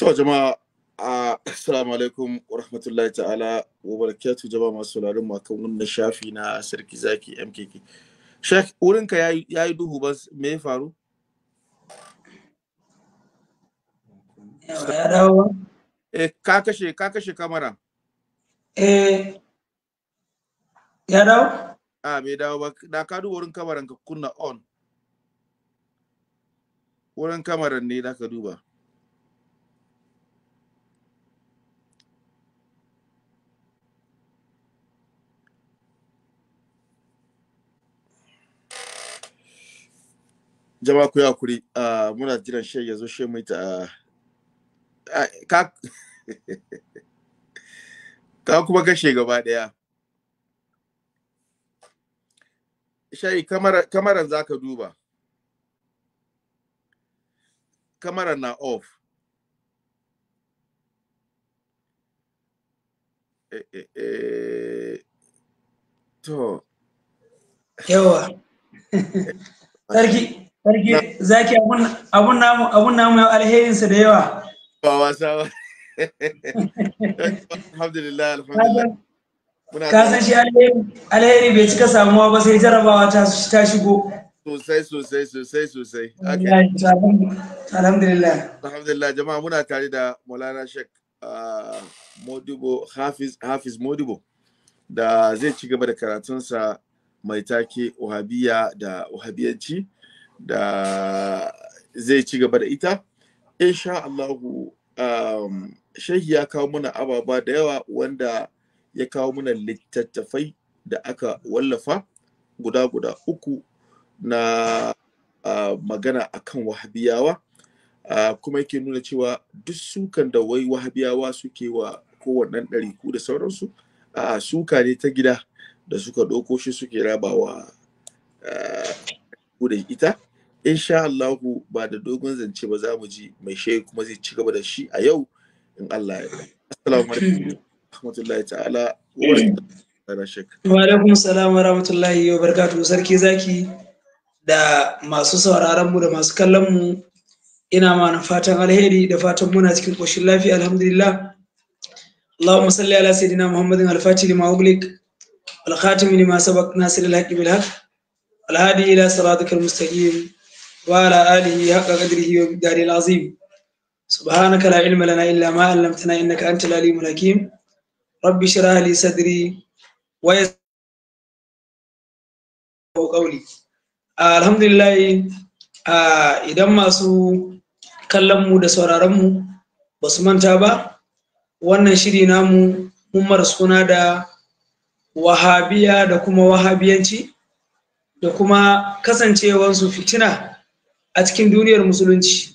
To jama'a assalamu alaikum wa rahmatullahi ta'ala wa barakatu jama'a masu sauraron mu akan wannan shafi na sarki zaki MKK. Shek wurin ka yi duhu ba me ya faru? Ya dawo. Eh ka kashe ka kashe kamera. Eh ya dawo? A ah, bai dawo ba da ka duba wurin kamaran ka kunna on. Wurin kamaran ne da ka duba. jama ku yakuri muna jiran shi ya zo shi mu ta ka ka kuma kashe gaba daya shayi kamaran za ka duba kamaran na off eh, eh, eh. to yawa sarki Sarki zaki abun namu abun namu alherinsa da yawa. Ba wasa ba. Alhamdulillah alhamdulillah. Ka san shi alheri bai cika samuwa ba sai jarabawa ta shigo. Sosai sosai sosai sosai. Alhamdulillah. Alhamdulillah jama'a muna tare da Maulana Sheikh ah, Modibo Hafiz Hafiz Modibo da zai ci gaba da karatunsa mai take Wahabiya da Wahabiyanci. da zai ci gaba da ita insha Allah um, shehi ya kawo muna ababa da yawa wanda ya kawo muna littattafai da aka wallafa guda guda uku na uh, magana akan wahabiyawa uh, kuma yake nuna cewa duk sukan da wai wahabiyawa suke wa kowannen ku da sauransu a uh, suka ne ta gida da suka ɗauko shi suke rabawa uh, da ita insha Allahu ba da dogon zance ba za mu ji mai shehi kuma zai ci gaba da shi a yau in Allah ya assalamu alaikum rahmatullahi ta'ala wa alaikum salam wa rahmatullahi wa barakatuhu sarki zaki da masu sauraron mu da masu kallon mu ina ma fatan alheri da fatan muna cikin koshin lafiya alhamdulillah اللهم صل على al محمد الفاتح لما أغلق والخاتم al سبق ناصر الحق بالحق والهادي إلى صراطك mustaqim وعلى آله حق قدره ومقداره العظيم سبحانك لا علم لنا إلا ما علمتنا إنك أنت العليم الحكيم ربي اشرح لي صدري ويسر قولي الحمد لله idan masu kallon mu da sauraron mu ba su manta ba wannan shiri namu mun suna da wahabiya da kuma wahabiyanci da kuma kasancewansu fitina a cikin duniyar musulunci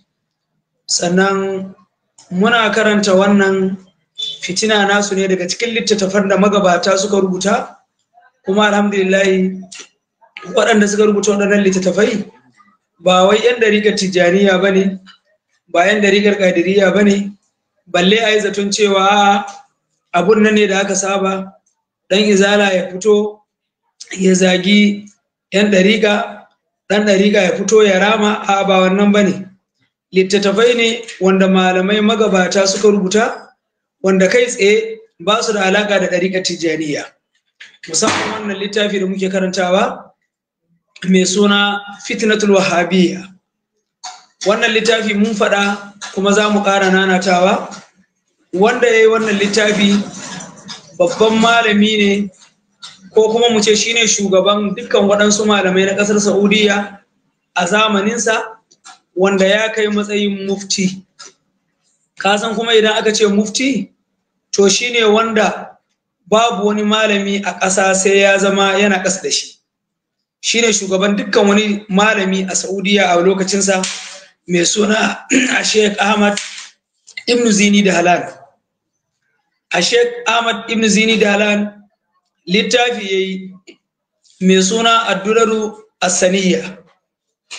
sannan muna karanta wannan fitina nasu ne daga cikin littattafan da magabata suka rubuta kuma alhamdulillahi waɗanda suka rubuta waɗannan littattafai ba wai 'yan dariƙar tijjaniya ba ne ba 'yan dariƙar ƙadiriya ba ne balle a yi zaton cewa abun nan ne da aka saba Dan izala ya fito ya zagi 'yan dariƙa ɗan ɗariƙa ya fito ya rama a ba wannan ba ne littattafai ne wanda malamai magabata suka rubuta wanda kai tsaye ba su da alaƙa da ɗariƙar tijjaniya musamman wannan littafi da muke karantawa mai suna fitnatul wahabiyya wannan littafi mun faɗa kuma za mu ƙara nanatawa wanda ya yi wannan littafi babban malami ne ko kuma mu ce shine shugaban dukkan waɗansu malamai na ƙasar saudiya a zamaninsa wanda ya kai matsayin mufti kasan kuma idan aka ce mufti to shine wanda babu wani malami a ƙasa sai ya zama yana ƙasa da shi shine shugaban dukkan wani malami a saudiya a lokacinsa mai suna a sheikh ahmad ibn zini da halal sheikh ahmad ibn zini da littafi ya yi mai suna a asaniya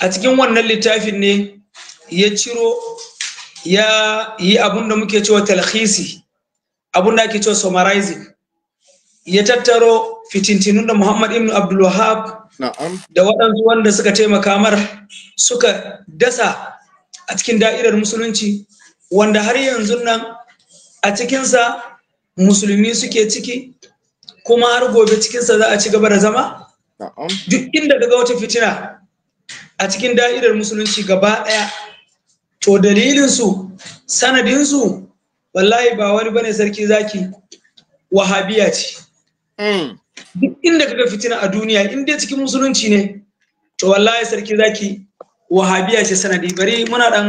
a cikin wannan littafin ne ya ciro ya yi abun da muke cewa talhisi abun da ake cewa summarizing ya tattaro fitintinun da muhammad ibn abdul wahab da waɗansu wanda suka taimaka mar suka dasa a cikin da'irar musulunci wanda har yanzu nan a cikinsa musulmi suke ciki kuma har gobe cikinsa za a ci gaba da zama duk inda daga wata fitina a cikin da'irar musulunci gaba ɗaya to dalilinsu sanadinsu wallahi ba wani bane sarki zaki wahabiya ce hmm. duk inda kaga fitina a duniya inda cikin musulunci ne to wallahi sarki zaki wahabiya ce sanadi bari muna dan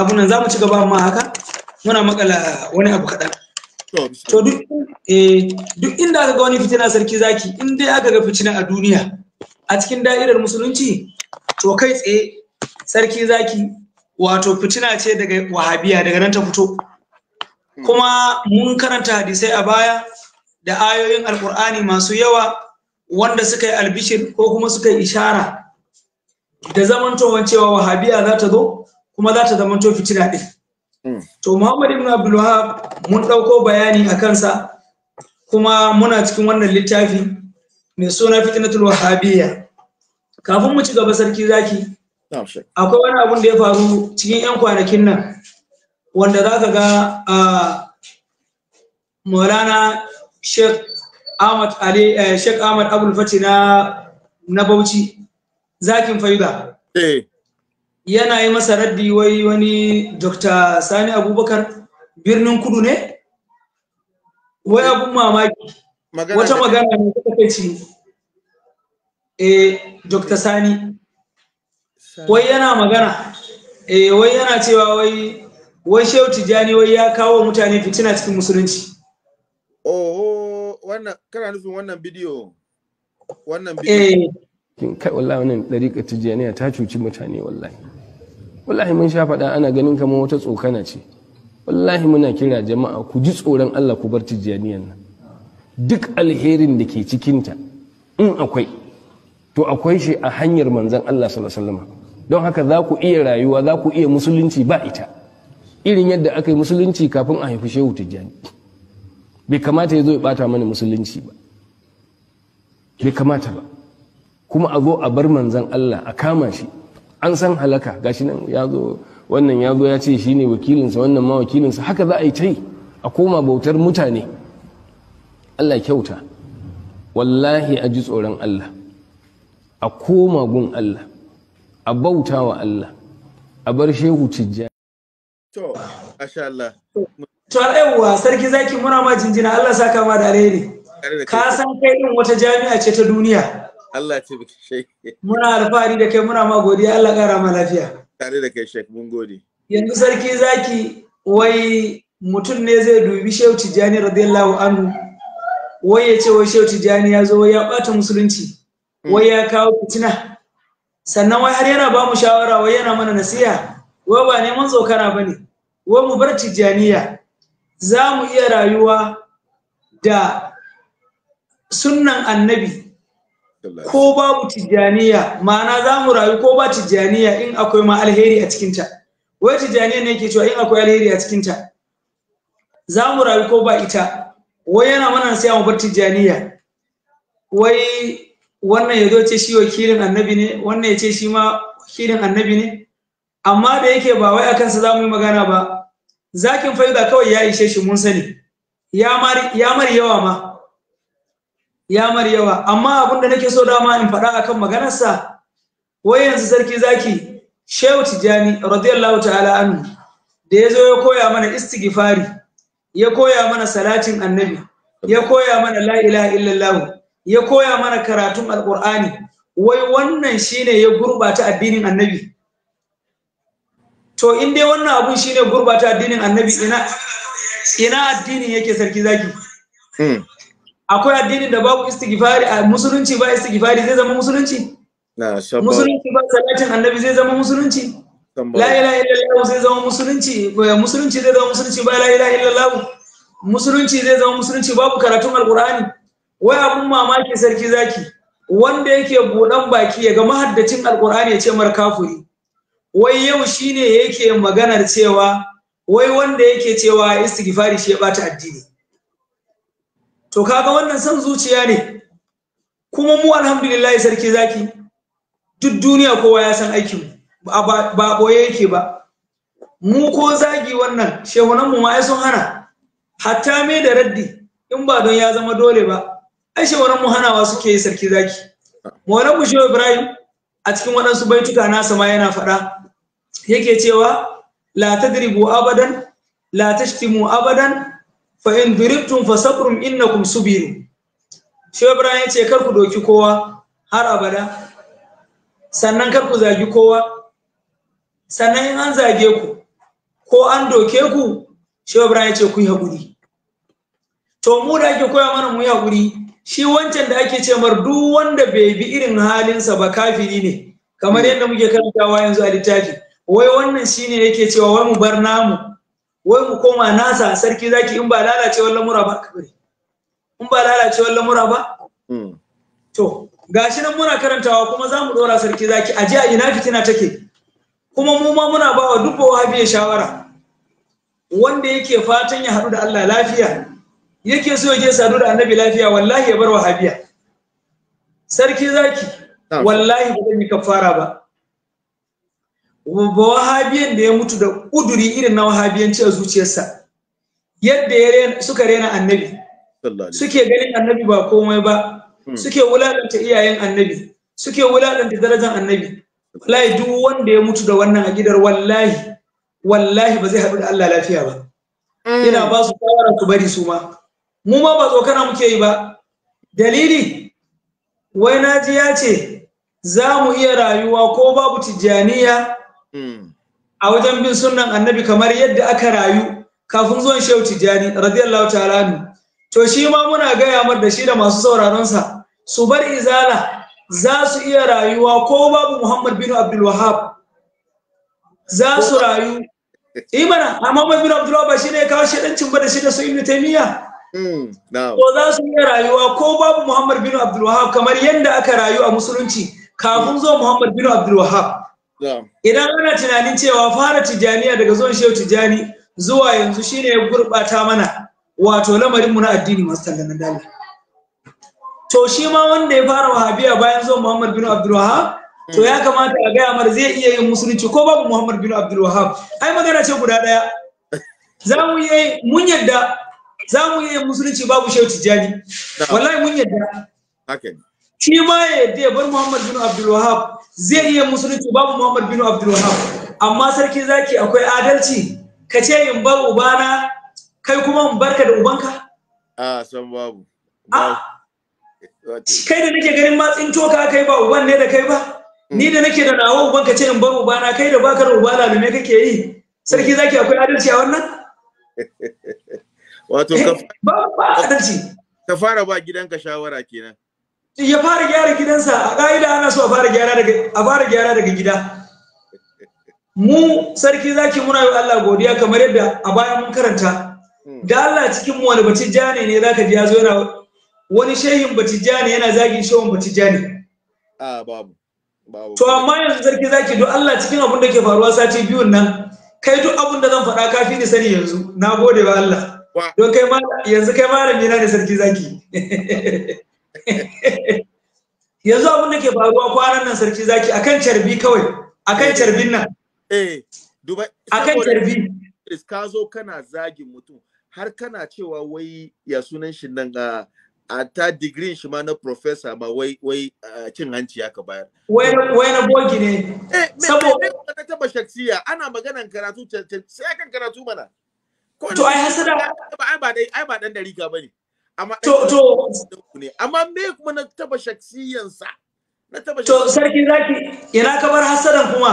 abu nan za mu ci gaba amma haka muna makala wani abu kaɗan to eh, duk inda aka ga wani fitina sarki zaki in dai aka ga fitina a duniya a cikin da'irar musulunci to kai tsaye sarki zaki wato fitina ce daga wahabiya daga nan ta fito hmm. kuma mun karanta hadisai a baya da ayoyin alkur'ani masu yawa wanda suka yi albishir ko kuma suka yi ishara da zamantowar cewa wahabiya za ta zo kuma za ta zamanto fitina ɗin to Muhammad ibn Abdul Wahab mun ɗauko bayani a kansa kuma muna cikin wannan littafi mai suna fitnatul wahabiyya kafin mu ci gaba sarki zaki akwai wani abun da ya faru cikin 'yan kwanakin nan wanda za ka ga maulana sheikh ahmad ali eh, sheikh ahmad abul fati na na bauchi zakin faida eh yana yi masa raddi wai wani dr sani abubakar birnin kudu ne wai abun mamaki wata magana ne ta kai ci eh dr sani wai yana magana eh wai yana cewa wai wai shehu tijani wai ya kawo mutane fitina cikin musulunci oho wannan kana nufin wannan bidiyo wannan bidiyo eh kai wallahi wannan dariƙa tijjaniya ta cuci mutane wallahi wallahi mun sha faɗa ana ganin kamar wata tsokana ce wallahi muna kira jama'a ku ji tsoron Allah ku bar tijjaniyan nan duk alherin da ke cikinta in akwai to akwai shi a hanyar manzan Allah sallallahu alaihi don haka za ku iya rayuwa za ku iya musulunci ba ita irin yadda aka yi musulunci kafin a haifi shehu tijjani bai kamata ya zo ya bata mana musulunci ba bai kamata ba kuma a zo a bar manzan Allah a kama shi an san halaka gashi nan ya zo wannan ya zo ya ce shi ne wakilinsa wannan ma wakilinsa haka za a yi ta yi a koma bautar mutane allah kyauta wallahi a ji tsoron allah a koma gun allah a bauta wa allah a bar shehu cijja to asha allah to yawwa sarki zaki muna ma jinjina allah saka ma da alheri ka san kai din wata jami'a ce ta duniya Allah ce biki shek. Muna alfahari da kai muna ma godiya Allah ƙara ma lafiya. Tare da kai shek mun gode. Yanzu sarki zaki wai mutum ne zai dubi Shehu Tijjani radiyallahu anhu wai ya ce wai Shehu Tijjani ya zo ya ɓata musulunci hmm. wai ya kawo fitina sannan wai har yana ba mu shawara wai yana mana nasiha wai ba neman tsokana ba ne wai mu bar Tijjaniya za mu iya rayuwa da sunnan annabi ko babu tijjaniya ma'ana za mu rayu ko ba tijjaniya in akwai ma alheri a cikinta wai tijjaniya ne ke cewa in akwai alheri a cikinta za mu rayu ko ba ita wai yana mana sai mu bar tijjaniya wai wannan ya zo ce shi wakilin annabi ne wannan ya ce shi ma wakilin annabi ne amma da yake ba wai akan sa za mu yi magana ba zakin faida kawai ya ishe shi mun sani ya mari yawa ma ya mar yawa amma abin da nake so dama in faɗa akan maganarsa wai yanzu sarki zaki shehu tijani radiyallahu ta'ala anhu da ya zo ya koya mana istighfari ya koya mana salatin annabi ya koya mana la ilaha illallah ya koya mana karatun alqur'ani wai wannan shine ya gurbata addinin annabi to in dai wannan abun shine gurbata addinin annabi ina ina addini yake sarki zaki hmm. akwai addinin da babu istighfari a musulunci ba istighfari zai zama musulunci musulunci ba salatin annabi zai zama musulunci la ilaha illallah zai zama musulunci musulunci zai zama musulunci ba la ilaha illallah musulunci zai zama musulunci babu karatun alqur'ani wai abun mamaki sarki zaki wanda yake buɗan baki ya ga mahaddacin alqur'ani ya ce mar kafuri wai yau shine yake maganar cewa wai wanda yake cewa istighfari shi ya bata addini to kaga wannan son zuciya ne kuma mu alhamdulillah sarki zaki duk duniya kowa ya san aikin ba boye yake ba mu ko zagi wannan shehunan mu ma ya sun hana hatta me da raddi in ba don ya zama dole ba ai shehunan mu hanawa suke yi sarki zaki maulan mu shehu ibrahim a cikin waɗansu baituka nasa ma yana faɗa yake cewa la tadribu abadan la tashtimu abadan fa in duribtum innakum subiru shi ibrahim ya ce kar ku doki kowa har abada sannan kar ku zagi kowa sannan in an zage ku ko an doke ku shi ibrahim ya ce ku yi haƙuri to mu da ake koya mana mu yi haƙuri shi wancan da ake ce mar duk wanda bai bi irin halinsa ba kafiri ne kamar yadda muke karantawa yanzu a littafi wai wannan shine yake cewa wai mu bar namu wai mu koma nasa sarki zaki in ba lalacewar lamura ba bari in ba lalacewar lamura ba hmm. to gashi nan muna karantawa kuma zamu mu dora sarki zaki a ji a ina fitina take kuma mu ma muna ba wa duk ya shawara wanda yake fatan ya haɗu da Allah lafiya yake so ya je sadu da annabi lafiya wallahi ya bar wahabiya sarki zaki wallahi ba zan yi kafara ba wahabiyan da ya mutu da kuduri irin na wahabiyanci a zuciyarsa yadda ya suka rena annabi suke ganin annabi ba komai ba hmm. suke wulalanta iyayen annabi suke wulalanta darajar annabi wallahi duk wanda ya mutu da wannan akidar wallahi wallahi ba zai haɗu da Allah lafiya ba hmm. ina ba su su bari su ma mu ma ba tsokana muke yi ba dalili wai naji ya ce za mu iya rayuwa ko babu tijjaniya Hmm. a wajen bin sunnan annabi kamar yadda aka rayu kafin zuwan shehu tijani radiyallahu ta'ala anhu to shi ma muna gaya mar da shi da masu sauraron sa su bar izala za su iya rayuwa ko babu muhammad bin abdul wahab za su rayu imana muhammad bin abdul wahab shine ya kawo shedan ba da shi da su ibnu taymiya hmm, ko za su iya rayuwa ko babu muhammad bin abdul wahab kamar yadda aka rayu a musulunci kafin zuwa muhammad bin abdul wahab Idan ana tunanin cewa fara tijaniya daga zuwan shehu tijani zuwa yanzu shine ya gurɓata mana wato lamarin mu na addini masu tallan dala. To shi ma wanda ya fara wahabiya bayan zuwan Muhammad bin Abdul to ya kamata a gaya mana zai iya yin musulunci ko babu Muhammad bin Abdul Wahab. Ai magana ce guda ɗaya. Za mu yi mun yadda za mu yi musulunci babu shehu tijani. Wallahi mun yadda. Okay. shi ma ya yadda ya bar Muhammad bin Abdul Wahab zai iya musulunci babu Muhammad bin Abdul Wahab amma sarki zaki akwai adalci ka ce in bar ubana kai kuma in barka da ubanka a san babu kai da nake ganin ma tsinto ka kai ba uban ne da kai ba hmm. ni da nake da nawa uban ka ce in bar ubana kai da baka da ubana ne kake yi sarki hmm. zaki akwai adalci a wannan wato ka eh, ba adalci ka fara ba gidanka shawara kenan ya fara gyara gidansa a ƙa'ida ana so a fara gyara daga a fara gyara daga gida mu sarki zaki muna yi Allah godiya kamar yadda a baya mun karanta hmm. da Allah cikin mu wani jani ne zaka ji yazo yana wani shehin jani yana zagin shehun jani a babu babu to amma yanzu sarki zaki do Allah cikin abin da ke faruwa sati biyun nan kai duk abin da zan faɗa kafin ni sani yanzu na gode Allah don kai ma yanzu kai malami na ne sarki zaki yanzu abin da ke faruwa kwanan nan sarki zaki akan carbi kawai akan eh. carbin nan eh duba akan carbi ka zo kana zagin mutum har kana cewa wai ya sunan shi nan a a ta digirin shi ma na professor ma wai wai cin hanci ya ka bayar wai na bogi ne eh, saboda na taba shaksiya ana maganan karatu sai kan karatu mana to ai hasada ai ba dai ai ba dan bane amma to to amma me kuma na taba shaksiyansa na taba to sarki zaki ina ka bar hasadan kuma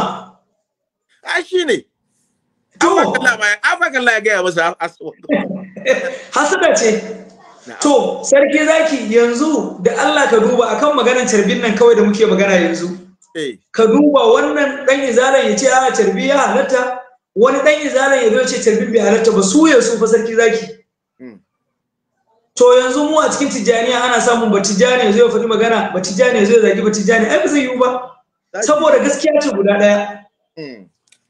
a shine afakan la ya gaya masa hasada ce to sarki zaki yanzu da Allah ka duba akan maganar tarbin nan kawai da muke magana yanzu eh. ka duba wannan dan izalan ya ce a tarbiya ya halatta wani dan izalan ya zo ce carbin bai halatta ba su yanzu fa sarki zaki to yanzu mu a cikin tijaniya ana samun ba tijjani zai faɗi magana ba tijjani zai zagi ba tijjani ai ba zai yiwu ba saboda gaskiya ce guda ɗaya hmm.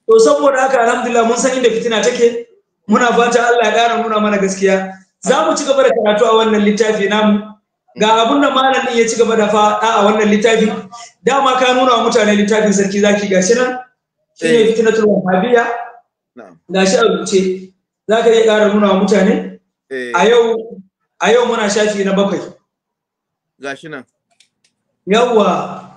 to saboda haka alhamdulillah mun san inda fitina take muna fata Allah ya ƙara nuna mana gaskiya za mu ci gaba da karatu a wannan littafi namu ga abun da malamin ya ci gaba da faɗa a wannan littafi dama ka nuna wa mutane littafin sarki zaki gashi nan shine eh. fitnatul wahabiyya gashi a rubuce za ka iya ƙara nuna wa mutane eh. a yau a yau muna shafi na bakwai gashi nan yawwa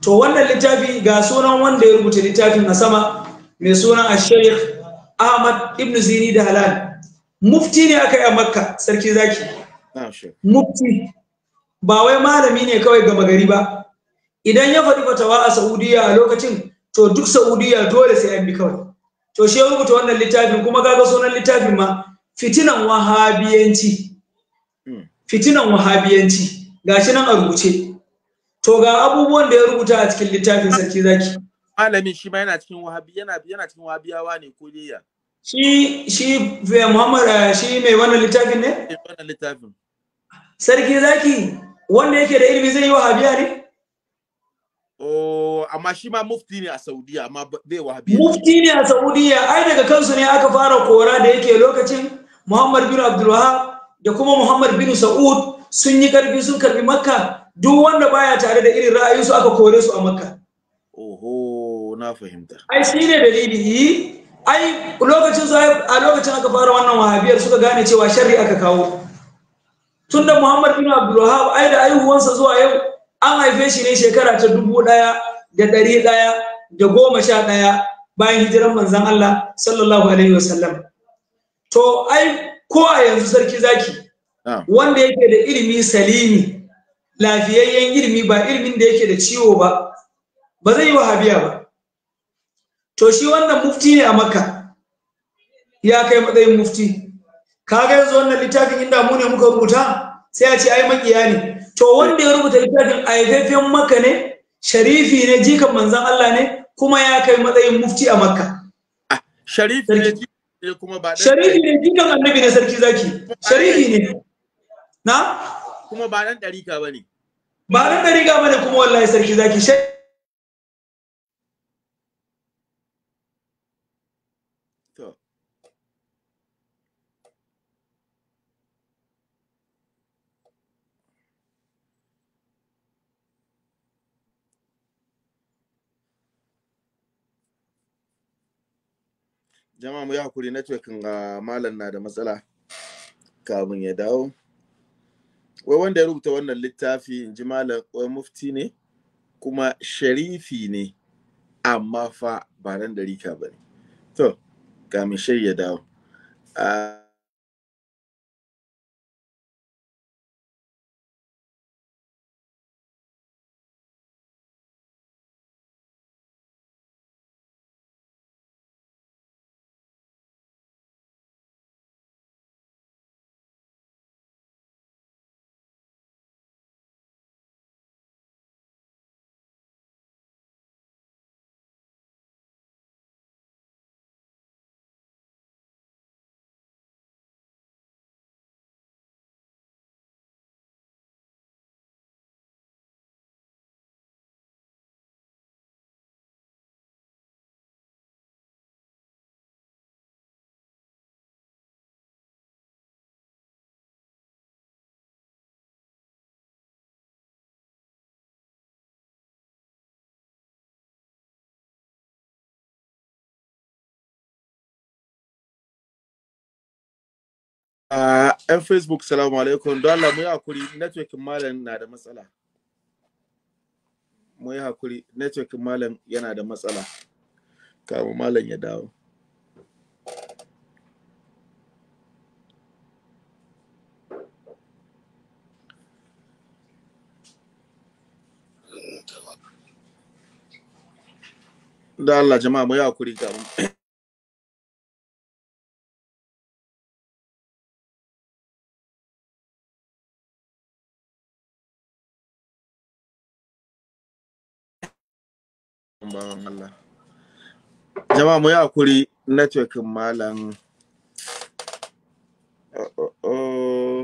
to wannan littafi ga sunan wanda ya rubuta littafin na sama mai sunan ash-shaykh ahmad ibn zini da halal mufti ne aka yi a makka sarki zaki ah, mufti ba wai malami ne kawai gama gari ba idan ya faɗi fatawa a saudiya a lokacin to duk saudiya dole sai an bi kawai to shi ya rubuta wannan littafin kuma kaga sunan littafin ma fitinan wahabiyanci fitinan wahabiyanci gashi nan a rubuce to ga abubuwan da ya rubuta a cikin littafin sarki zaki malamin shi ma yana cikin wahabi yana yana cikin wahabiyawa ne ko dai ya shi shi eh, Muhammad eh, shi mai wannan littafin ne wannan littafin sarki zaki wanda yake da ilimi zai yi wahabiya ne Oh, amma shi ma mufti ne a Saudiya amma bai wahabi. mufti ne a Saudiya ai daga kansu ne aka fara kora da yake lokacin Muhammad bin Abdul Wahab da kuma Muhammad bin Sa'ud sun yi karfi sun karbi Makka duk wanda baya tare da irin su aka kore su a Makka. Oho, na fahimta. Ai shi ne dalili ai lokacin a lokacin aka fara wannan wahabiyar suka gane cewa sharri aka kawo. Tun da Muhammad bin Abdulwahab ai da aihuwansa zuwa yau an haife shi ne shekara ta dubu ɗaya da ɗari ɗaya da goma sha ɗaya bayan hijiran manzon Allah sallallahu alaihi wasallam. To ai ko a yanzu sarki zaki ah. wanda yake da ilimi salimi lafiyayyen ilimi ba ilimin da yake da ciwo ba ba zai yi wahabiya ba to shi wannan mufti ne a makka ya kai matsayin mufti kaga yanzu wannan littafin inda mu ne muka rubuta sai a ce ai makiya ne to wanda ya rubuta littafin a yafefen makka ne sharifi ne jikan manzan Allah ne kuma ya kai matsayin mufti a makka ah, sharifi ne eh kuma ba sharihi ne jikan annabi ne sarki zaki sharihi ne na kuma ba dan dariƙa bane ba dan dariƙa bane kuma wallahi sarki zaki jama'a mu yi hakuri networkin ga malam na da matsala kamun ya dawo wai wanda ya rubuta wannan littafi in ji malam wai mufti ne kuma sharifi ne amma fa ba nan da rika ba ne to kamin shai ya dawo ah, a ah, yan facebook salamu alaikum don Allah mu yi hakuri networking malam na da matsala mu yi hakuri networking malam yana da matsala kama malam ya dawo da Allah jama'a mu yi hakuri kamun Allah jama'a mu yi hakuri networkin malam uh, uh, uh,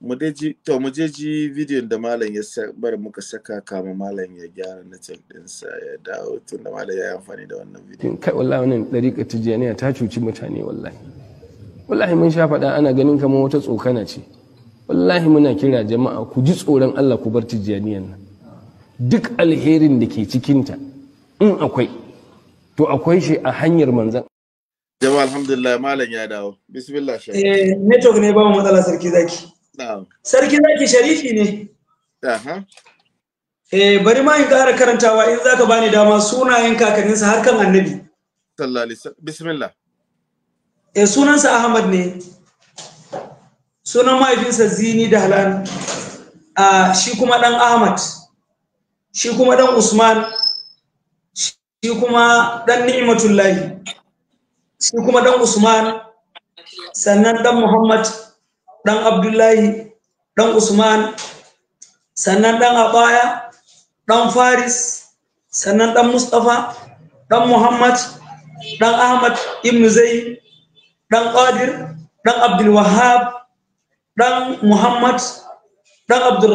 mu ji to mu je ji bidiyon da malam ya bar muka saka kama malam ya gyara na din sa ya dawo tun da malam ya yi amfani da wannan bidiyon kai wallahi wannan dariƙa tijaniya ta cuci mutane wallahi wallahi mun sha faɗa ana ganin kamar wata tsokana ce wallahi muna kira jama'a ku ji tsoron Allah ku bar tijaniyan nan duk alherin da ke cikinta in akwai to akwai shi a hanyar manzan jama'a alhamdulillah malam ya dawo bismillah shi eh network ne ba mu matsala sarki zaki sarki zaki sharifi ne aha eh bari ma in ƙara karantawa in zaka bani dama sunayen kakanninsa har kan annabi sallallahu alaihi wasallam bismillah eh sunansa ahmad ne sunan mahaifinsa zini da halan ah, shi kuma dan ahmad shi kuma dan usman shi kuma dan ni'matullahi shi kuma dan usman sannan dan muhammad dan abdullahi dan usman sannan dan abaya dan faris sannan dan mustafa dan muhammad dan ahmad ibn zai dan qadir dan abdul wahab dan muhammad dan abdul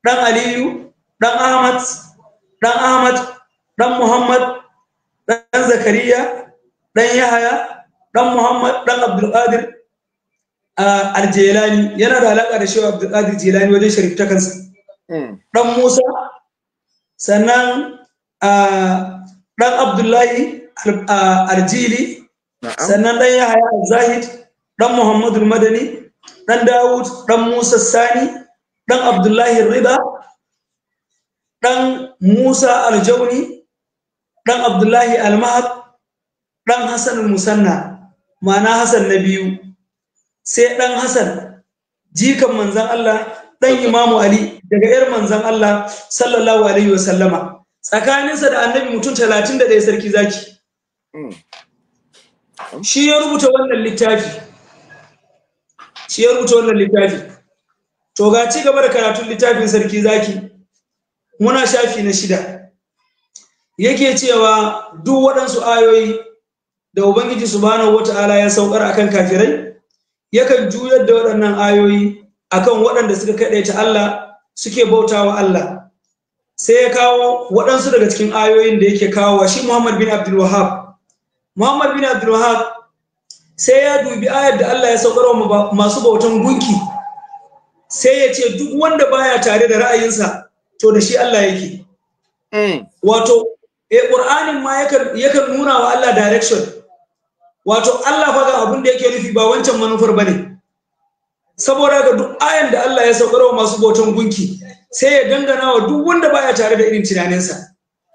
dan aliyu dan ahmad dan ahmad dan muhammad dan zakariya dan yahaya dan muhammad dan abdulkadir aljelani ah, yana da alaka da shehu abdulkadir jelani wajen sharifta kansa hmm. dan musa sannan ah, dan abdullahi arjili ah, sannan dan yahaya zahid dan muhammadu madani dan dawud dan musa sani dan abdullahi riba dan musa aljauni ɗan abdullahi almahad ɗan hassan musanna ma'ana hassan na biyu sai ɗan hassan jikan manzan allah ɗan imamu ali daga yar manzan allah sallallahu alaihi wa sallama tsakaninsa da annabi mutum talatin da ɗaya sarki zaki hmm. shi ya rubuta wannan littafi shi ya rubuta wannan littafi to ga ci gaba da karatun littafin sarki zaki muna shafi na shida yake cewa duk waɗansu ayoyi da ubangiji subhanahu wata'ala ya saukar akan kafirai yakan juyar da waɗannan ayoyi akan waɗanda suka kaɗe ta Allah suke bautawa Allah sai ya kawo waɗansu daga cikin ayoyin da yake kawo shi Muhammad bin Abdul Wahab Muhammad bin Abdul Wahab sai ya dubi ayar da Allah ya saukar wa masu bautan gunki sai ya ce duk wanda baya tare da ra'ayinsa to da shi Allah yake eh. wato eh qur'anin ma yakan yakan nuna wa Allah direction wato Allah fa ga abin da yake nufi ba wancan manufar bane saboda ga duk ayan da Allah ya saukar wa masu bautan gunki sai ya dangana wa duk wanda baya tare da irin tunaninsa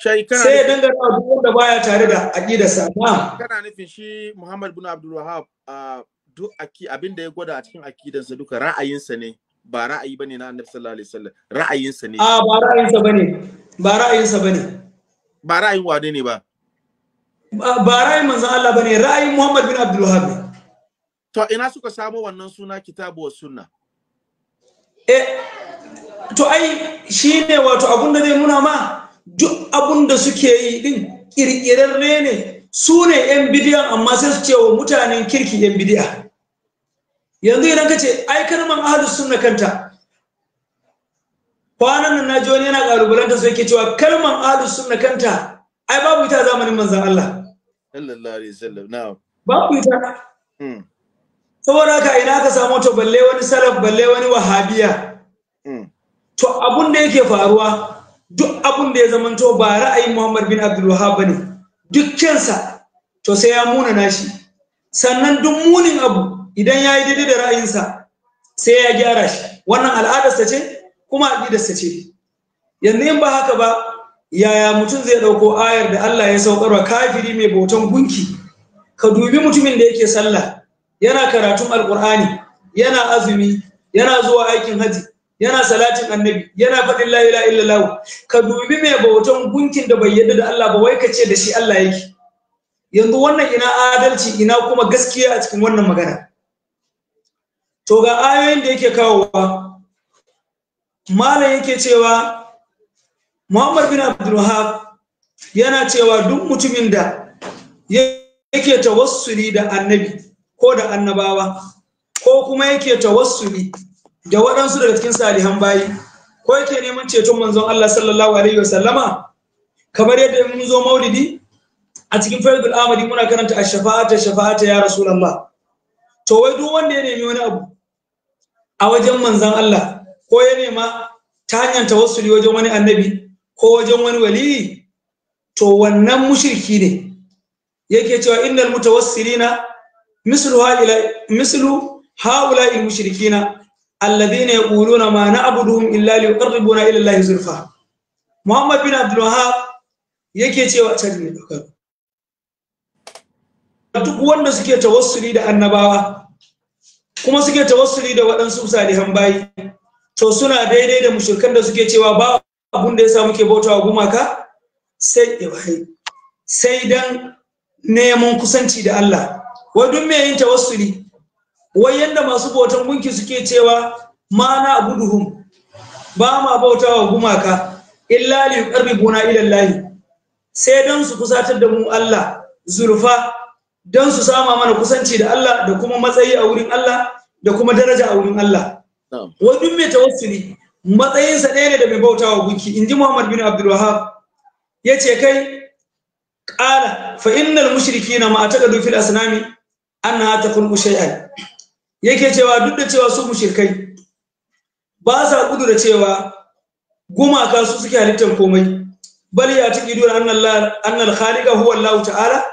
sai ya dangana wa duk wanda baya tare da aqidarsa kana nufin shi Muhammad bin Abdul Wahhab duk abin da ya gwada a cikin akidansa duka ra'ayinsa ne ba ra'ayi bane na Annabi sallallahu alaihi wasallam ra'ayinsa ne a ba ra'ayinsa bane ba ra'ayinsa bane ba ra'ayin wane ne ba ba ra'ayin manzon Allah bane ra'ayin Muhammad bin Abdul Wahhab to ina suka samo wannan suna kitabu wa sunna eh to ai shine wato abun da zai muna ma duk abun da suke yi din kirkirarre ne su ne yan bidiyan amma sai su ce wa mutanen kirki yan bidiya yanzu idan ka ce ai kalmar ahlus sunna kanta kwanan nan naji wani yana kalubalanta sai yake cewa kalman ahlus sunna kanta ai babu ita zamanin manzon Allah sallallahu alaihi wasallam na'am babu ita hmm. saboda haka ina ka samu ta balle wani salaf balle wani wahabiya hmm. to abun da yake faruwa duk abun da ya zamanto ba ra'ayin Muhammad bin Abdul Wahhab bane dukkansa to sai ya muna nashi sannan duk munin abu idan ya yi daidai da ra'ayinsa sai ya gyara shi wannan al'adarsa ce kuma aƙidarsa ce yanzu in ba haka ba yaya mutum zai ɗauko ayar da Allah ya saukarwa kafiri mai bautan gunki ka dubi mutumin da yake sallah yana karatun alƙur'ani yana azumi yana zuwa aikin haji yana salatin annabi yana faɗin la ilaha illallah ka dubi mai bautan gunkin da bai yadda da Allah ba wai ka ce da shi Allah yake yanzu wannan ina adalci ina kuma gaskiya a cikin wannan magana to ga ayoyin da yake kawowa malam yake cewa muhammad bin abdulwahab yana cewa duk mutumin da yake tawassuli da annabi ko da annabawa ko kuma yake tawassuli da waɗansu daga cikin salihan bayi ko yake neman ceton manzon Allah sallallahu alaihi wasallama kamar yadda mun zo maulidi a cikin faidul amadi muna karanta a shafa'ata shafa'ata ya rasulullah to wai duk wanda ya nemi wani abu a wajen manzon Allah ko ya nema ta hanyar tawassuli wajen wani annabi ko wajen wani waliyi to wannan mushriki ne yake cewa innal mutawassilina mislu ila mislu haula al mushrikina alladhina yaquluna ma na'buduhum illa liyuqarribuna ila allahi zulfa muhammad bin abdul wahhab yake cewa tarihi dokar duk wanda suke tawassuli da annabawa kuma suke tawassuli da waɗansu salihan bayi to suna daidai da mushrikan da suke cewa ba abun da yasa muke bautawa gumaka sai sai dan neman kusanci da Allah wai duk me yin tawassuli wai yanda masu bautan gunki suke cewa ma na abuduhum ba ma bautawa gumaka illa li yuqarribuna ila Allah sai dan su kusatar da mu Allah zurfa dan su sama mana kusanci da Allah da kuma matsayi a wurin Allah da kuma daraja a wurin Allah wai ta wasu tawassuli matsayinsa ɗaya ne da mai bauta wa in inji Muhammad bin Abdulwahab. Wahab yace kai ƙara. fa innal mushrikina ma ataqadu fil asnami anna takunu shay'an yake cewa duk da cewa su mushrikai ba sa gudu da cewa gumaka su suke halittar komai bal ya ta kidu annal khaliqa huwa Allah ta'ala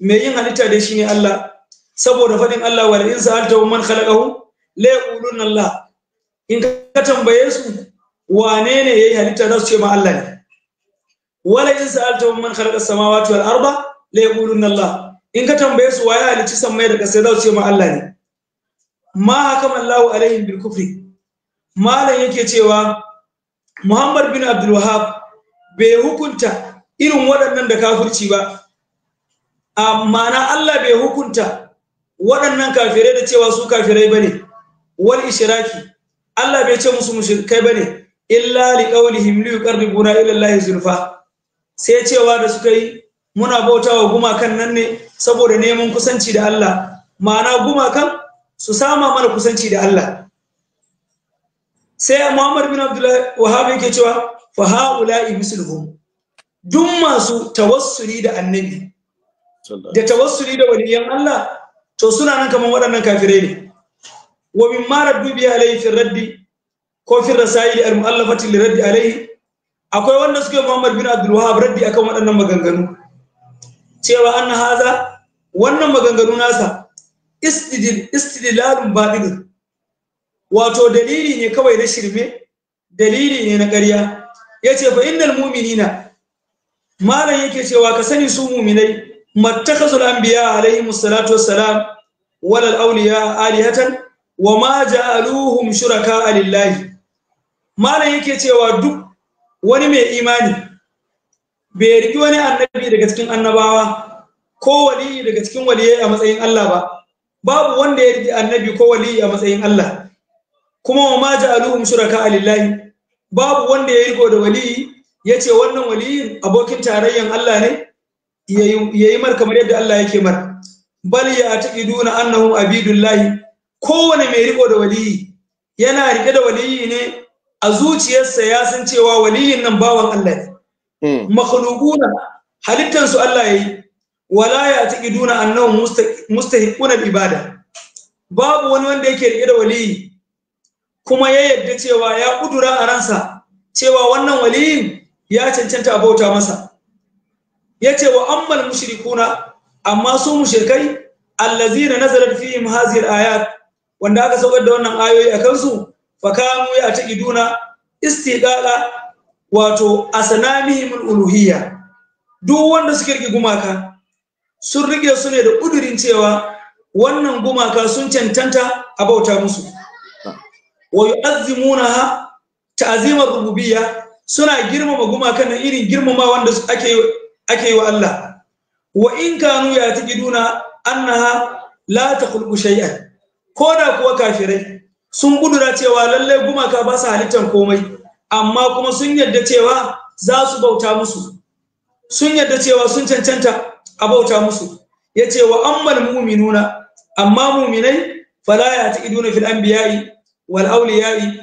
me yin halitta da shi ne Allah saboda fadin Allah wa in sa'alta man khalaqahu la yaqulun Allah in ka tambaye su wane ne yayi halitta za su ce ma Allah ne wala in sa'altahum man khalaqa samawati wal arda la yaquluna Allah in ka tambaye su waye halicci sammai da kasai za su ce ma Allah ne ma hakama Allahu alaihim bil kufri malam yake cewa Muhammad bin Abdul Wahhab bai hukunta irin waɗannan da kafirci ba amma na Allah bai hukunta waɗannan kafirai da cewa su kafirai bane wal ishraki Allah bai ce musu mushrikai bane illa li qawlihim li yuqarribuna ila Allah zulfa sai cewa da suka yi muna bautawa gumakan nan ne saboda neman kusanci da Allah ma'ana gumakan su sama mana kusanci da Allah sai Muhammad bin Abdullah Wahab yake cewa fa haula'i misluhum duk masu tawassuli da annabi da tawassuli da waliyan Allah to suna nan kaman waɗannan kafirai ne wa mimma raddu bi alayhi raddi ko fi rasail al mu'allafati raddi alayhi akwai wanda suke Muhammad bin Abdul Wahhab raddi akan waɗannan maganganu cewa anna haza wannan maganganu nasa istidil istidlalun badil wato dalili ne kawai na shirme dalili ne na karya. yace fa innal mu'minina malam yake cewa ka sani su mu'minai mattakhazul anbiya alaihimus salatu wassalam wal awliya alihatan wa ma ja'aluhum shuraka lillahi malam yake cewa duk wani mai imani bai riki wani annabi daga cikin annabawa ko wali daga cikin waliyai a matsayin Allah ba babu wanda ya riki annabi ko wali a matsayin Allah kuma wa ma ja'aluhum shuraka lillahi babu wanda ya riko da wali ya ce wannan waliyin abokin tarayyan Allah ne yayi yi mar kamar yadda Allah yake mar bal ya taƙiduna annahum abidullahi kowane mai riko da waliyi yana rike da waliyi ne a zuciyarsa ya san cewa waliyin nan bawan Allah ne hmm. makhluquna halittan su Allah yayi wala ya duna annahum mustahiquna ibada babu wani wanda yake rike da waliyi kuma ya yarda cewa ya kudura a ransa cewa wannan waliyin ya cancanta bauta masa yace wa ammal mushrikuna amma su mushrikai allazina nazalat fihim hazir ayat wanda aka saukar da wannan ayoyi a kansu fakanu ya ta iduna istiqala wato asanamihim uluhiyya duk wanda suke rike gumaka sun rike su ne da kudurin cewa wannan gumaka sun cancanta a bauta musu wa yu'azzimunaha ta'zima rububiyya suna girmama gumakan nan irin girmama wanda ake ake wa Allah wa in kanu ya ta annaha la takhluqu shay'an ko da kuwa kafirai sun gudura cewa lallai gumaka ba su halittar komai amma kuma sun yadda cewa za su bauta musu sun yadda cewa sun cancanta a bauta musu ya ce wa ammal muminuna amma muminai fala ya ta iduna fil anbiya'i wal awliya'i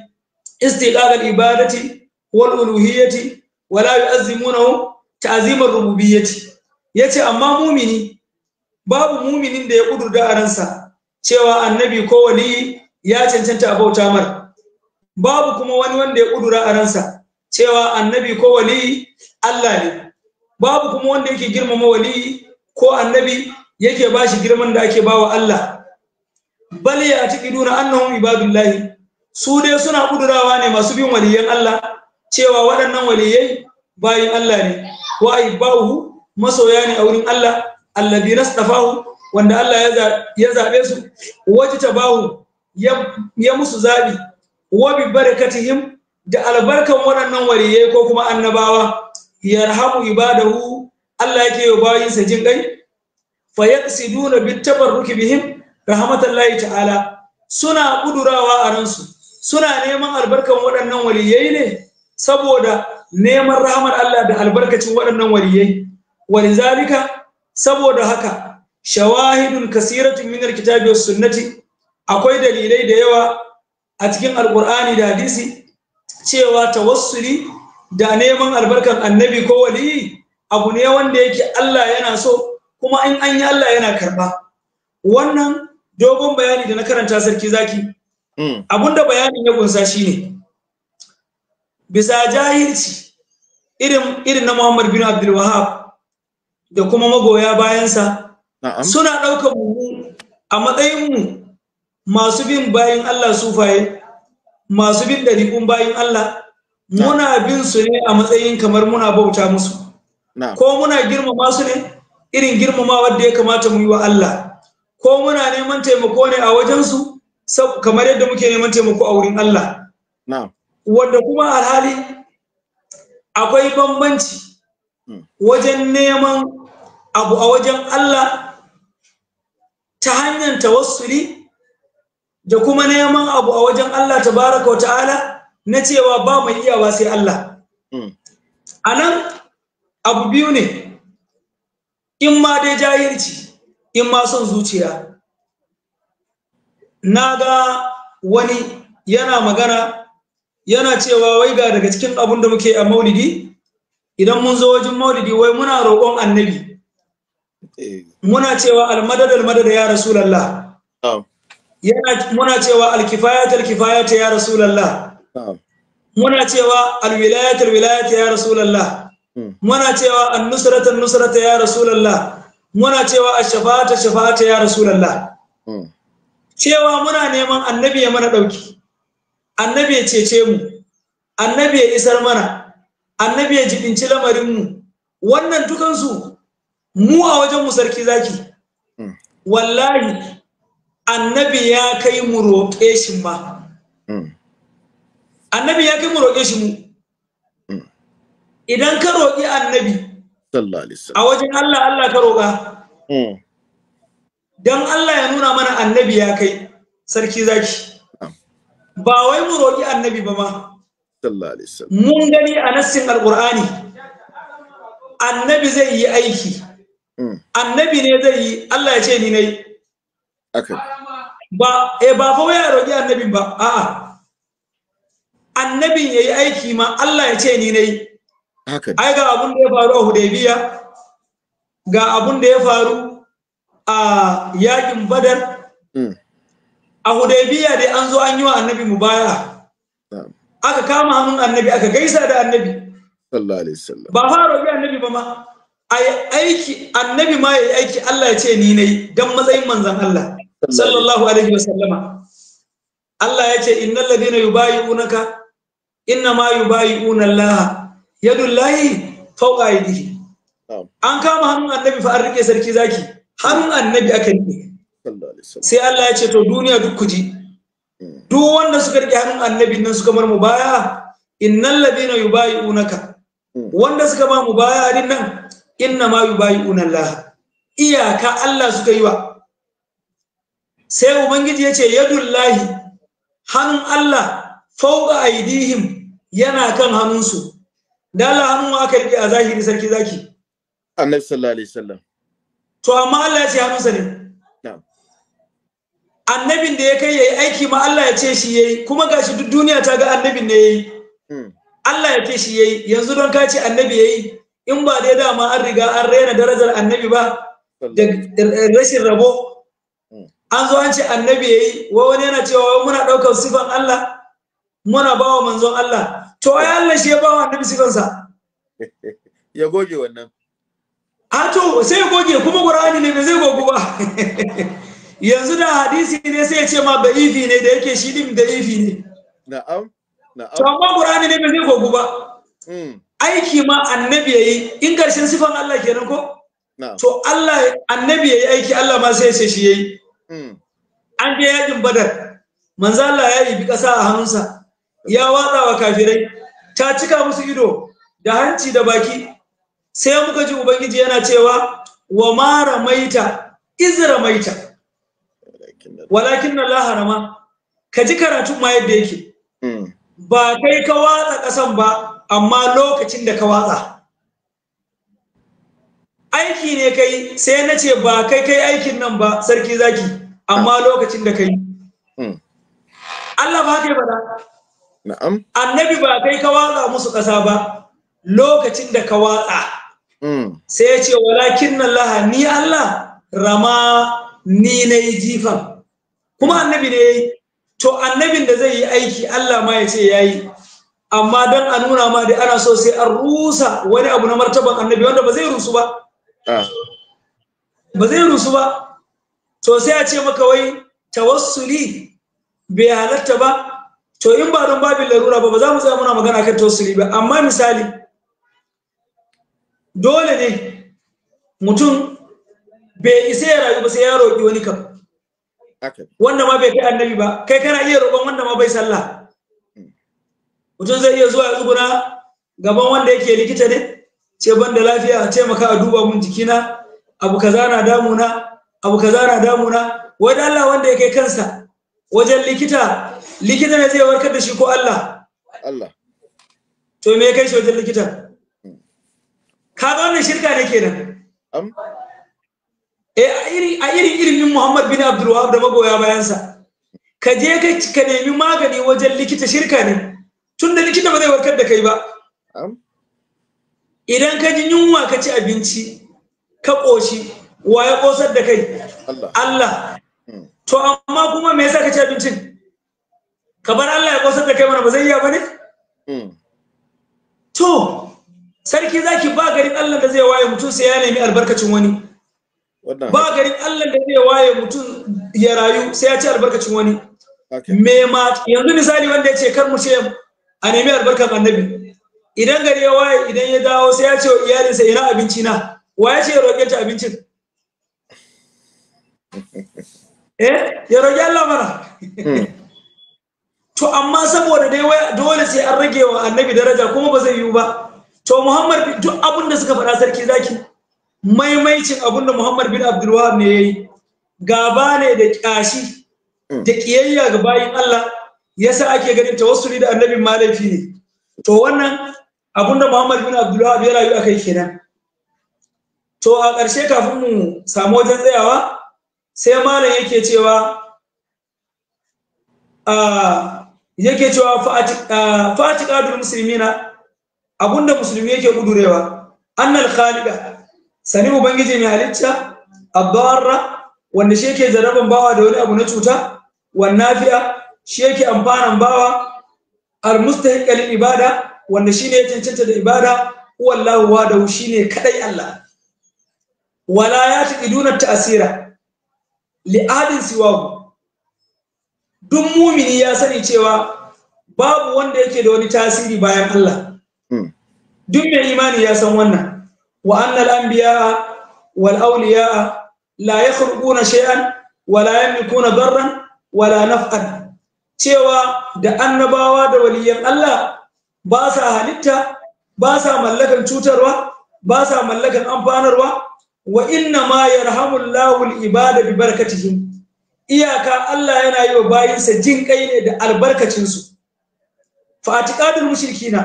istiqaqal ibadati wal uluhiyyati wala yu'azzimunahu ta'zimar rububiyyati yace amma mumini babu muminin da ya kudurda a ransa cewa annabi ko wali ya cancanta a bauta mar babu kuma wani wanda ya kudura a ransa cewa annabi ko wali Allah ne babu kuma wanda yake girmama wali ko annabi yake ba shi girman da ake bawa Allah bal ya taqiduna annahum ibadullahi su dai suna kudurawa ne masu bin waliyan Allah cewa waɗannan waliyai bayin Allah ne wa ibahu masoya ne a wurin Allah allabi nastafahu wanda Allah ya zaɓe su waji bahu ya musu zaɓi wa bi barakatihim da albarkan waɗannan waliyai ko kuma annabawa ya yarhamu ibadahu Allah yake yi bayinsa jin kai fa yaqsiduna bit tabarruki bihim rahmatallahi ta'ala suna kudurawa a ransu suna neman albarkan waɗannan waliyai ne saboda neman rahmar Allah da albarkacin waɗannan waliyai walizalika saboda haka shawahidun kasiratun min alkitabi was sunnati akwai dalilai da yawa a cikin alqur'ani da hadisi cewa tawassuli da neman albarkan annabi ko wali abu ne wanda yake Allah yana so kuma in an yi Allah yana karba wannan dogon bayani da na karanta sarki zaki mm. abunda bayanin ya kunsa shine bisa jahilci irin irin na Muhammad bin Abdul Wahhab da kuma magoya bayansa suna ɗaukar mu a matsayin mu masu bin bayan Allah sufaye masu bin ɗariƙun bayan Allah muna bin su ne a matsayin kamar muna bauta musu ko muna girmama su ne irin girmamawar da ya kamata mu yi wa Allah ko muna neman taimako ne a wajensu kamar yadda muke neman taimako a wurin Allah wanda kuma alhali akwai bambanci hmm. wajen neman abu a wajen Allah ta hanyar tawassuli da kuma neman abu a wajen Allah tabaraka wa ta'ala na cewa ba mai iyawa sai Allah hmm. a nan abu biyu ne in ma dai jahilci in ma son zuciya na ga wani yana magana yana cewa wai ga daga cikin abun da muke a maulidi idan mun zo wajen maulidi wai muna roƙon annabi muna cewa almadad almadad ya rasulallah yana muna cewa alkifayat alkifayat ya rasulallah muna cewa alwilayat alwilayat ya rasulallah hmm. muna cewa annusrat annusrat ya rasulallah muna cewa ashafa'at ashafa'at ya rasulallah hmm. cewa muna neman annabi ya mana dauki annabi ya cece mu annabi ya isar mana annabi ya jibinci mu, wannan dukansu mu a wajen mu sarki zaki hmm. wallahi annabi ya kai mu roƙe shi ma hmm. annabi ya kai mu roƙe shi mu hmm. idan ka roƙi annabi a wajen Allah Allah ka roƙa don Allah ya nuna mana annabi ya kai sarki zaki ba wai mu roƙi annabi ba ma mun gani a nassin alƙur'ani annabi zai yi aiki Mm. annabi ne zai yi Allah ya ce ni ne ba eh ba fa waya roƙi annabin ba a'a annabin yi aiki ma Allah ya ce ni ne ai ga abun da ya faru a Hudaybiya ga abun da ya faru a yakin Badar mm. a Hudaybiya dai an zo an yi wa annabi mubaya aka kama hannun annabi aka gaisa da annabi sallallahu alaihi wasallam ba fa roƙi annabi ba ma aiki annabi ma ya aiki Allah ya ce ni nayi dan matsayin manzon Allah sallallahu alaihi wasallama Allah ya ce innal ladina yubayi'unaka inna ma yubayi'una Allah yadullahi fawqa aydihi an kama hannun annabi fa an rike sarki zaki hannun annabi aka rike sai Allah ya ce to duniya duk ji hmm. duk wanda suka rike hannun annabi nan suka mar mu baya innal ladina yubayi'unaka hmm. wanda suka ba mu baya din nan inna ma yubayi'una Allah iyaka Allah suka yi wa sai ubangiji ya ce yadullahi hannun Allah fauka aidihim yana kan hannunsu da Allah hannun aka rike a zahiri sarki zaki annabi sallallahu alaihi wasallam to amma Allah ya ce hannunsa ne annabin da ya kai yayi aiki ma Allah ya ce shi yayi kuma gashi duk duniya ta ga annabin ne yayi hmm. Allah ya ce shi yayi yanzu don ka ce annabi yayi in ba dai dama an riga an raina darajar annabi ba da rashin rabo hmm. an zo an ce annabi yayi wa wani yana cewa muna ɗaukar sifan Allah muna ba wa manzon Allah to ai Allah shi ya ba wa annabi sifansa ya goge wannan a to sai ya goge kuma Qur'ani ne bai zai gogu ba yanzu da hadisi ne sai ya ce ma da'ifi ne da yake shi din da'ifi ne na'am na'am to amma Qur'ani ne bai zai gogu ba hmm. aiki ma annabi yayi in karshen sifan Allah kenan ko to Allah annabi yayi aiki Allah ma sai sai shi yayi hmm. an je yakin badar manzo Allah ya yi kasa a hannunsa ya watsa wa kafirai ta cika musu ido da hanci da baki sai muka ji ubangiji yana cewa wa ma ramaita iz ramaita walakin Allah harama ka ji karatun ma yadda yake hmm. ba kai ka watsa ƙasan ba amma lokacin da ka watsa aiki ne kai sai na ce ba kai kai aikin nan ba sarki zaki amma lokacin da kai hmm. Allah ba kai bada na'am annabi ba kai ka watsa musu ƙasa ba lokacin da ka watsa hmm. sai ya ce walakin Allah laha ni Allah rama ni ne jifan kuma annabi ne to annabin da zai yi aiki Allah ma ya ce ya yi amma dan a nuna ma dai ana so sai an rusa wani abu na martaban annabi wanda ba zai rusu ba ah. ba zai rusu ba to sai a ce maka wai tawassuli bai halatta ba to in ba don babin larura ba ba za mu tsaya muna magana kan tawassuli ba amma misali dole ne mutum bai isa ya rayu ba sai ya roƙi wani kam wanda ma bai kai annabi ba kai kana iya roƙon wanda ma bai sallah mutum zai iya zuwa ya tsuguna gaban wanda yake likita ne ce ban da lafiya a taimaka a duba mun jikina abu kaza na damuna abu kaza na damuna wai da Allah wanda yake kansa wajen likita likita ne zai warkar da shi ko Allah Allah to me kai shi wajen likita hmm. ka ga wannan shirka ne kenan eh a irin irin Muhammad bin Abdul Wahab da magoya bayansa ka je ka nemi magani wajen likita shirka ne tun da likita ba zai warkar da kai ba idan ka ji yunwa ka ci abinci ka ƙoshi wa ya ƙosar da kai Allah hmm. to amma kuma me yasa ka ci abincin ka bar Allah ya ƙosar da kai mana ba zai iya ba ne hmm. to sarki zaki ba garin Allah da zai waye mutum sai ya nemi albarkacin wani ba garin Allah da zai waye mutum ya rayu sai ya ci albarkacin wani me ma yanzu misali wanda ya ce kar mu ce a nemi albarkan annabi idan gari ya waye idan ya dawo sai ya ce wa iyalinsa ina abinci na wa ya ce ya roƙe ta abincin eh ya roƙe Allah mana hmm. to amma saboda dai dole sai an rage wa annabi daraja kuma ba zai yiwu ba to Muhammad duk abin da suka faɗa sarki zaki maimaicin abin da Muhammad bin Abdul ne ne yayi gaba ne da kashi hmm. da kiyayya ga bayin Allah yasa ake ganin tawassuli da annabi ma laifi ne to wannan abinda muhammad bin abdullahi ya rayu akai kenan to a ƙarshe kafin mu samu wajen tsayawa sai malam yake cewa yake cewa fa'ati ƙadul musulmi na abinda musulmi yake kudurewa annal khalida sani ubangiji mai halitta abbarra wanda shi yake zaraban bawa da wani abu na cuta wannafi'a shi yake amfanan bawa almustahiq lil ibada wanda shine ya cancanta da ibada wallahu shi ne kadai Allah wala duna ta'sira li adin siwahu duk mumini ya sani cewa babu wanda yake da wani tasiri bayan Allah hmm. duk mai imani ya san wannan wa annal anbiya wal awliya la yakhruquna shay'an wala yamlikuna darran wala naf'an cewa da annabawa da waliyan Allah ba sa halitta ba sa mallakan cutarwa ba sa mallakan amfanarwa wa inna ma yarhamullahu al-ibada bi barakatihim iyaka Allah yana yi wa bayinsa jin kai ne da albarkacinsu fa atiqadul mushrikina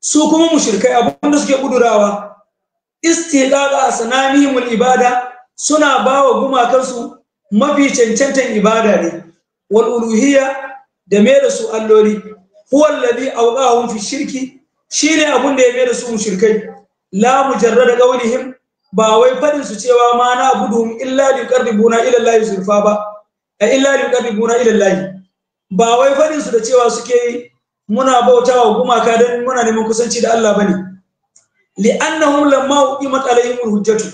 su kuma mushrikai da suke gudurawa istiqaqa sanamihim al-ibada suna bawa gumakansu mafi cancantan ibada ne wal da mai da su alloli huwa alladhi awqahum fi shirki shine abun da ya mai da su mushrikai la mujarrada qawlihim ba wai fadin su cewa ma na abuduhum illa liqarribuna ila allahi zulfa ba a illa liqarribuna ila allahi ba wai fadin da cewa suke yi muna bautawa gumaka dan muna neman kusanci da Allah bane li'annahum lamma uqimat alaihim hujjatu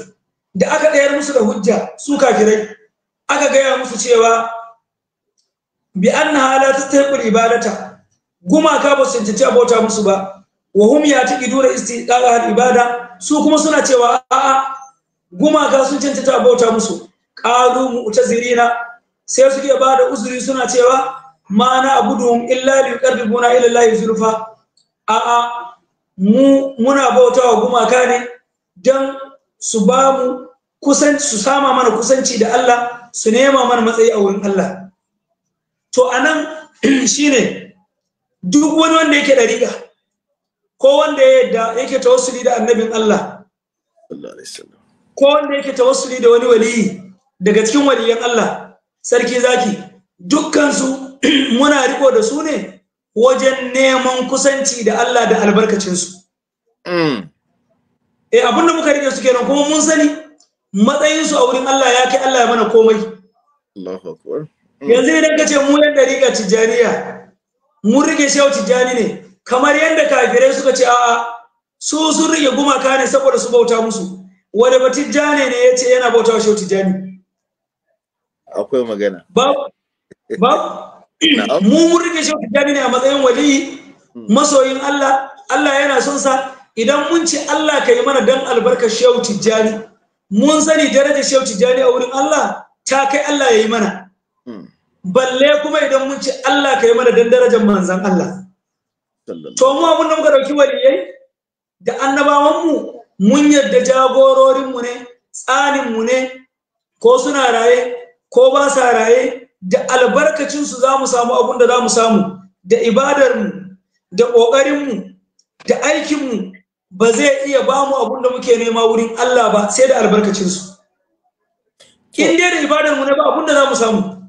da aka dayar musu da hujja su kafirai aka gaya musu cewa bi hala ta tastahiqu ibadata gumaka ba su cancanci abota musu ba wa hum isti istiqala hal ibada su kuma suna cewa a'a gumaka sun ta abota musu qalu mu'tazirina sai suke ba da uzuri suna cewa ma na gudu illa liqarribuna ila allahi zulfa a'a mu muna wa gumaka ne dan su ba mu kusanci su sama mana kusanci da Allah su nema mana matsayi a wurin Allah to a nan shi ne duk wani wanda yake dariƙa ko wanda yake tawassuli da annabin Allah ko wanda yake tawassuli da wani waliyi daga cikin waliyan Allah sarki zaki dukkansu muna riko da su ne wajen neman kusanci da Allah da albarkacinsu mm. eh abin da muka rike su kenan kuma mun sani matsayinsu a wurin Allah ya kai Allah ya mana komai Allahu akbar Mm. yanzu idan ka ce mu yan dariƙa tijaniya mun rike shehu tijani ne kamar yadda kafirai suka ce a'a su sun rike gumaka ne saboda su bauta musu wanda ba tijani ne ya ce yana bauta wa shehu tijani akwai magana ba ba mu mun rike shehu tijani ne a matsayin wali mm. masoyin Allah Allah yana son sa idan mun ci Allah ka yi mana dan albarka shehu tijani mun sani darajar shehu tijani a wurin Allah ta kai Allah ya yi mana balle kuma idan mun ci Allah ka yi mana dan darajar manzan Allah to mu abin da muka dauki yayi da annabawan mu mun yadda jagororin mu ne tsanin mu ne ko suna raye ko ba sa raye da albarkacin su za mu samu abin da za mu samu da ibadar da kokarin da aikin mu ba zai iya ba mu abin da muke nema wurin Allah ba sai da albarkacinsu. su in dai ibadar mu ne ba abin da za mu samu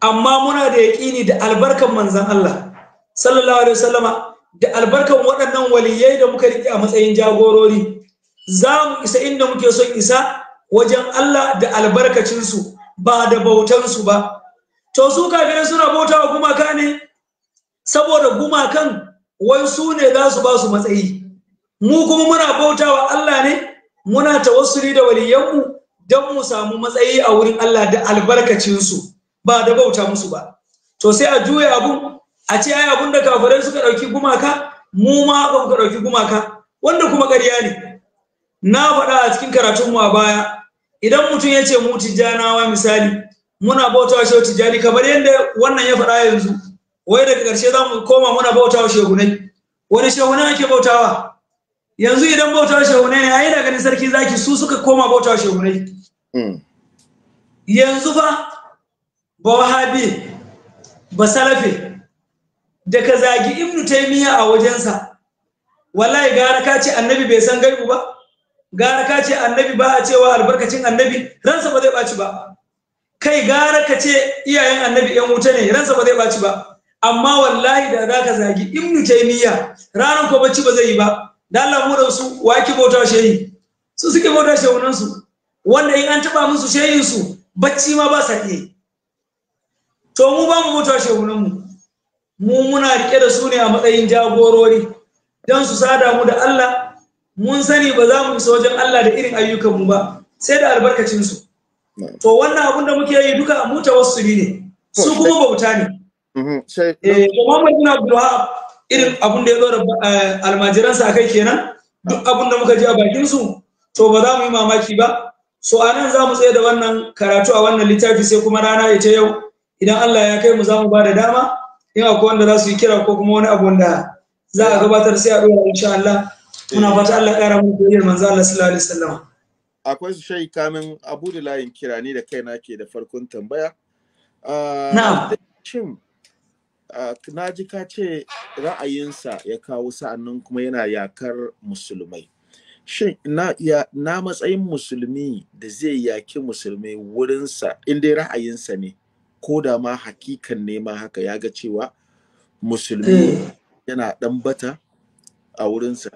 amma muna da yaƙini da albarkan manzan Allah sallallahu alaihi wasallama da albarkan waɗannan waliyai da muka riƙe a matsayin jagorori za mu isa inda muke son isa wajen Allah da albarkacinsu ba da bautansu ba to su kafirai suna bautawa gumaka ne saboda gumakan wai su ne za su ba su matsayi mu kuma muna bautawa Allah ne muna tawassuli da waliyanmu don mu samu matsayi a wurin Allah da albarkacinsu ba da bauta musu ba to sai a juya abun a ce ai abun da kafirai suka dauki gumaka mu ma ba muka dauki gumaka wanda kuma ƙarya ne na faɗa a cikin karatun mu a baya idan mutum ya ce mu tijjanawa misali muna bautawa shehu tijjani kamar yadda wannan ya faɗa yanzu wai daga ƙarshe za mu koma muna bautawa shehunai wani shehunai ake bautawa yanzu idan bautawa shehunai ne ai daga ganin sarki zaki su suka koma bautawa shehunai hmm. yanzu fa ba wahabi ba salafi da ka zagi ibnu taimiyya a wajensa wallahi gara ka ce annabi bai san gaibu ba gara ka ce annabi ba a cewa albarkacin annabi ransa ba zai ɓaci ba kai gara ka ce iyayen annabi yan wuta ne ransa ba zai ɓaci ba amma wallahi da za ka zagi ibnu taimiyya ranar ko bacci ba zai yi ba da Allah mu da su ki bauta shehi su suke bauta shehunan su wanda in an taba musu shehin su bacci ma ba sa iya to mu ba mu mutuwa shehunan mu mu muna rike da su ne a matsayin jagorori don su sada mu da Allah mun sani ba za mu isa wajen Allah da irin ayyukan mu ba sai da albarkacin su to wannan abun da muke yi duka muta wasu ne su kuma bauta ne mm-hmm. eh Muhammad bin irin abun da ya zo da eh, sa kai kenan duk abun da muka ji a bakin su to ba za mu yi mamaki ba so anan za mu tsaye da wannan karatu a wannan littafi sai kuma rana ya ita yau idan Allah ya kai mu za mu ba da dama in akwai wanda za su yi kira ko kuma wani abu da za a gabatar sai a ɗora insha Allah muna fata Allah ƙara mu koyar manzo Allah sallallahu alaihi wasallam akwai su shayi kamin abu da layin kira ni da kaina ke da farkon tambaya ah, na'am ah, na ji ka ce ra'ayinsa ya kawo sa'annan kuma yana yakar musulmai shin na, matsayin musulmi da zai yaki musulmai wurinsa in dai ra'ayinsa ne ko da ma hakikan ne ma haka ya ga cewa musulmi eh. yana dan bata a wurinsa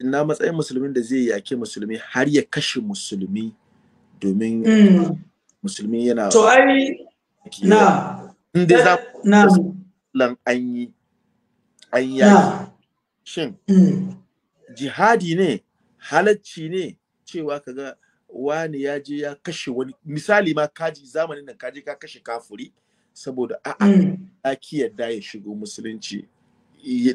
ina matsayin musulmin da zai yake musulmi har ya kashe musulmi domin hmm. musulmi yana to ai na inda za na lan an yi an shin hmm. jihadi ne halacci ne cewa kaga wani ya je ya kashe wani misali ma kaji zamanin nan kaji ka kashe kafuri saboda a'a mm. aki yadda ya shigo musulunci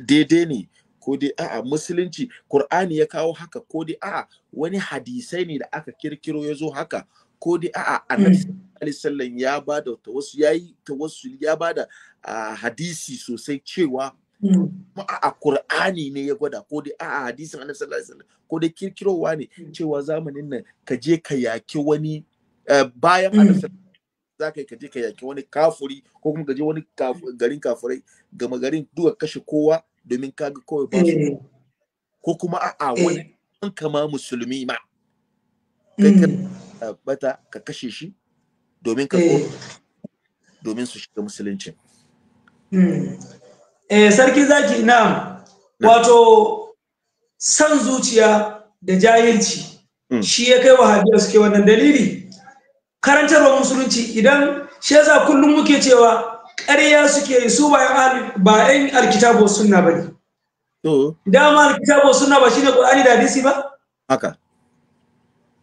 daidai ne ko dai a'a musulunci qur'ani ya kawo haka ko dai a'a wani hadisai ne da aka kirkiro ya zo haka ko dai a'a annabi mm. sallallahu ya bada tawassul yayi wasu ya bada ah, hadisi sosai cewa Mm. Kuma a alkur'ani ne ya gwada ko dai a hadisin Annabi sallallahu alaihi wasallam ko dai kirkirowa ne mm. cewa zamanin nan ka je ka yaki wani eh, bayan Annabi mm. za ka yi ka je ka yaki wani kafuri ko kuma ka je wani garin kafurai gama garin duka kashe kowa domin ka ga kawai ba su eh. ko kuma a'a eh. wani an kama musulmi ma kai ka bata ka kashe shi domin ka domin su shiga musulunci eh sarki zaki na'am wato san zuciya da jahilci hmm. shi ya kai wahabiyar suke wannan dalili karantarwa musulunci idan shi yasa kullum muke cewa ƙarya suke su ba yan alkitabo sunna ba ne dama alkitabo sunna ba shine qur'ani da hadisi ba haka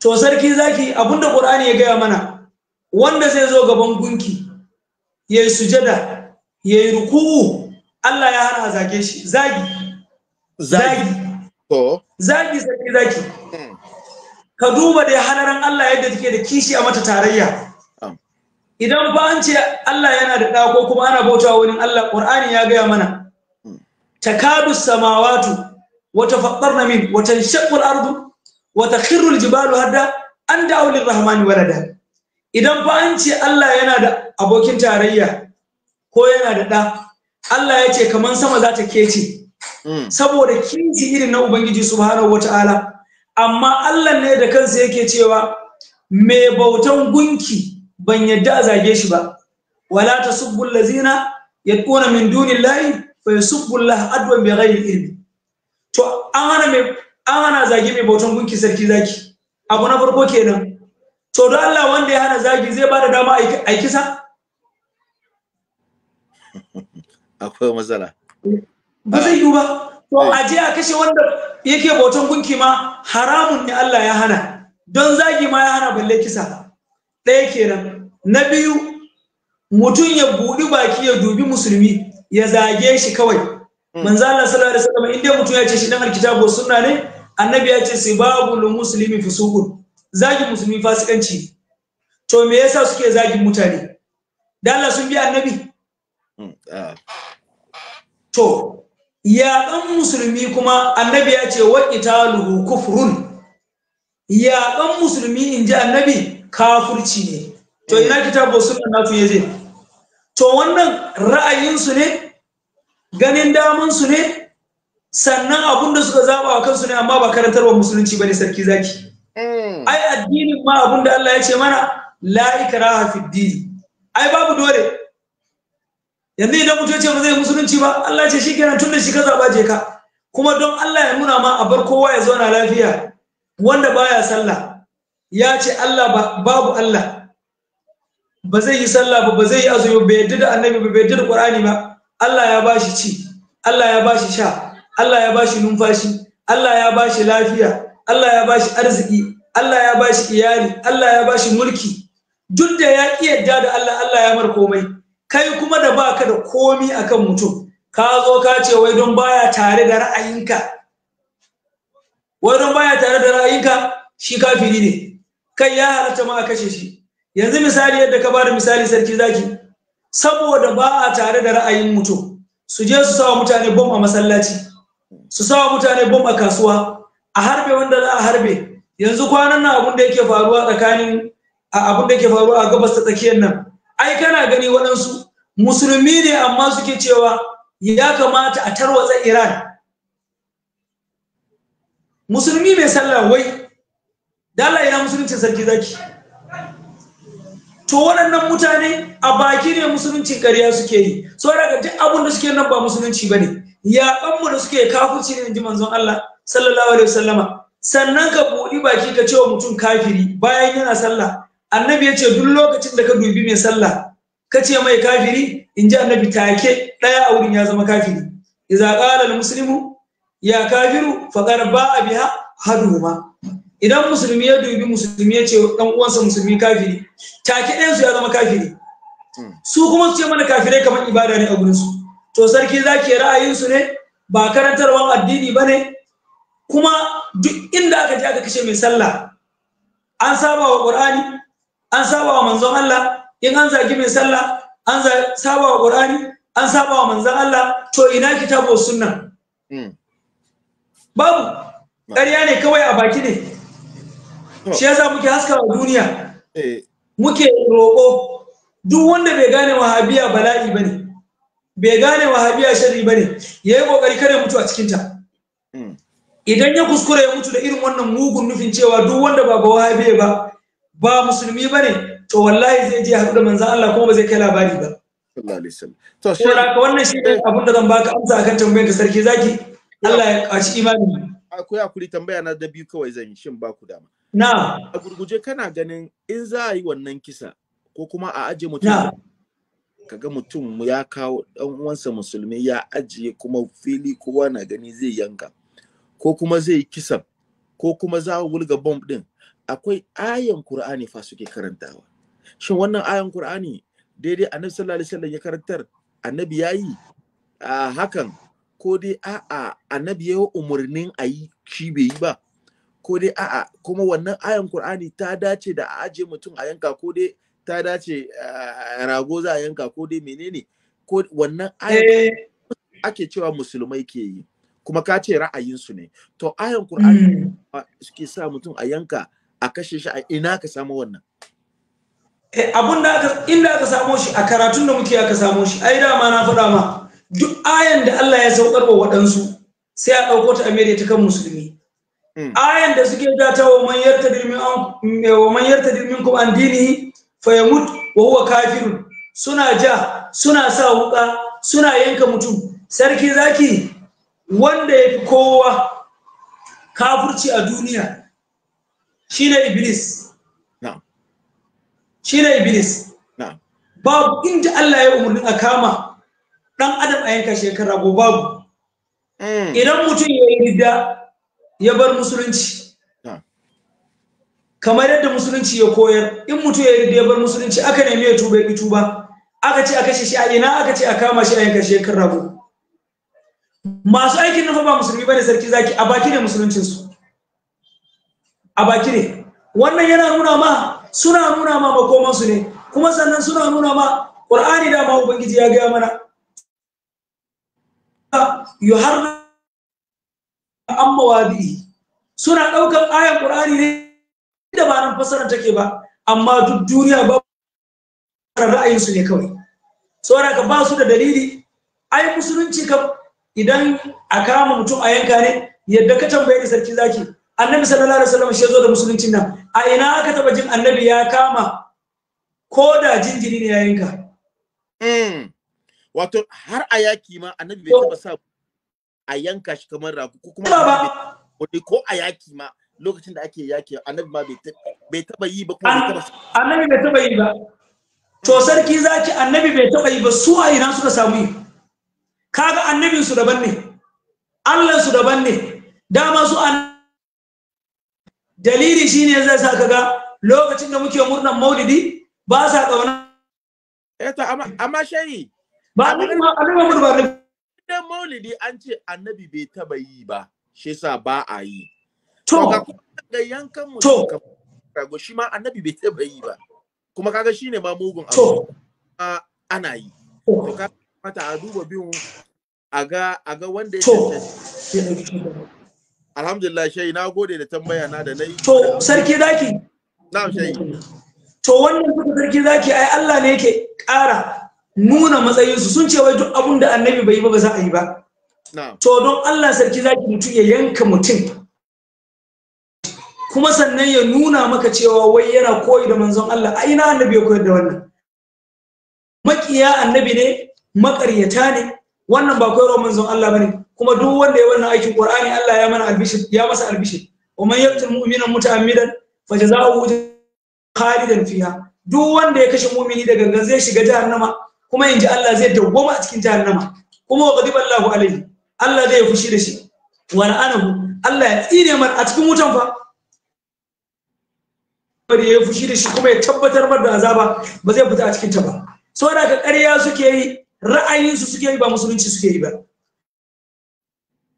to sarki zaki abinda qur'ani ya gaya mana wanda zai zo gaban gunki yayi sujada yayi ruku'u Allah ya hana zage shi zagi zagi to zagi zagi zagi hmm. ka duba da halaran Allah yadda take da kishi a mata tarayya ah. idan ba an ce Allah yana da dako kuma ana bautawa wani Allah Qur'ani ya gaya mana hmm. takadu samawatu wa tafaqqarna min wa tanshaqqu al-ardu wa takhirru al-jibalu hadda an da'u lir rahman walada idan ba an ce Allah yana da abokin tarayya ko yana da ɗa Allah ya ce kaman sama za ta kece hmm. saboda kinsi irin na Ubangiji subhanahu wata'ala amma Allah ne da kansa yake cewa mai bautan gunki ban yadda a zage shi ba wala tasubbu allazina yad'una min dunillahi fa yasubbu Allah adwan ghairi ilmi to an hana mai an zage mai bautan gunki sarki zaki abu na farko kenan to da Allah wanda ya hana zagi zai ba da dama a kisa akwai matsala ba zai yiwu ba to eh. a je a kashe wanda yake bautan gunki ma haramun ne Allah ya hana don zagi ma ya hana balle kisa ɗaya kenan na biyu mutum ya buɗi baki ya dubi musulmi ya zage shi kawai hmm. manzo Allah sallallahu alaihi wasallam inda mutum ya ce shi dan alkitabu sunna ne annabi ya ce sibabul muslimi fusuqun zagin musulmi fasikanci to me yasa suke zagin mutane da Allah sun bi annabi hmm. ah. to ya yaƙan musulmi kuma annabi ya ce wa qitaluhu kufrun yaƙan musulmi in ji annabi kafurci ne to ina eh. kitabu sunna nasu yaje to wannan ra'ayinsu ne ganin damansu ne sannan abin da suka zaba a kansu ne amma ba karantarwa musulunci bane sarki zaki eh. ai addinin ma abin da Allah ya ce mana la ikraha ai babu dole yanzu idan mutum ce ba zai musulunci ba Allah ce shikenan tun da shi ka zaba je ka kuma don Allah ya nuna ma a bar kowa ya zauna lafiya wanda baya sallah ya ce Allah ba, babu Allah ba zai yi sallah ba ba zai yi azumi ba yadda da annabi ba yadda da Qur'ani ba Allah ya bashi ci Allah ya bashi sha Allah ya bashi numfashi Allah ya bashi lafiya Allah ya bashi arziki Allah ya bashi iyali Allah ya bashi mulki duk da ya ki yadda da Allah Allah ya mar komai kai kuma da baka da komi akan mutum ka zo ka ce wai don baya tare da ra'ayinka wai don baya tare da ra'ayinka shi kafiri ne kai ya halarta ma a kashe shi yanzu misali yadda ka bada misali sarki zaki saboda ba a tare da ra'ayin mutum su je su sawa mutane bom a masallaci su sawa mutane bom a kasuwa a harbe wanda za a harbe yanzu kwanan nan abun da yake faruwa tsakanin abun da yake faruwa a gabas ta tsakiyar nan ai kana gani waɗansu musulmi ne amma suke cewa ya kamata a tarwatsa iran musulmi mai sallah wai dala ya musulunci sarki zaki to waɗannan mutane a baki ne musulunci ƙarya suke yi so daga duk abin da suke nan ba musulunci ba ne yaƙanmu da suke kafirci ne ji manzon Allah sallallahu alaihi wasallama sannan ka buɗi baki ka cewa mutum kafiri bayan yana sallah annabi ya ce duk lokacin da ka dubi mai sallah ka ce mai kafiri in ji annabi take ɗaya a wurin ya zama kafiri iza qala muslimu ya kafiru faqad ba'a biha haduma idan musulmi ya dubi musulmi ya ce dan uwansa musulmi kafiri take ɗaya su ya zama kafiri su kuma su ce mana kafirai kamar ibada ne a gurin to sarki zaki ra'ayin su ne ba karantarwan addini bane kuma duk inda aka je aka kashe mai sallah an saba wa qur'ani an saba wa manzon Allah in an zagi mai sallah an saba wa Qur'ani an saba wa manzon Allah to ina kitabu sunna hmm. babu ƙarya ne kawai a baki ne shi yasa muke haska wa duniya eh. muke roƙo duk wanda bai gane wahabiya bala'i bane bai gane wahabiya sharri bane yayi kokari kare mutu a cikin ta hmm. idan ya kuskura ya mutu da irin wannan mugun nufin cewa duk wanda ba ba wahabiya ba ba musulmi bane to wallahi zai je haɗu da manzan Allah kuma ba zai kai labari ba to shi ka wannan shi ne abin da zan baka amsa akan tambayar da sarki zaki Allah ya kaci imani akwai hakuri tambaya na da biyu kawai zan yi shin ba ku dama na a gurguje kana ganin in za a yi wannan kisa ko kuma a aje mutum kaga mutum ya kawo dan uwansa musulmi ya ajiye kuma fili kowa na gani zai yanka ko kuma zai yi kisan ko kuma za a wulga bomb din akwai ayan Kur'ani fa suke karantawa shin wannan ayan Kur'ani daidai annabi sallallahu alaihi wasallam ya karantar annabi yayi a hakan ko dai a'a annabi ya umurnin ayi shi bai yi ba ko dai a'a kuma wannan ayan Kur'ani ta dace da a aje mutum a yanka ko dai ta dace rago za a yanka ko dai menene ko wannan ayan eh. ake cewa musulmai ke yi kuma ka ce ra'ayinsu ne to ayan kur'ani hmm. suke sa mutum a yanka a kashe shi a ina ka samu wannan eh, abun da aka inda aka samu shi a karatun da muke aka samu shi ai ma na faɗa ma duk ayan da Allah ya saukar wa waɗansu sai a ɗauko ta a ta kan musulmi hmm. ayan da suke data eh, wa man yarta dirmin an wa man yarta dirmin kuma an dini fa yamut wa huwa kafir suna ja suna sa wuka suna yanka mutum sarki zaki wanda ya fi kowa kafurci a duniya shine iblis shine iblis babu inda Allah ya umurni a kama dan adam a yanka shekara go babu hmm. idan mutum ya yi ridda ya bar musulunci kamar yadda musulunci ya koyar in mutum ya yi ridda ya bar musulunci aka nemi ya tuba ya tuba aka ce a kashe shi a ina aka ce a kama shi a yanka shekara go masu aikin nufa ba musulmi da sarki zaki a baki ne musuluncinsu? a baki ne wannan yana nuna ma suna nuna ma makomansu ne kuma sannan suna nuna ma ƙur'ani da ma ubangiji ya gaya mana yuharna amma suna ɗaukar ayan ƙur'ani ne da ba nan fasarar take ba amma duk duniya ba ra'ayinsu ne kawai saboda ka ba su da dalili ai musulunci kam idan a kama mutum a yanka ne yadda ka tambaye ni sarki zaki annabi sallallahu alaihi wasallam shi zo da musuluncin nan a ina aka taba jin annabi ya kama ko da jinjiri ne yayin ka hmm. wato har a yaki ma annabi bai taba sa a yanka shi kamar rago ko kuma ko a yaki ma lokacin da ake yaki annabi ma bai taba yi ba bai taba annabi bai taba yi ba to sarki zaki annabi bai taba yi ba su a ina suka samu yi kaga annabin su daban ne Allah su daban ne dama su annabi dalili shine zai sa ka ga lokacin da muke murnan maulidi ba sa kauna eh to amma amma shayi ba ni ma annabi ba da maulidi an ce annabi bai taba yi ba shi sa ba a yi to ga yankan mu to kago shi ma annabi bai taba yi ba kuma kaga ne ma mugun abu ana yi to ka mata a duba biyun a ga wanda ya tantance Alhamdulillah shai na gode da tambaya na da nayi. To sarki zaki. Na'am shai. To wannan kuka sarki zaki ai Allah ne yake ƙara nuna matsayinsu sun ce wai duk abun da annabi bai yi ba ba za a yi ba. To don Allah sarki zaki mutum ya yanka mutum. Kuma sannan ya nuna maka cewa wai yana koyi da manzon Allah ai na annabi ya koyar da wannan. Makiya annabi ne, maƙaryata ne, wannan ba koyarwa manzon Allah ba ne. kuma duk wanda ya wannan aikin qur'ani Allah ya mana albishir ya masa albishir wa man yaqtul mu'mina muta'ammidan fajazaohu khalidan fiha duk wanda ya kashe mu'mini da gangan zai shiga jahannama kuma inji Allah zai dawwama a cikin jahannama kuma wa ghadiba Allahu alaihi Allah zai fushi da shi wa la'anahu Allah ya tsire mar a cikin wutan fa bari ya fushi da shi kuma ya tabbatar mar da azaba ba zai fita a cikin ta ba saboda ka ƙarya suke yi ra'ayinsu suke yi ba musulunci suke yi ba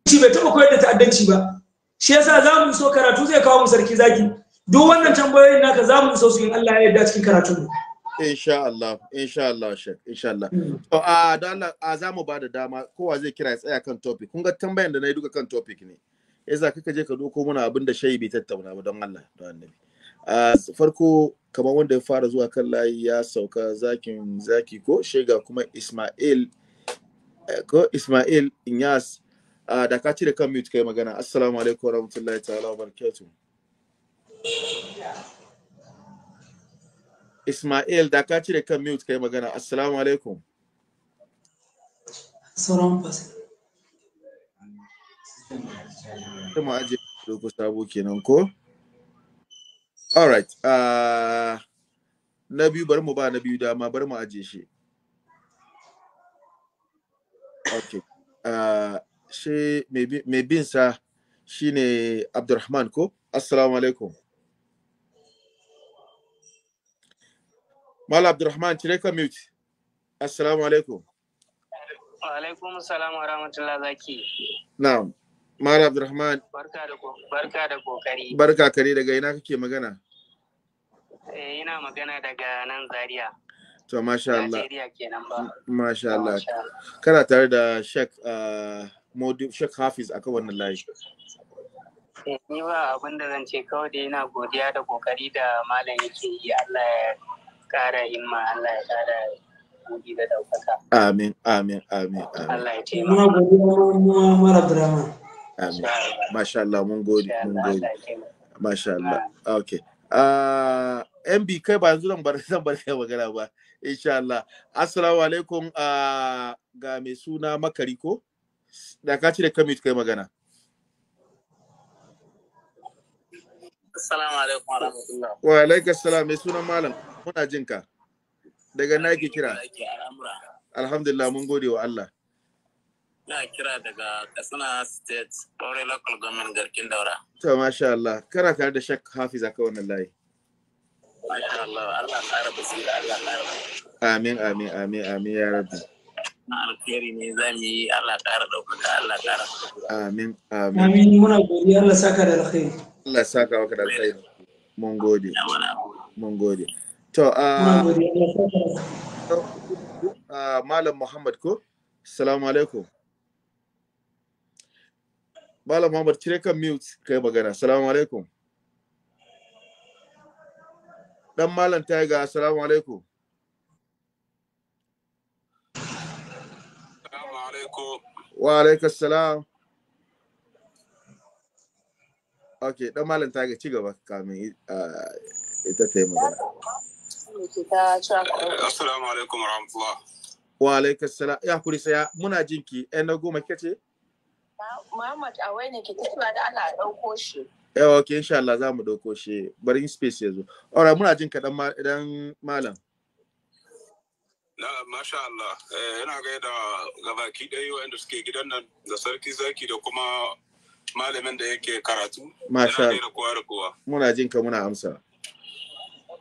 shi bai taɓa koyar da ta'addanci ba shi yasa za mu so karatu zai kawo mu sarki zaki duk wannan tambayoyin naka za mu so su in Allah ya yarda cikin karatu insha Allah insha Allah shek insha Allah hmm. to a da Allah a za mu bada dama kowa zai kira ya tsaya kan topic kun ga tambayan da na yi duka kan topic ne yasa kika je ka doko muna abin da shayi bai tattauna ba don Allah don annabi farko kamar wanda ya fara zuwa kan layi ya sauka zakin zaki ko shega kuma Ismail eh, ko Ismail Inyas Uh, da ka cire kan mute kai magana. Assalamu alaikum warahmatullahi ta'ala barakatu Ismail da ka cire kan mute kai magana. Assalamu alaikum. Sauran fasa. Kuma aje doko sabo kenan ko? All right. Uh, na biyu bari mu ba na biyu dama bari mu aje shi. Okay. Uh, shi mai bin sa shine Abdulrahman ko assalamu alaikum Mala Abdulrahman cire ka mute assalamu alaikum wa alaikum salam wa rahmatullah zaki na'am Mala Abdulrahman barka da barka da kokari barka kare daga ina kake magana eh ina magana daga nan Zaria To, masha Allah. Masha Allah. Kana tare da Sheikh ah, Maudu shek Hafiz a kawai nan layi. Eh, ni ba abin da zan ce kawai da yana godiya da kokari da malam yake yi Allah ya kara himma Allah ya kara gudi da daukaka. Amin amin amin amin. Allah ya ce mu godiya mu mara drama. Amin. Masha Allah mun gode mun gode. Masha Allah. ok. Uh, ah, MB kai ba yanzu bar zan bar kai magana ba. Insha Allah. Assalamu alaikum uh, ga mai suna Makari ko? da ka cire kamit kai magana Assalamu alaikum wa rahmatullahi Wa alaikum assalam mai sunan malam muna jin ka. Daga na ki kira. Alhamdulillah mun gode wa Allah. Na kira daga Katsina State Ore Local Government Garkin Daura. To masha Allah kara kare da shak Hafiz aka wannan layi. Masha Allah Allah ƙara basira Allah ƙara. Amin amin amin amin ya rabbi. na alkhairi ne za mu yi Allah ƙara ɗaukaka Allah ƙara amin amin amin muna godiya Allah saka da alkhairi Allah saka maka da alkhairi mun gode mun gode to uh, a uh, malam Muhammad ko assalamu alaikum malam Muhammad cire kan mute kai magana assalamu alaikum dan malam Tiger assalamu alaikum Wa alaikar salam. Ok, ɗan malam ta ci gaba kamin eh, ita ta yi magana. Assalamu alaikum wa rahmatullah. Wa alaikar salam. Ya kuri saya muna jinki ɗan na goma kace? Muhammad Awai ne ke tafiya da Allah ɗauko shi. Yawa, eh, ok, insha Allah za mu ɗauko shi. Bari space yazo. zo. muna jinka ka ɗan malam. Na masha Allah yana eh, gaida gabaki ɗaya inda suke gidan nan da sarki zaki da kuma malamin da yake karatu. Masha Allah. kowa da kowa. Muna jin ka muna amsa.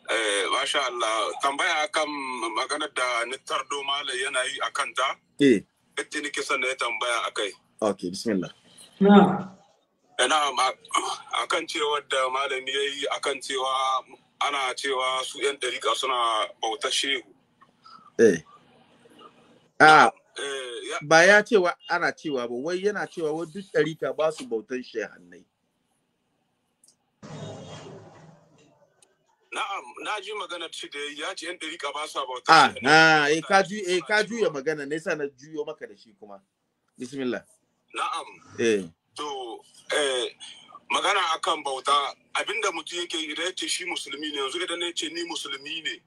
Eh, masha Allah tambaya akan maganar da Nittar Domala yana yi a kanta. Eh. Ita nake son na tambaya a kai. Ok, bismillah. Na. Eh, akan cewa da malami ya yi akan cewa ana cewa su 'yan dariƙa suna bautar shehu. eh a ah. eh, ba ya cewa ana cewa ba wai yana cewa wai duk ɗarika ba su bautan shehannai Na'am, na ji magana ce da ya ce yan ɗarika ba su bautan Ah, eh ka ju eh ka juya magana ne sa na juyo maka da shi kuma. Bismillah. Na'am. Eh. To eh magana akan bauta abinda mutum yake idan ya ce shi musulmi ne yanzu idan ya ce ni musulmi ne.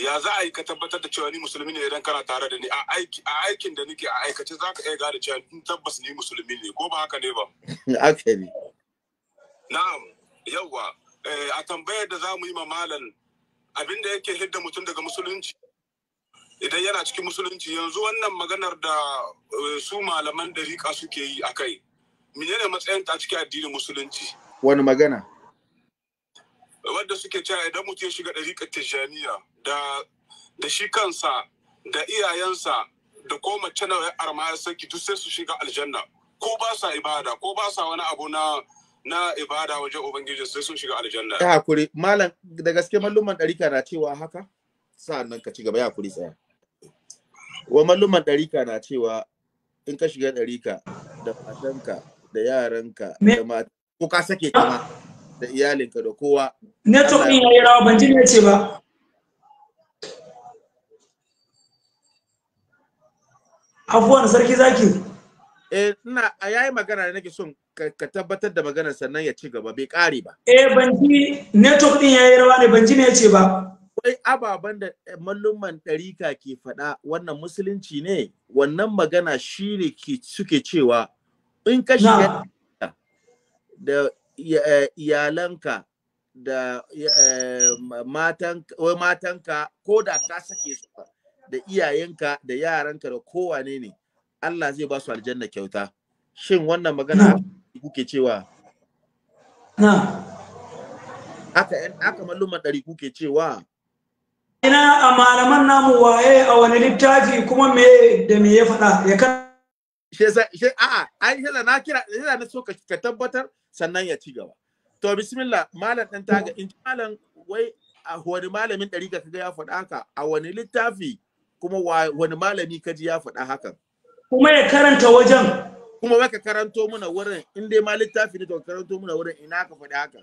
ya za a yi ka tabbatar da cewa ni musulmi ne idan kana tare da ni a aikin da nake a aikace za ka iya gane cewa ni tabbas ni musulmi ne ko ba haka ne ba Akeli. na'am yawwa eh, a tambayar da za mu yi mamalan abin da yake hidda mutum daga musulunci idan yana cikin musulunci yanzu wannan maganar da eh, su malaman dariƙa suke yi a kai menene matsayin ta cikin addinin musulunci wani magana wanda suke cewa idan mutum ya shiga ɗariƙar tijjaniya da da shi kansa da iyayensa da ko mace na arma ya saki duk sai su shiga aljanna ko ba sa ibada ko ba sa wani abu na na ibada wajen ubangiji sai sun shiga aljanna ya hakuri malam da gaske malluman ɗarika na cewa haka sa'annan ka ci gaba ya hakuri tsaya wa malluman ɗarika na cewa in ka shiga ɗarika da fatanka da yaranka da mata ko ka sake kama da iyalinka da kowa network din yayi rawa ban ji ne ce ba afuwan sarki zaki eh ina a yayi magana da nake son ka tabbatar da maganar sannan ya ci gaba bai kare ba eh ban ji network din yayi rawa ne ban ji ne ce ba akwai ababen da malluman ɗarika ke faɗa wannan musulunci ne wannan magana shi ne suke cewa in kashi da Eh, iyalanka da eh, matanka ko da ka sake su da iyayenka da yaranka da kowane ne Allah zai ba su aljanna kyauta shin wannan magana kuke cewa na aka aka malluma dari kuke cewa ina a malaman namu waye a wani littafi kuma me da me ya faɗa ya kan shi yasa shi a ai yasa na kira yasa na so ka tabbatar sannan ya ci gaba to bismillah malam ta ga in malam wai a wani malamin ɗari ka kaga ya faɗa haka a wani littafi kuma wani malami ka ji ya faɗa hakan kuma ya karanta wajen kuma wai ka karanto mana wurin in dai ma littafi ne to karanto mana wurin ina ka faɗi haka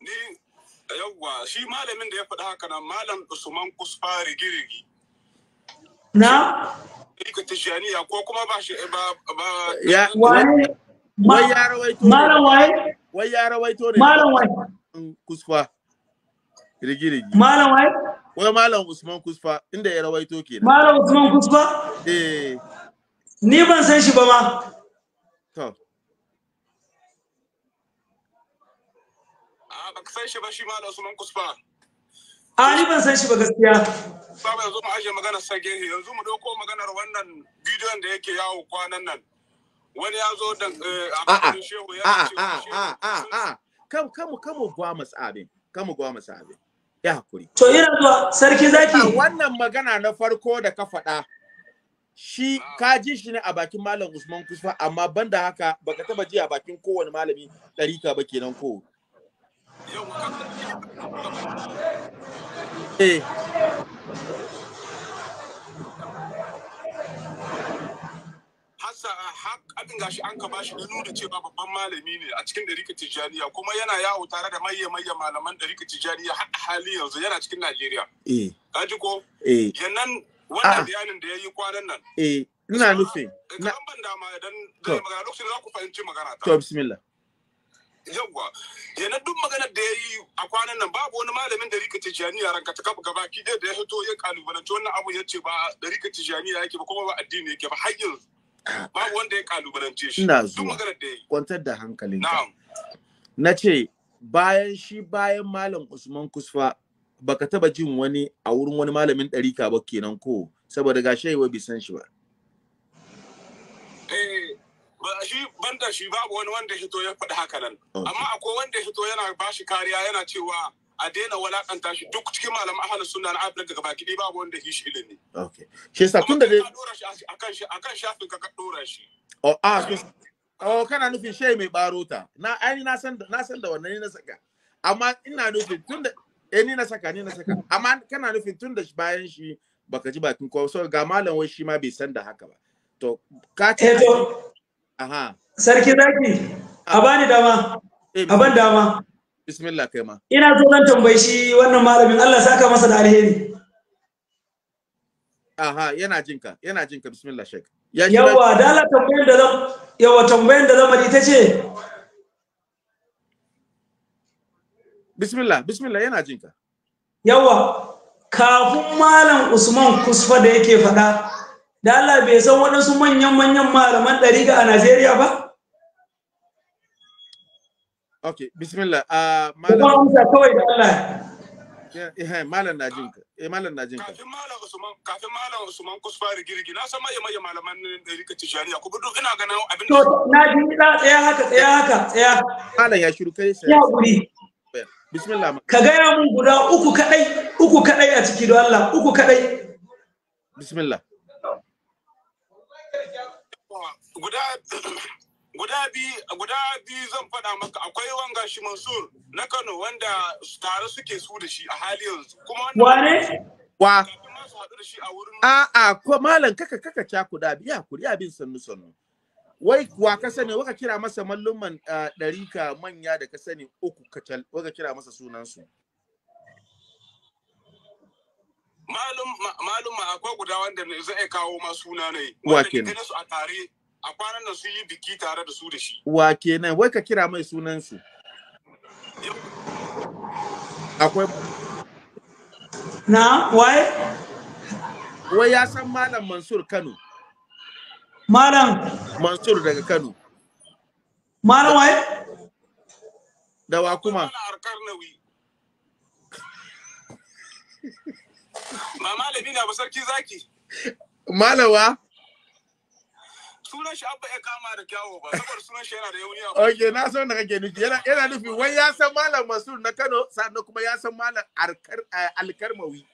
ni yawwa shi malamin da ya faɗa haka nan malam Usman Kusfari Girgi na waye wai ya rawaito malam waye malam malam waye wai malam usman kusfa inda ya rawaito kenan malam usman kusfa eh. ni ban san shi ba ma to a ba san shi ba shi malam usman kusfa a ah, ban san shi ba gaskiya saba yanzu mu aje maganar sa gehe yanzu mu dauko maganar wannan bidiyon da yake yawo kwanan nan wani ya zo da eh, a a a a a a a kamu kamu gwamas abin kamu gwamas abin ya hakuri to ina zuwa sarki zaki wannan magana na farko da ka faɗa shi ah. ka ji shi ne a bakin malam Usman Kusfa amma banda haka baka taba ji a bakin kowane malami ɗarika ba kenan ko Eh. Hassa hak gashi an ka bashi nuna da cewa babban malami ne a cikin Tijjaniya kuma yana yawo tare da mayya mayya malaman ɗarika Tijjaniya har hali yanzu yana cikin Najeriya. Eh. Kaji ko? Eh. Yannan wannan ah. bayanin da ya yi kwanan nan. Eh. Ina nufin. Eh, Kamar ban dama idan magana lokacin za ku fahimci magana ta. To bismillah. yawwa yana duk maganar da ya yi a kwanan nan babu wani malamin da rika tijani ranka ta kafa gaba ki da ya hito ya kalubalanci wannan abu ya ce ba da rika tijani yake ba kuma ba addini yake ba har babu wanda ya kalubalance shi ina zuwa kwantar da hankalin ka na ce bayan shi bayan malam usman kusfa baka taba jin wani a wurin wani malamin ɗarika ba kenan ko saboda ga shaiwa bai san shi ba eh shi banda shi babu wani wanda ya fito ya faɗi haka nan amma akwai wanda ya fito yana shi kariya yana cewa a daina walakanta shi duk cikin malaman ahal sunna na Afirka gaba kidi babu wanda ya shi ilimi okay shi yasa tun da dai akan shi akan shafin ka ka dora shi oh ah oh kana nufin shai mai barota na ai na san na san da wannan na saka amma ina nufin tun da eh ni na saka ni na saka amma kana nufin tun da bayan shi baka ji bakin kowa so ga malam wai shi ma bai san da haka ba to ka ce eh, Sarki zaki, ah. a bani dama, eh, a ban dama. Bismillah kai ma. Ina so zan tambayi shi wannan malamin Allah saka masa da alheri. Aha, yana jinka, yana jinka bismillah shek. Yawa, dala tambayar da zan yawa da zan ita ce. Bismillah, bismillah yana jinka. Yawa, kafin malam Usman Kusfa da yake faɗa da Allah bai san waɗansu manyan-manyan malaman ɗariga a Najeriya ba? Ok, bismillah. Uh, malam... Kuma amsa kawai da Allah. Eh, eh, malam na jinka. Eh, malam na jinka. Kafin malam Usman, kafin malam Usman kusfari girgi, na san mai mai malaman ɗariga tijariya. ku duk ina ganin abin da... Na ji ɗa tsaya haka, tsaya haka, tsaya. Malam ya shiru kai sai. Ya guri. Eh, bismillah. Ka gaya mun guda uku kadai, uku kadai a ciki don Allah, uku kadai. Bismillah. guda biyu zan faɗa maka akwai wanga shi Mansur na Kano wanda tare suke su da shi a hali yanzu kuma wane wa a a ko malam kaka kaka da biya kuri bin sannu sannu wai wa ka sani waka kira masa malluman ɗari ka manya da ka sani uku kacal waka kira masa sunansu malum malum akwai guda wanda zai kawo ma suna ne wanda su a tare a kwanan nan sun yi biki tare da su da shi wa kenan wai ka kira mai sunan su akwai na wai wai ya san malam mansur kano malam mansur daga kano malam wai da wa kuma ma malami na ba sarki zaki malawa sunan shi abba ba a na san da kake nufi yana yana nufi wai ya san malam Mansur na Kano sannan kuma ya san malam eh, Alkarmawi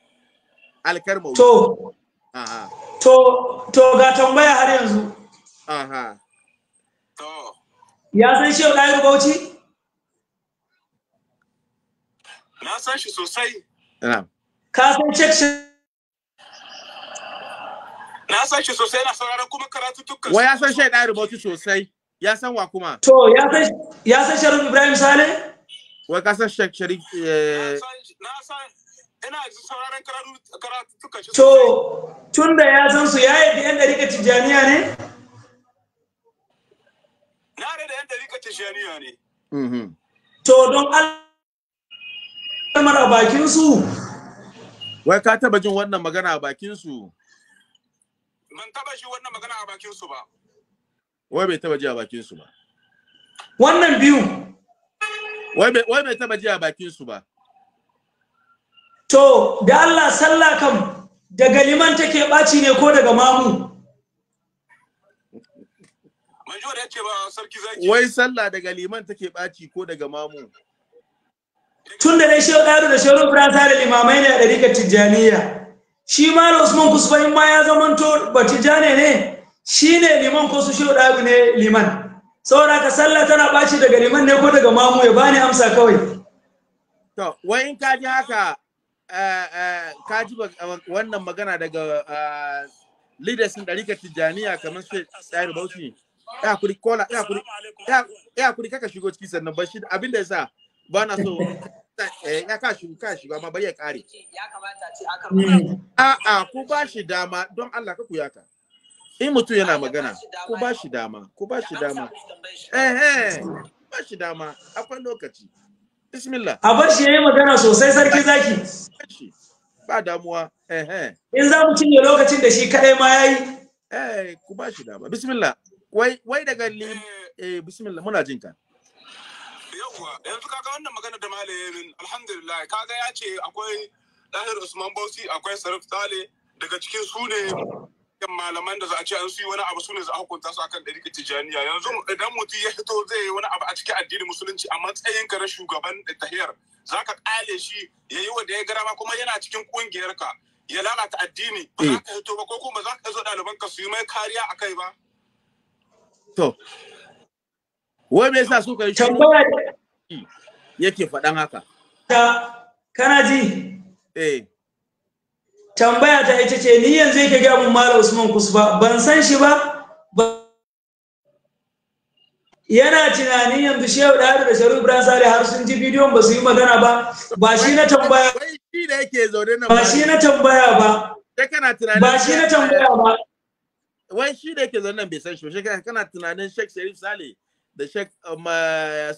Alkarmawi to to to ga tambaya har yanzu aha to ya san shi Dahir Bauchi na san shi sosai ka san shi na san shi sosai na sauraron kuma karatu dukkan wai ya san shi da rubutu sosai ya san wa kuma to ya san ya san Sharif Ibrahim Sale wai ka san Sheikh Sharif eh na san ina sauraron karatu karatu dukkan shi to tunda ya san su yayi da yan dariƙa Tijaniya ne na da yan dariƙa Tijaniya ne mhm to don Allah mara bakin su wai ka taba jin wannan magana a bakin su ban taba shi wannan magana a bakin su ba wai bai taba ji a bakin su ba wannan biyu wai bai taba ji a bakin su ba to da Allah sallah kam daga liman take baci ne ko daga mamu wai sallah daga liman take baci ko daga mamu tun da dai shehu da shehu da limamai ne a ɗarikar tijjaniya shi malam usman kusfayin ma ya zamanto jane ne shi ne liman ko su shauɗa ne liman saboda ka sallah tana ɓaci daga liman ne ko daga mamu ya bani amsa kawai to wai in ka ji haka eh, eh, ka ji wannan magana daga eh, leaders din ɗarikar tijjaniya kamar su tsayar bauchi ya kuri kola ya kuri ya kuri kaka shigo ciki sannan bashi abinda ya sa ba na so ya kashi kashi ba ma bari ya kare a a hmm. ku ba shi dama don Allah ka ku yaka in mutum yana magana ku ba shi dama ku ba shi dama eh eh ba shi dama akwai lokaci bismillah a bar shi yayi magana sosai sarki zaki ba damuwa eh eh in za mu cinye lokacin da shi kadai ma yayi eh ku ba shi dama bismillah wai wai daga eh bismillah muna jinka kuwa yanzu kaga wannan magana da malamin alhamdulillah kaga ya ce akwai Lahir Usman Bausi akwai Sarif Sale daga cikin su ne malaman da za a ce an yi wani abu su ne za a hukunta su akan ɗari tijaniya yanzu idan mutum ya fito zai yi wani abu a cikin addinin musulunci a matsayin ka na shugaban tahiyar za ka ƙale shi ya yi wa da ya gara kuma yana cikin ƙungiyar ka ya lalata addini ba za ka fito eh. ba ko kuma za ka zo ɗaliban ka su yi mai kariya a kai ba. to me yasa suka yi yake faɗan haka kana ji eh tambaya ta ita ce ni yanzu yake ga mun malam Usman Kusba ban san shi ba yana tunani yanzu Shehu Dahadu da Sharu Ibrahim Sale har sun ji bidiyon ba su yi magana ba ba shi na tambaya ba shi na tambaya ba ba shi na tambaya ba wai shi da yake zaune nan bai san shi ba kana tunanin Sheikh Sharif Sale da shek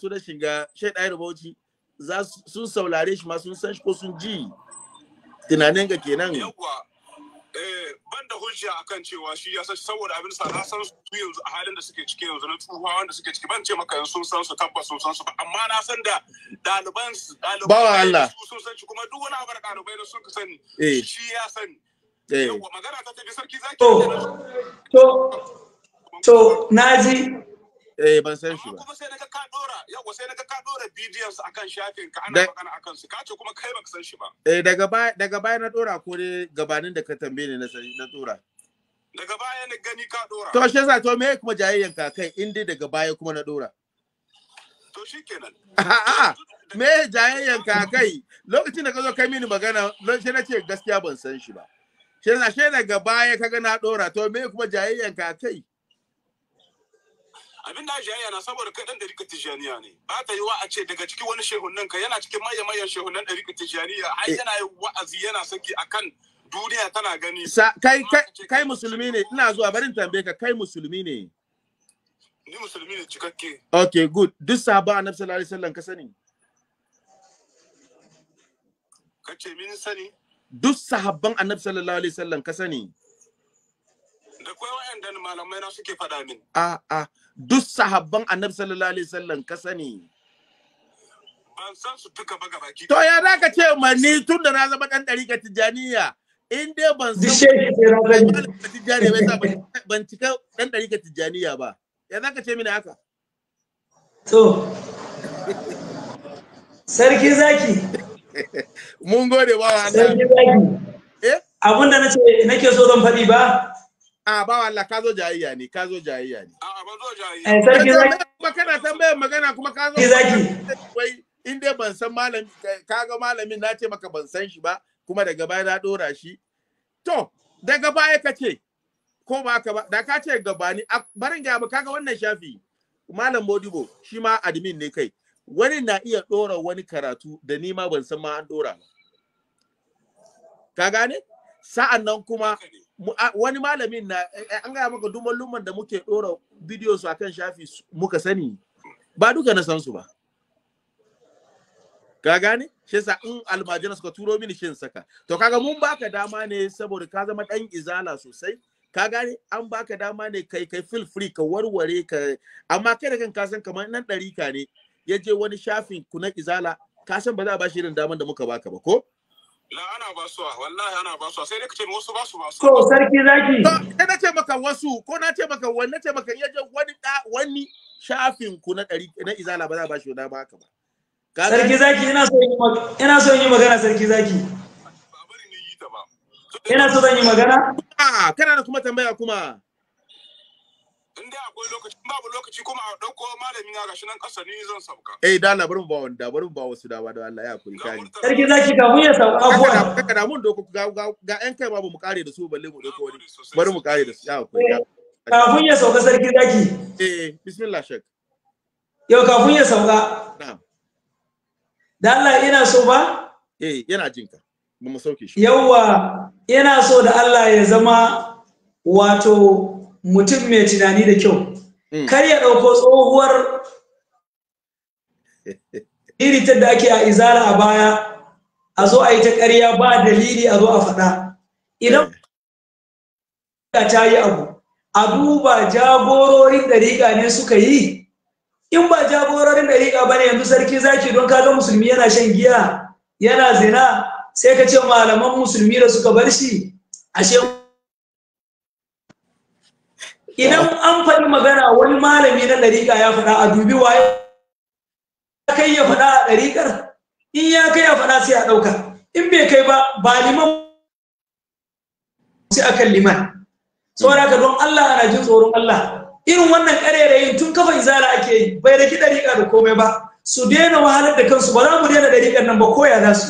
su da shiga shek ɗaya bauchi sun saulare shi ma sun san shi ko sun ji tunanin ga kenan yawwa eh ban da hujja akan cewa shi ya san saboda abin sa san su yanzu a halin da suke ciki yanzu na tsufa wanda suke ciki ban ce maka sun san su tabbas sun san su ba amma na san da ɗaliban su ɗaliban su sun san shi kuma duk wani abar ɗalibai da suka sani eh. shi ya sani eh. yawwa magana ta tafi sarki zaki to to to naji eh ban san shi ba kuma sai naga ka dora yawa sai naga ka dora bidiyon su akan shafin ka ana magana akan su ce kuma kai baka san shi ba eh daga baya daga baya na dora ko dai gabanin da ka tambaye ni na sani na dora daga baya na gani ka dora to shi yasa to me kuma jayayyan ka kai in dai daga baya kuma na dora to shikenan a'a me jayayyan ka kai lokacin da ka zo kai mini magana lokacin na ce gaskiya ban san shi ba shi yasa shi daga baya kaga na dora to me kuma jayayyan ka kai abin da jiyayya na saboda kai dan dariƙa tijaniya ne ba ta yi wa a ce daga cikin wani shehunan ka yana cikin maye mayan shehunan dariƙa tijaniya har eh. yana yi wa'azi yana saki akan duniya tana gani kai kai musulmi ne ina zuwa barin tambaye ka kai musulmi ne ni musulmi ne cikakke okay good duk sahaba annabi sallallahu alaihi wasallam ka sani kace min sani duk sahabban annabi sallallahu alaihi wasallam ka sani da kwai wa'annan malamai na suke faɗa min a ah, a ah. duk sahabban annabi sallallahu alaihi wasallam ka sani ban san su duka ba gabaki to ya zaka ce mani tun da na zama dan dariƙa tijaniya in dai ban san tijaniya ba ban cika dan dariƙa tijaniya ba ya zaka ce mini haka to sarki zaki mun gode ba Allah sarki zaki eh abinda na ce nake so zan faɗi ba? A ba Allah ka zo jayayya ne, ka zo jayayya ne. Eh, sarki zaki kuma kana tambayar magana kuma ka zo zaki wai in dai ban san malami kaga malamin na ce maka ban san shi ba kuma daga baya na dora shi to daga baya kace ko ba ka ba da ka ce gabani barin ga mu kaga wannan shafi malam Modibo shi ma admin ne kai wani na iya dora wani karatu da ni ma ban san ma an dora ba ka gane sa'an nan kuma wani malamin na eh, eh, an gaya maka duk malluman da muke ɗora bidiyo su akan shafi muka sani ba duka na san su ba ka gane shi yasa in almajina suka turo mini shin saka to kaga mun baka dama ne saboda ka zama dan izala sosai ka gane an baka dama ne kai kai feel free ka warware ka amma kai da kanka san kamar nan dari ka ne ya je wani shafin ku na izala ka san ba za a ba irin daman da muka baka ba ko sarki zaki. na ce maka wasu, ko na ce maka wani, na ce maka yaje wani da wani shafin ku na ɗari na izala ba za ba shi haka ba. Sarki zaki ina so ina so magana sarki zaki. Ina so zan yi magana? Ah, kana da kuma tambaya kuma. in dai akwai lokaci babu lokaci kuma a ɗauko malami na gashi nan kasa ni zan sauka eh da Allah mu ba wanda mu ba wasu da da Allah ya kuri kai sarki zaki ga ya sauka abuwa kaka da mun doko ga ga kai babu mu kare da su balle mu doko wani bari mu kare da su ya kuri eh, kafin ya sauka sarki zaki eh, eh bismillah shek yau kafin ya sauka na'am da Allah ina so ba eh yana jinka mu sauke shi ina so da Allah ya zama wato mutum mai tunani da kyau hmm. kar ya ɗauko tsohuwar ta da ake a izara a baya a zo a yi ta ƙarya ba dalili a zo a faɗa idan ta yi abu a duba jagororin ɗariƙa ne suka yi in ba jagororin ɗariƙa ba ne yanzu sarki zaki don kaga musulmi yana shan giya yana zina sai ka ce malaman musulmi da suka bar shi ashe idan an faɗi magana wani malami na ɗariƙa ya faɗa a dubi waye ya kai ya faɗa a ɗariƙar in ya kai ya faɗa sai a ɗauka in bai kai ba ba liman sai akan liman saboda ka don Allah ana jin tsoron Allah irin wannan ƙarerayin tun kafa izara ake yi bai da ki ɗariƙa da komai ba su daina wahalar da kansu ba za mu daina ɗariƙar nan ba koya za su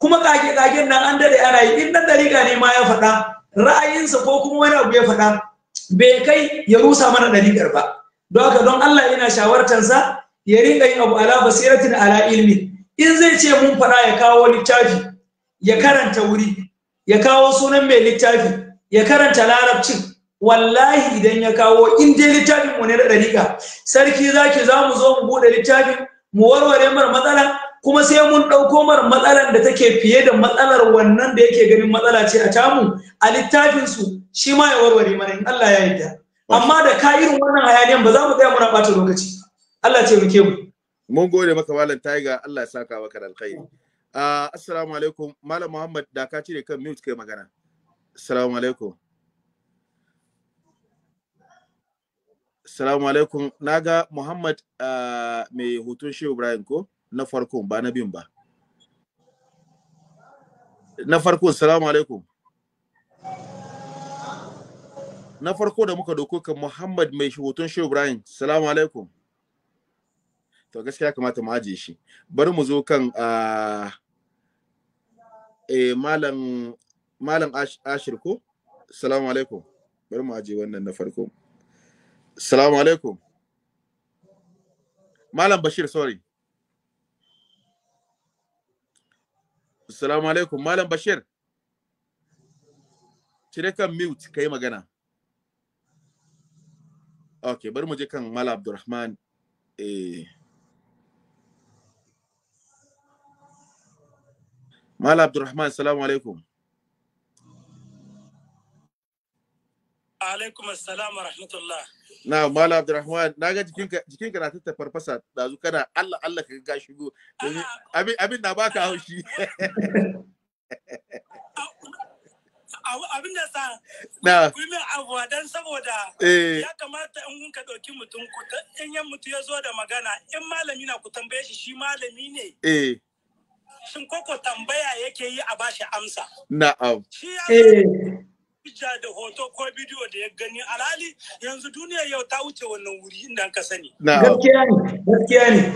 kuma ƙage-ƙagen nan an daɗe ana yi in ɗan ɗariƙa ne ma ya faɗa ra'ayinsa ko kuma wani abu ya faɗa bai kai ya rusa mana ɗariƙar ba don haka don Allah yana sa ya rinka yin abu ala basiratin ala ilmi in zai ce mun faɗa ya kawo littafi ya karanta wuri ya kawo sunan mai littafi ya karanta larabcin wallahi idan ya kawo in dai littafin mu ne da ɗariƙa sarki zaki za mu zo mu buɗe littafin mu warware mar matsala kuma sai mun ɗauko mara matsalar da take fiye da matsalar wannan da yake ganin matsala ce a tamu a littafinsu shi ma ya warware mana in Allah ya yarda amma da ka irin wannan hayaniyan ba za mu tsaya muna ɓata lokaci Allah ce muke mu mun gode maka malam taiga Allah ya saka maka da alkhairi ah, assalamu alaikum malam muhammad da ka cire kan mute kai magana assalamu alaikum assalamu alaikum naga muhammad ah, mai hoton shehu ibrahim ko na farkon ba na bin ba na farkon salamu alaikum na farko da muka doko kan Muhammad mai hoton Shehu Ibrahim salamu alaikum to gaskiya kamata mu ajiye shi bari mu zo kan eh malam malam Ashir ko salamu alaikum bari mu ajiye wannan na farko salamu alaikum malam Bashir sorry Assalamu alaikum. Malam Bashir. Cire kan mute kai magana. Ok, bari mu je kan Malam Abdulrahman. Eh. Malam Abdulrahman, assalamu alaikum. alaikum assalam wa rahmatullah. Na Mala Abdurrahman, na ga jikinka jikinka na tattafa farfasa da dazu kana Allah Allah ka ga shigo. Ah. Abin abin na baka haushi. Abin da sa na kuma abuwa dan saboda eh. ya kamata in kun ka dauki mutum ku in yan mutu ya zo da magana in malami na ku tambaye shi shi malami ne. Eh. Shin koko tambaya yake yi a bashi amsa. Na'am. Shi ya hujja da hoto ko bidiyo da ya gani alhali yanzu duniya yau ta wuce wannan wuri inda ka sani. Gaskiya ne, gaskiya ne.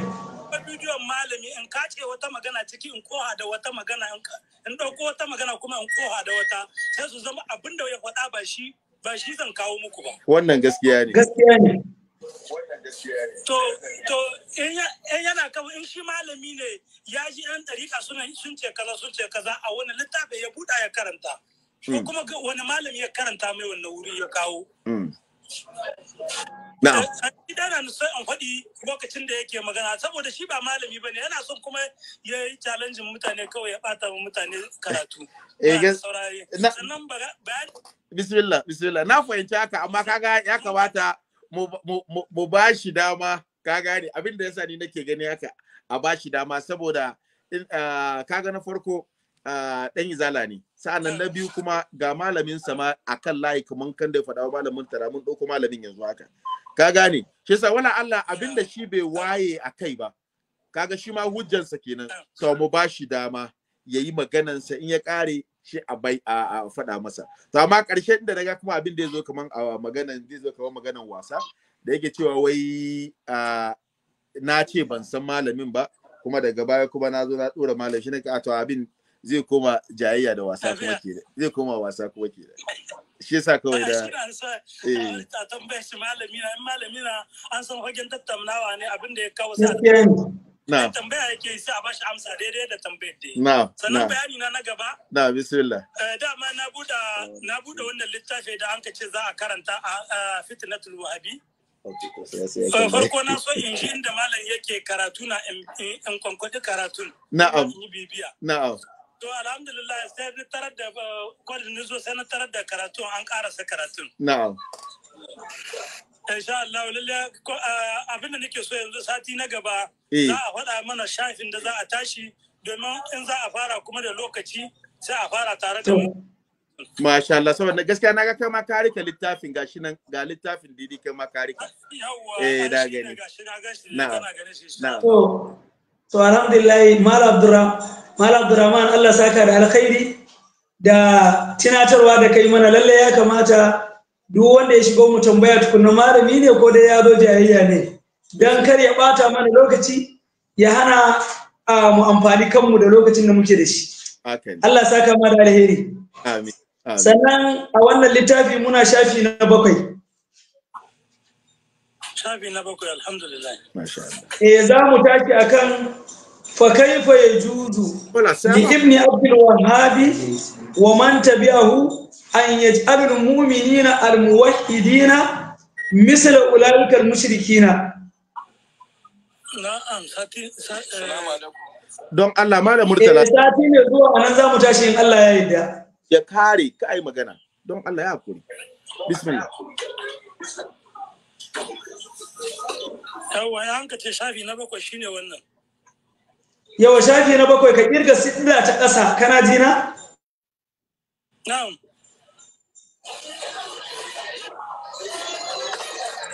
bidiyon malami in kace wata magana ciki in koha da wata magana in ɗauko wata magana kuma in koha da wata sai su zama abin da ya faɗa ba shi ba shi zan kawo muku ba. Wannan gaskiya ne. Gaskiya ne. To, to, in yana kawo in shi malami ne ya ji 'yan ɗarika sun ce kaza sun ce kaza a wani littafi ya buɗa ya karanta. ko mm. kuma wani malami ya karanta mai wannan wuri ya kawo mm. na'am eh, idan na so an faɗi lokacin da yake magana saboda shi ba malami ne yana son kuma ya yi challenge mutane kawai ya bata wa mutane karatu eh sannan bismillah bismillah na fahimci haka amma kaga ya kamata mu ba shi dama ka gane abin da yasa ni nake gani haka a ba shi dama saboda ah, kaga na farko ɗan izala ne sa'annan na biyu kuma ga malamin sama akan layi kaman kan da ya faɗa malamin tara mun ɗauko malamin yanzu haka ka gane shi sa wala Allah da shi bai waye a kai ba kaga shi ma hujjansa kenan sau mu shi dama yayi maganansa in ya kare shi a bai a faɗa masa to amma ƙarshen da daga kuma abin da ya zo kaman a maganan zai zo kaman maganan wasa da yake cewa wai na ce ban san malamin ba kuma daga baya kuma na zo na ɗora malam shi ne a abin zai koma jayayya da wasa kuma ke zai koma wasa kuma ke da shi yasa kawai da eh. tambaye shi malami na malami na an san tattaunawa ne abin da ya kawo sa na tambaya yake sai a bashi amsa daidai da tambayar da na bayani na na gaba na bismillah eh, dama na buda na buda wannan littafi da an za karanta a fitnatul wahabi farko na inda malam yake karatu na'am na'am To alhamdulillah sai na tarar da eh, kwadin nizo sai na tarar da karatu an karasa karatun. Na'am. Insha Allah lalle eh, abin da nake so yanzu sati na gaba eh. za a faɗa mana shafin da za a tashi domin in za a fara kuma da lokaci sai a fara tare da mu. Masha Allah, saboda gaskiya na ga kai ma ka rika littafin gashi nan ga littafin didi kai ma ka rika. Eh da gani. Na. Na. to alhamdulillah mala abdurrahman allah saka da alkhairi da tinatarwa da kai mana lalle ya kamata duk wanda ya shigo mu tambaya tukunna malami ne ko dai ya zo jayayya ne dan kar ya bata mana lokaci ya hana mu amfani kanmu da lokacin da muke da shi Allah saka ma alheri amin sannan a wannan littafi muna shafi na bakwai shafi na bakwai alhamdulillah eh za mu tashi akan fa kaifa yajuzu bi ibni abdul wahhabi wa man tabi'ahu an yaj'alul mu'minina al muwahhidina misla ulaika al mushrikina na'am sati eh. assalamu alaikum don Allah malam murtala eh sati ne zuwa anan za mu tashi in Allah ya yarda ya kare ka ai magana don Allah ya hakuri bismillah yawa ya hanka shafi na bakwai shine wannan yawa shafi na bakwai ka kirga sitila ta ƙasa kana jina na'am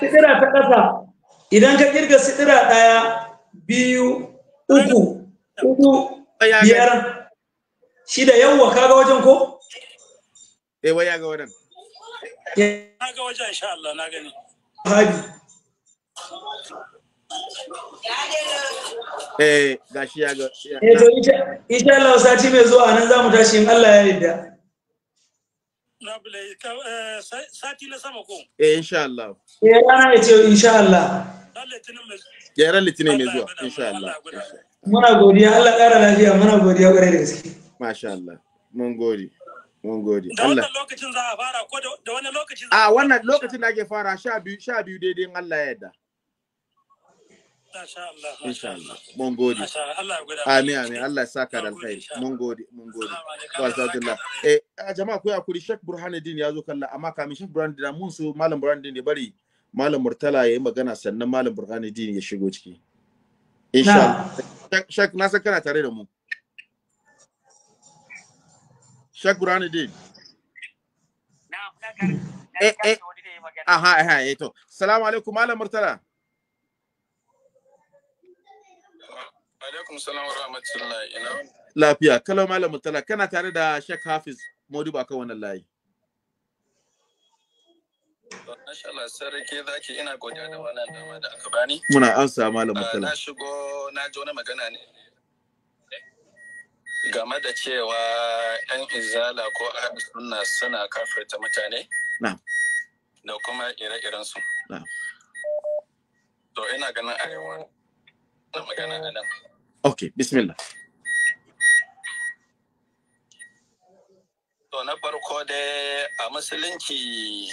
sidira ta ƙasa idan ka kirga sidira ɗaya biyu uku uku biyar shida yawwa kaga wajen ko? ewa eh, ya ga wajen ya ga wajen insha Allah na gani Eh, gashi ya ga. Eh, to insha Allah sati mai zuwa nan za mu tashi in Allah ya yarda. Eh, sati na sama ko? Eh, insha Allah. Eh, rana ya ce insha Allah. Ya ran litinin mai zuwa, insha Allah. Muna godiya, Allah ƙara lafiya, muna godiya ƙware da gaske. Masha Allah, mun gode. Mun gode. Da wannan lokacin za a fara ko da wani lokacin ah, fara? A wannan lokacin da ake fara sha biyu daidai in Allah ya yarda. insha Allah mun gode amin amin Allah ya saka da alkhairi mun gode mun gode wa sallallahu eh ah, jama'a ku hakuri Sheikh Burhanuddin ya zo kalla amma kamin Sheikh Burhanuddin mun so malam Burhanuddin ya bari malam Murtala ya yi magana sannan malam Burhanuddin ya shigo ciki insha Allah Sheikh na san kana tare da mu Sheikh Burhanuddin na na eh eh aha aha eh to assalamu alaikum malam Murtala alaikum salam wa rahmatullahi lafiya kalau malam mutala kana tare da Sheikh Hafiz Modibo akan wannan layi Masha Allah sarki zaki ina godiya da wannan dama da aka bani. Muna ansa malam ah, mutala. Na shigo na ji wani magana ne game da cewa ‘yan izala ko suna suna kafirta mutane da kuma ire iren na'am To ina ganin arewa na magana a nan. Ok, bismillah. To na farko dai a musulunci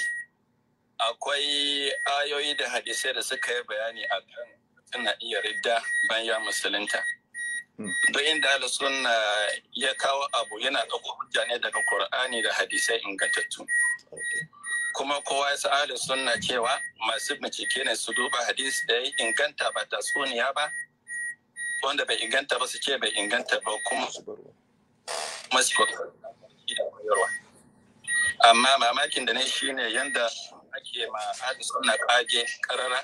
akwai ayoyi da hadisai da suka yi bayani a kan suna iya ridda bayan ya musulunta. Hmm. Duk inda suna ya kawo abu yana ɗauko hujja ne daga Kur'ani da hadisai ingantattu. Kuma kowa ya sa sunna cewa masu bincike ne su duba hadis da ya inganta ba tatsuniya ba, wanda bai inganta ba su ce bai inganta ba kuma masu amma mamakin da ne shine yanda ake ma ahli suna kage karara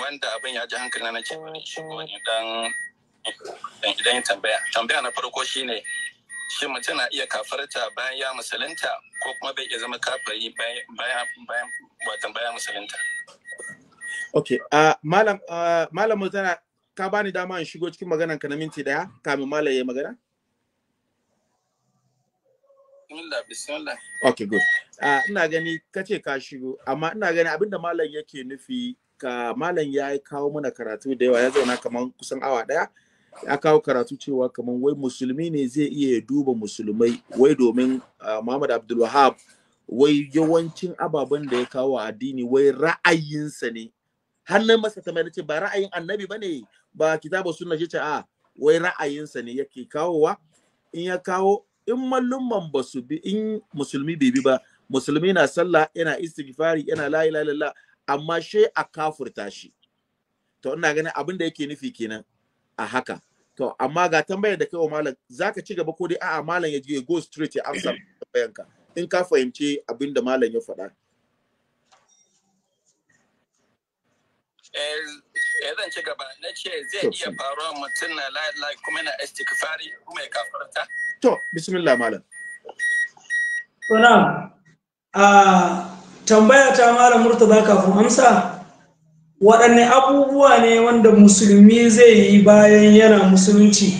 wanda abin ya ji hankali na ce idan idan tambaya tambaya na farko shine shin mutum na iya kafarta bayan ya musulunta ko kuma bai iya zama kafari bayan bayan musulunta okay uh, malam uh, malam mutana ka bani dama in shigo cikin maganan ka na minti daya kamin malam ya magana Ok, good. Uh, ina gani kace ka shigo, amma ina gani abinda malam yake nufi ka malam ya kawo mana karatu da yawa ya zauna kamar kusan awa daya ya kawo karatu cewa kamar wai musulmi ne zai iya duba musulmai wai domin uh, Muhammad Abdul Wahab wai yawancin ababen da ya kawo addini wai ra'ayinsa ne har nan masa ta ce ba ra'ayin annabi ba ne ba kitabu sunna shi ce a wai ra'ayinsa ne yake kawowa in ya kawo in mallumman ba su bi in musulmi bai bi ba musulmi na sallah yana istighfari yana la ilaha illallah amma she a kafurta shi to ina ganin abin da yake nufi kenan a haka to amma ga tambayar da kai a malam zaka ci gaba ko dai a'a malam ya je go straight ya amsa tambayanka in ka fahimci abin da malam ya faɗa eh, ya eh, zan ci gaba na ce zai iya faruwa mutum na layi kuma na istikfari kuma ya kafarta to bismillah malam to a ah, tambaya ta malam murtaza kafin amsa waɗanne abubuwa ne wanda musulmi zai yi bayan yana musulunci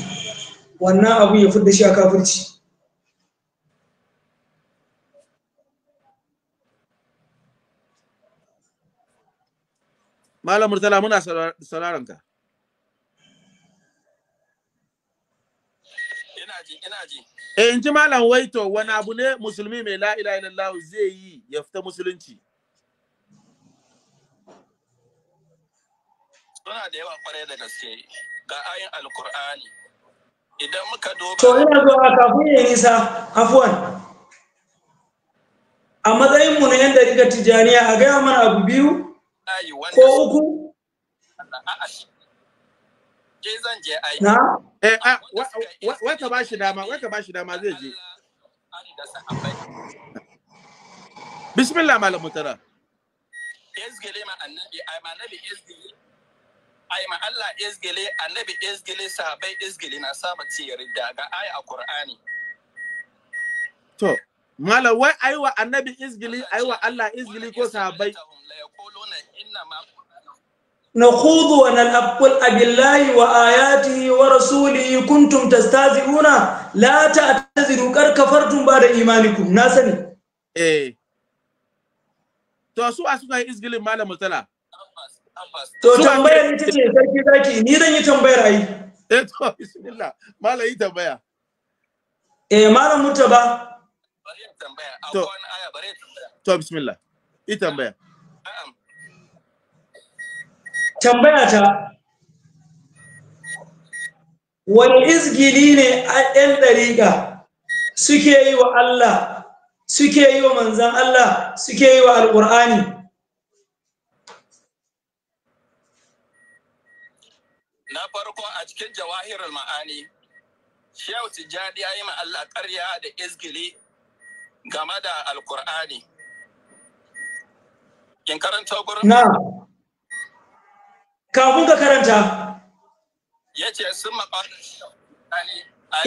wannan abu ya da shi a kafirci Malam Murtala muna sauraron ka. Ina ji, ina ji. Eh in ji Malam Waito wani abu ne musulmi mai la ilaha illallah zai yi ya fita musulunci. Suna da yawa kwarai da gaske ga ayin Alkur'ani. Idan muka duba To ina zuwa kafin ya nisa afwan. A matsayin mu na yanda kika tijaniya a gaya mana abu biyu ko uku ke zan je eh wata ba shi dama wata ba shi dama zai je bismillah malam mutara izgile ma annabi ai ma annabi izgile ai ma Allah annabi na saba ce yarda ga ai a qur'ani to mala wai wa annabi izgili wa Allah izgili ko sahabbai nakhudu wa nalabul abillahi wa ayatihi wa rasulihi kuntum tastaziuna la ta'taziru kar kafartum ba da imanikum na sani eh to su asuka izgili mala mutala to tambaya ni tace sarki zaki ni zan yi tambayar ai eh to bismillah mala tambaya eh mala mutaba tambaya. ta, wani izgili ne a ‘yan ɗariƙa suke yi wa Allah, suke yi wa manzan Allah, suke yi wa Al'ur'ani. Na farko a cikin jawahirar ma'ani, Shehu Tijjani ya yi ma Allah ƙarya da izgili game da alkur'ani kin karanta gurin na kafin ka karanta ya ce sun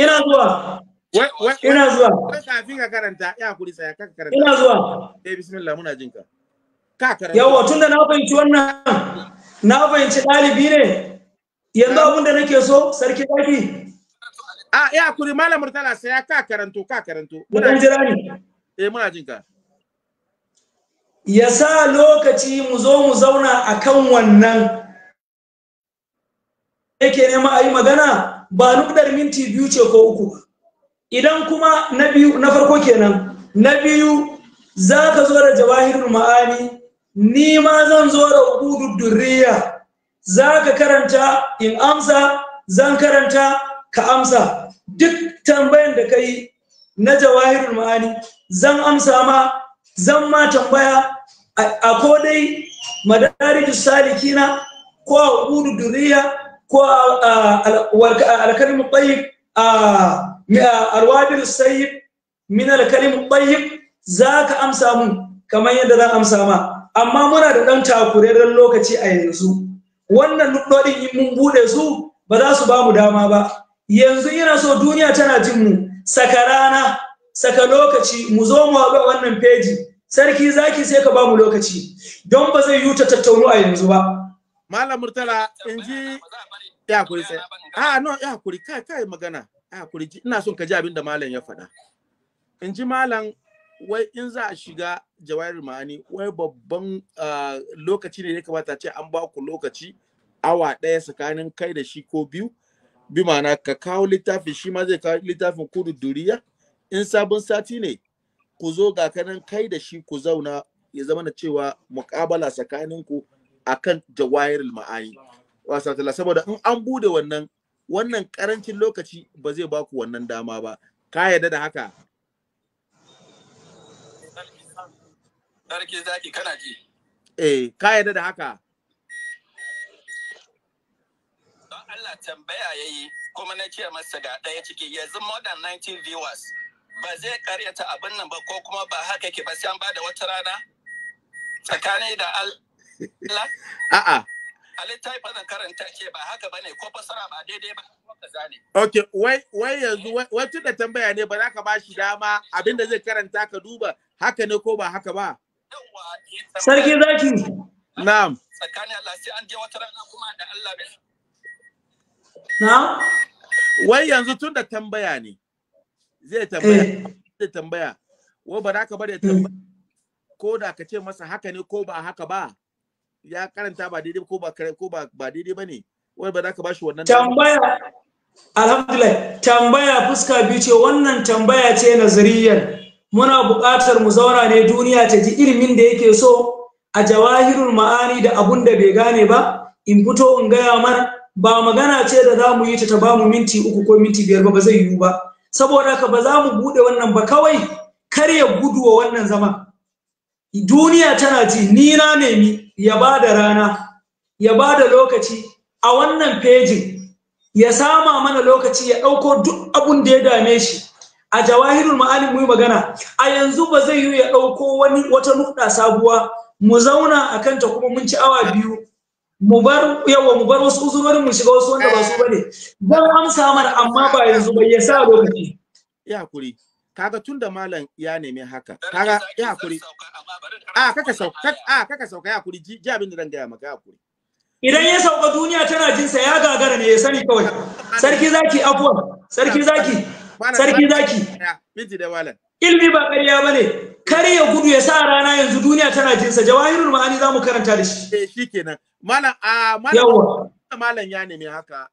ina zuwa ina zuwa kafin ka karanta ya kuri saya ka karanta ina zuwa eh bismillah muna jin ka ka karanta yawa tunda na fahimci wannan na fahimci dalibi ne yanzu abin da nake so sarki dafi a ah, ya kuri malam murtala saya ka karanto ka karanto muna jira ne eh jin ka ya sa lokaci mu zo mu zauna a kan wannan yake nema a yi magana ba nukdar minti biyu ce ko uku idan kuma na biyu na farko kenan na biyu za ka zo da jawahirul ma'ani ni ma zan zo da ubudud durriya za ka karanta in amsa zan karanta ka amsa duk tambayan da ka yi na jawahirul ma'ani zan amsa ma zan ma tambaya a ko dai madarij salikina ko a hudu duriya ko alkalmu tayyib a arwabir sayyib min alkalmu tayyib za ka amsa mun kamar yadda zan amsa ma amma muna da ɗan takurarren lokaci a yanzu wannan luɗoɗin in mun buɗe su ba za su ba mu dama ba yanzu ina so duniya tana jin mu sakarana saka lokaci mu zo mu haɗu a wannan feji sarki zaki sai ka ba mu lokaci don ba zai yuta tattauno a yanzu ba malam murtala in ji ya kuri sai a ah, no ya kuri kai kai magana ya kuri ina son ka ji abin da malam ya faɗa in ji malam wai in za a shiga jawairu ma'ani wai babban ah, lokaci ne ya kamata ce an ba ku lokaci awa ɗaya tsakanin kai da shi ko biyu bi ma'ana ka kawo littafin shi ma zai kawo littafin kudu duriya in sabon sati ne ku zo ga kanan kai da shi ku zauna ya zama na cewa muƙabala tsakaninku akan jawahirul ma'ani wasatala saboda in an bude wannan wannan karancin lokaci ba zai baku wannan dama ba ka yarda da haka sarki zaki kana ji eh ka yarda da haka don Allah tambaya yayi kuma na ce masa ga ɗaya ciki yanzu more than 90 viewers ba zai karyata abin nan ba ko kuma ba haka ke ba sai an bada wata rana tsakani da Allah a'a yi fa karanta ke ba haka bane ko fasara ba daidai ba Okay, wai wai yanzu wai tun da tambaya ne ba za ka bashi dama abin da zai karanta ka duba haka ne ko ba haka ba? Sarki zaki. Na'am. Tsakanin Allah sai an je wata rana kuma da Allah bai. Na'am. Wai yanzu tun da tambaya ne. zai tambaya eh. zai tambaya wa ba za ka bari ya hmm. tambaya ko da ka ce masa haka ne ko ba haka ba ya karanta ba daidai ko ba ko ba ba daidai bane wai ba za ka bashi wannan tambaya alhamdulillah tambaya fuska biyu ce wannan tambaya ce nazariyar muna buƙatar mu zauna ne duniya ta ji ilimin da yake so a jawahirul ma'ani da abun da bai gane ba in fito in gaya mana ba magana ce da za mu yi ta ta ba mu minti uku ko minti biyar ba ba zai yiwu ba saboda haka ba za mu buɗe wannan ba kawai kar ya wa wannan zama duniya tana ji ni na nemi ya ba da rana ya ba da lokaci a wannan fejin ya sama mana lokaci ya ɗauko duk abun da ya dame shi a jawahirul ma'alim mu magana a yanzu ba zai yi ya ɗauko wani wata nuɗa sabuwa mu zauna a kanta kuma mun ci awa biyu mu bar yawa mu bar wasu uzurorin mu shiga wasu wanda ba su bane dan amsa mana amma ba yanzu ba yasa lokaci ya hakuri kaga tunda malam ya neme haka kaga ya hakuri a kaka sauka a kaka sauka ya hakuri ji ji abin da zan ga maka ya hakuri idan ya sauka duniya tana jin sa ya gagara ne ya sani kawai sarki zaki afwan sarki zaki sarki zaki miji da malam ilmi ba ƙarya bane kare ya gudu ya sa rana yanzu duniya tana jin sa jawahirul ma'ani zamu karanta da shi eh shikenan malam a ah, malam malam ya nemi haka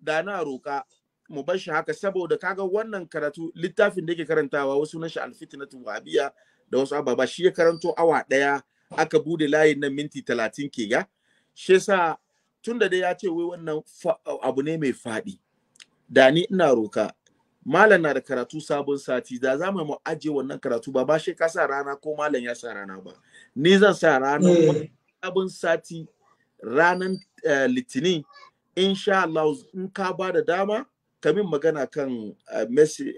da na roka mu bar shi haka saboda kaga wannan karatu littafin da yake karantawa wasu na shi alfitnatu wahabiya da wasu ababa shi ya karanto awa daya aka bude layin nan minti talatin ke ga shi yasa tunda da dai ya ce wai wannan abu ne mai faɗi da ni ina roka malam na da karatu sabon sati da za mu aje wannan karatu ba ba shi ka sa rana ko malam ya sa rana ba ni zan sa rana eh. sabon sati ranar eh, litinin insha Allah in ka ba da dama kamin magana kan eh,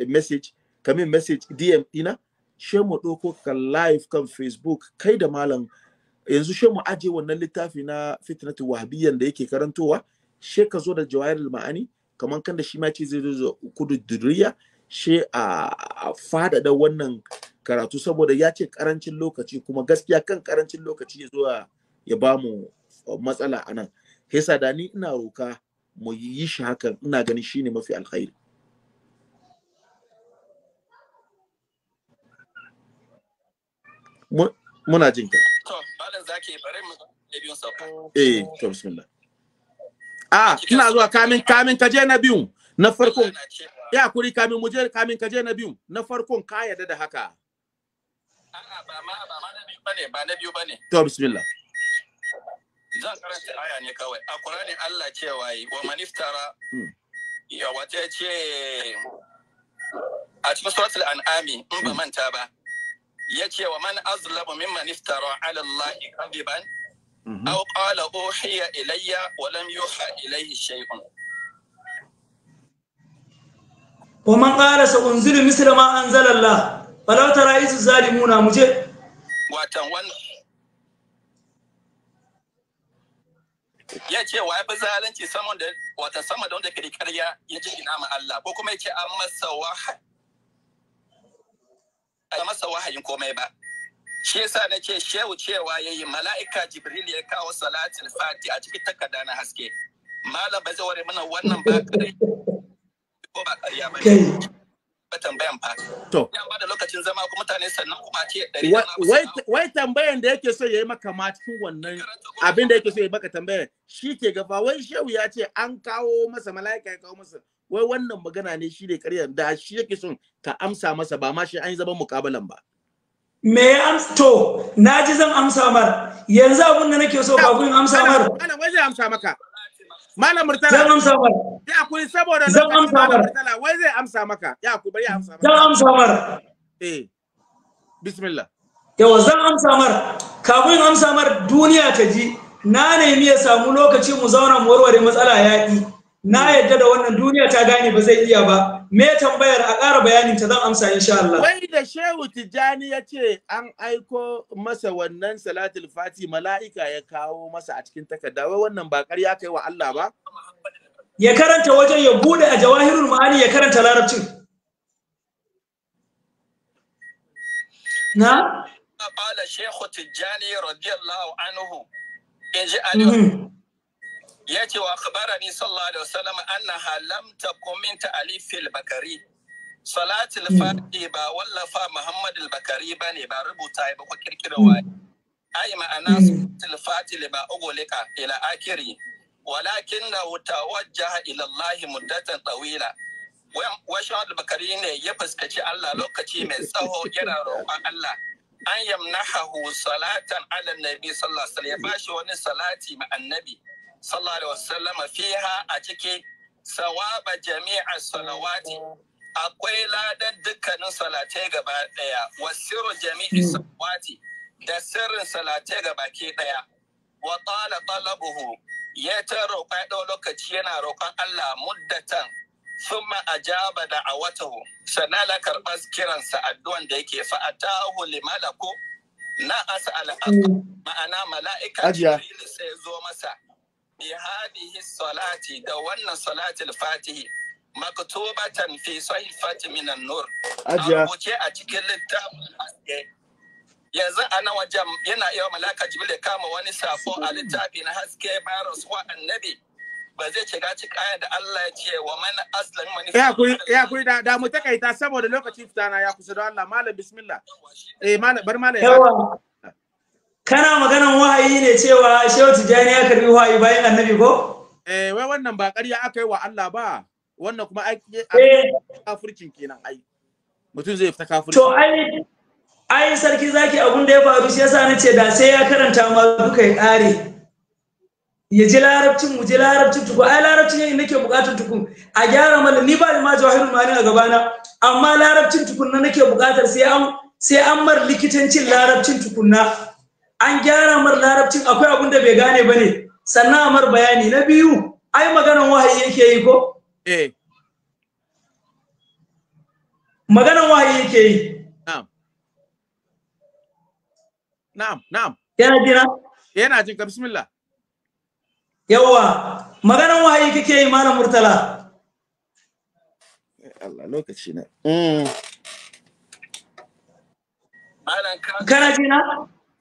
message kamin message dm ɗina she mu ɗauko kan live kan facebook kai da malam yanzu she mu aje wannan littafi na fitnatu wahabiyyan da yake karantowa she ka zo da jawahirul ma'ani kamar kan da shi ma ce zai zo kudu duriya she a fadada wannan karatu saboda ya ce karancin lokaci kuma gaskiya kan karancin lokaci ya zo ya ba mu matsala a nan yasa da ni ina roka mu yi shi hakan ina ganin shi ne mafi alkhairi muna jin ka eh to bismillah ah, a ina zuwa kamin kamin ka je na biyu na farkon ya kuri kamin mu je kamin ka je na biyu na farkon ka yarda da haka a'a ba ma ba ma na biyu bane ba na biyu bane to bismillah za a karanta aya ne kawai a ƙuranin Allah cewa yi wa maniftara hmm. ya wata ce a cikin suratul an'ami in ba hmm. manta ba ya ce wa man azlamu mimman iftara ala Allah kadiban hmm. aw qala uhiya ilayya wa lam yuha ilayhi shay'un wa man qala sa unzilu misla ma anzala Allah falau tara izu zalimuna muje watan wannan ya ce wa fi zalunci saman da wata sama da wanda kare karya ya ji ina ma Allah ko kuma ya ce an masa wahayi masa wahayin komai ba shi yasa na ce shehu cewa yayi mala'ika jibril ya kawo salatul fati a cikin takarda na haske malam bazawar zai mana wannan ba kare ko ba karya ba tambayan fa. To. Ya lokacin zama mutane sannan kuma ce ɗari. Wai tambayan da yake so ya yi maka ma cikin wannan abin da yake so ya maka tambayan shi ke gafa wai shehu ya ce an kawo masa mala'ika ya kawo masa wai wannan magana ne shi ne da ba ma shi an yi to na ji zan amsa mar yanzu abin da nake so ba kun amsa mar. Malam Murtala. Zan amsa mar. Ya zan amsa Murtala Zan amsa mar. Eh. zan amsa mar. Kafin amsa mar duniya ta ji na nemi ya samu lokaci mu zauna mu warware matsala yaƙi. na yadda da wannan duniya ta gane ba zai iya ba me tambayar a ƙara bayanin ta zan amsa insha Allah wai da shehu tijani ya ce an aiko masa wannan salatul fati mala'ika ya kawo masa a cikin takarda wai wannan ba ƙarya kai wa Allah ba ya karanta wajen ya bude a jawahirul ma'ani ya karanta larabcin na qala shehu tijani radiyallahu anhu in ji mhm. ya ce wa akhbarani sallallahu alaihi wasallam annaha lam taqum min bakari salatul hmm. fati ba wallafa muhammad al-bakari bane ba rubuta ba ko kirkirawa hmm. ai ma'ana hmm. salatul fati ba ugulika ila akiri walakin da tawajjaha ila allah muddatan tawila washan al-bakari ne ya fuskaci Allah lokaci mai tsawo yana roƙon Allah an yamnahu salatan ala nabi sallallahu alaihi wasallam ya bashi wani salati ma annabi sallallahu alaihi wasallama fiha a ciki sawaba jami'a salawati akwai ladan dukkanin salatai gaba daya wasiru jami'i hmm. salawati da sirrin salatai gaba ke daya wa qala talabuhu ya ta roƙa ɗau lokaci yana roƙon Allah muddatan summa ajaba da awatahu sannan la karɓar kiransa addu'an da yake fa atahu limalaku na asa hmm. ma'ana mala'ika jibril sai zo masa bi hadhihi salati da wannan salatul fatihi maktubatan fi sahifati min an-nur rubuce a cikin littafin haske yanzu a nan wajen yana yawa malaka jibril kama wani safo a littafin haske ba rasuwa annabi ba zai shiga ci kaya da Allah ya ce wa man aslami man ya kuri ya kuri da da mu takaita saboda lokacin fitana ya kusa da Allah malam bismillah eh malam bar malam yawa kana maganan wahayi ne cewa shehu tijjani ya karbi wahayi bayan annabi ko eh wai wannan ba ƙarya aka yi wa Allah ba wannan kuma eh. ai kafircin kenan ai mutum zai fita kafirci to ai ai sarki zaki abun da ya faru shi yasa nace da sai ya karanta ma duka ya ƙare ya ji larabcin mu ji larabcin tuku ai larabcin yayin nake buƙatar tuku a gyara mallam ni ba ma jawahirul mani a gabana amma larabcin tukunna nake buƙatar sai an sai an mar likitancin larabcin tukunna an gyara mar larabcin akwai abin da bai gane ba ne sannan amar bayani na biyu ai maganan wahayi yake yi ko eh maganan wahayi yake yi na'am na'am na'am yana jina yana jin ka bismillah yawa maganan wahayi kake yi malam murtala eh, Allah lokaci na mm. kana jina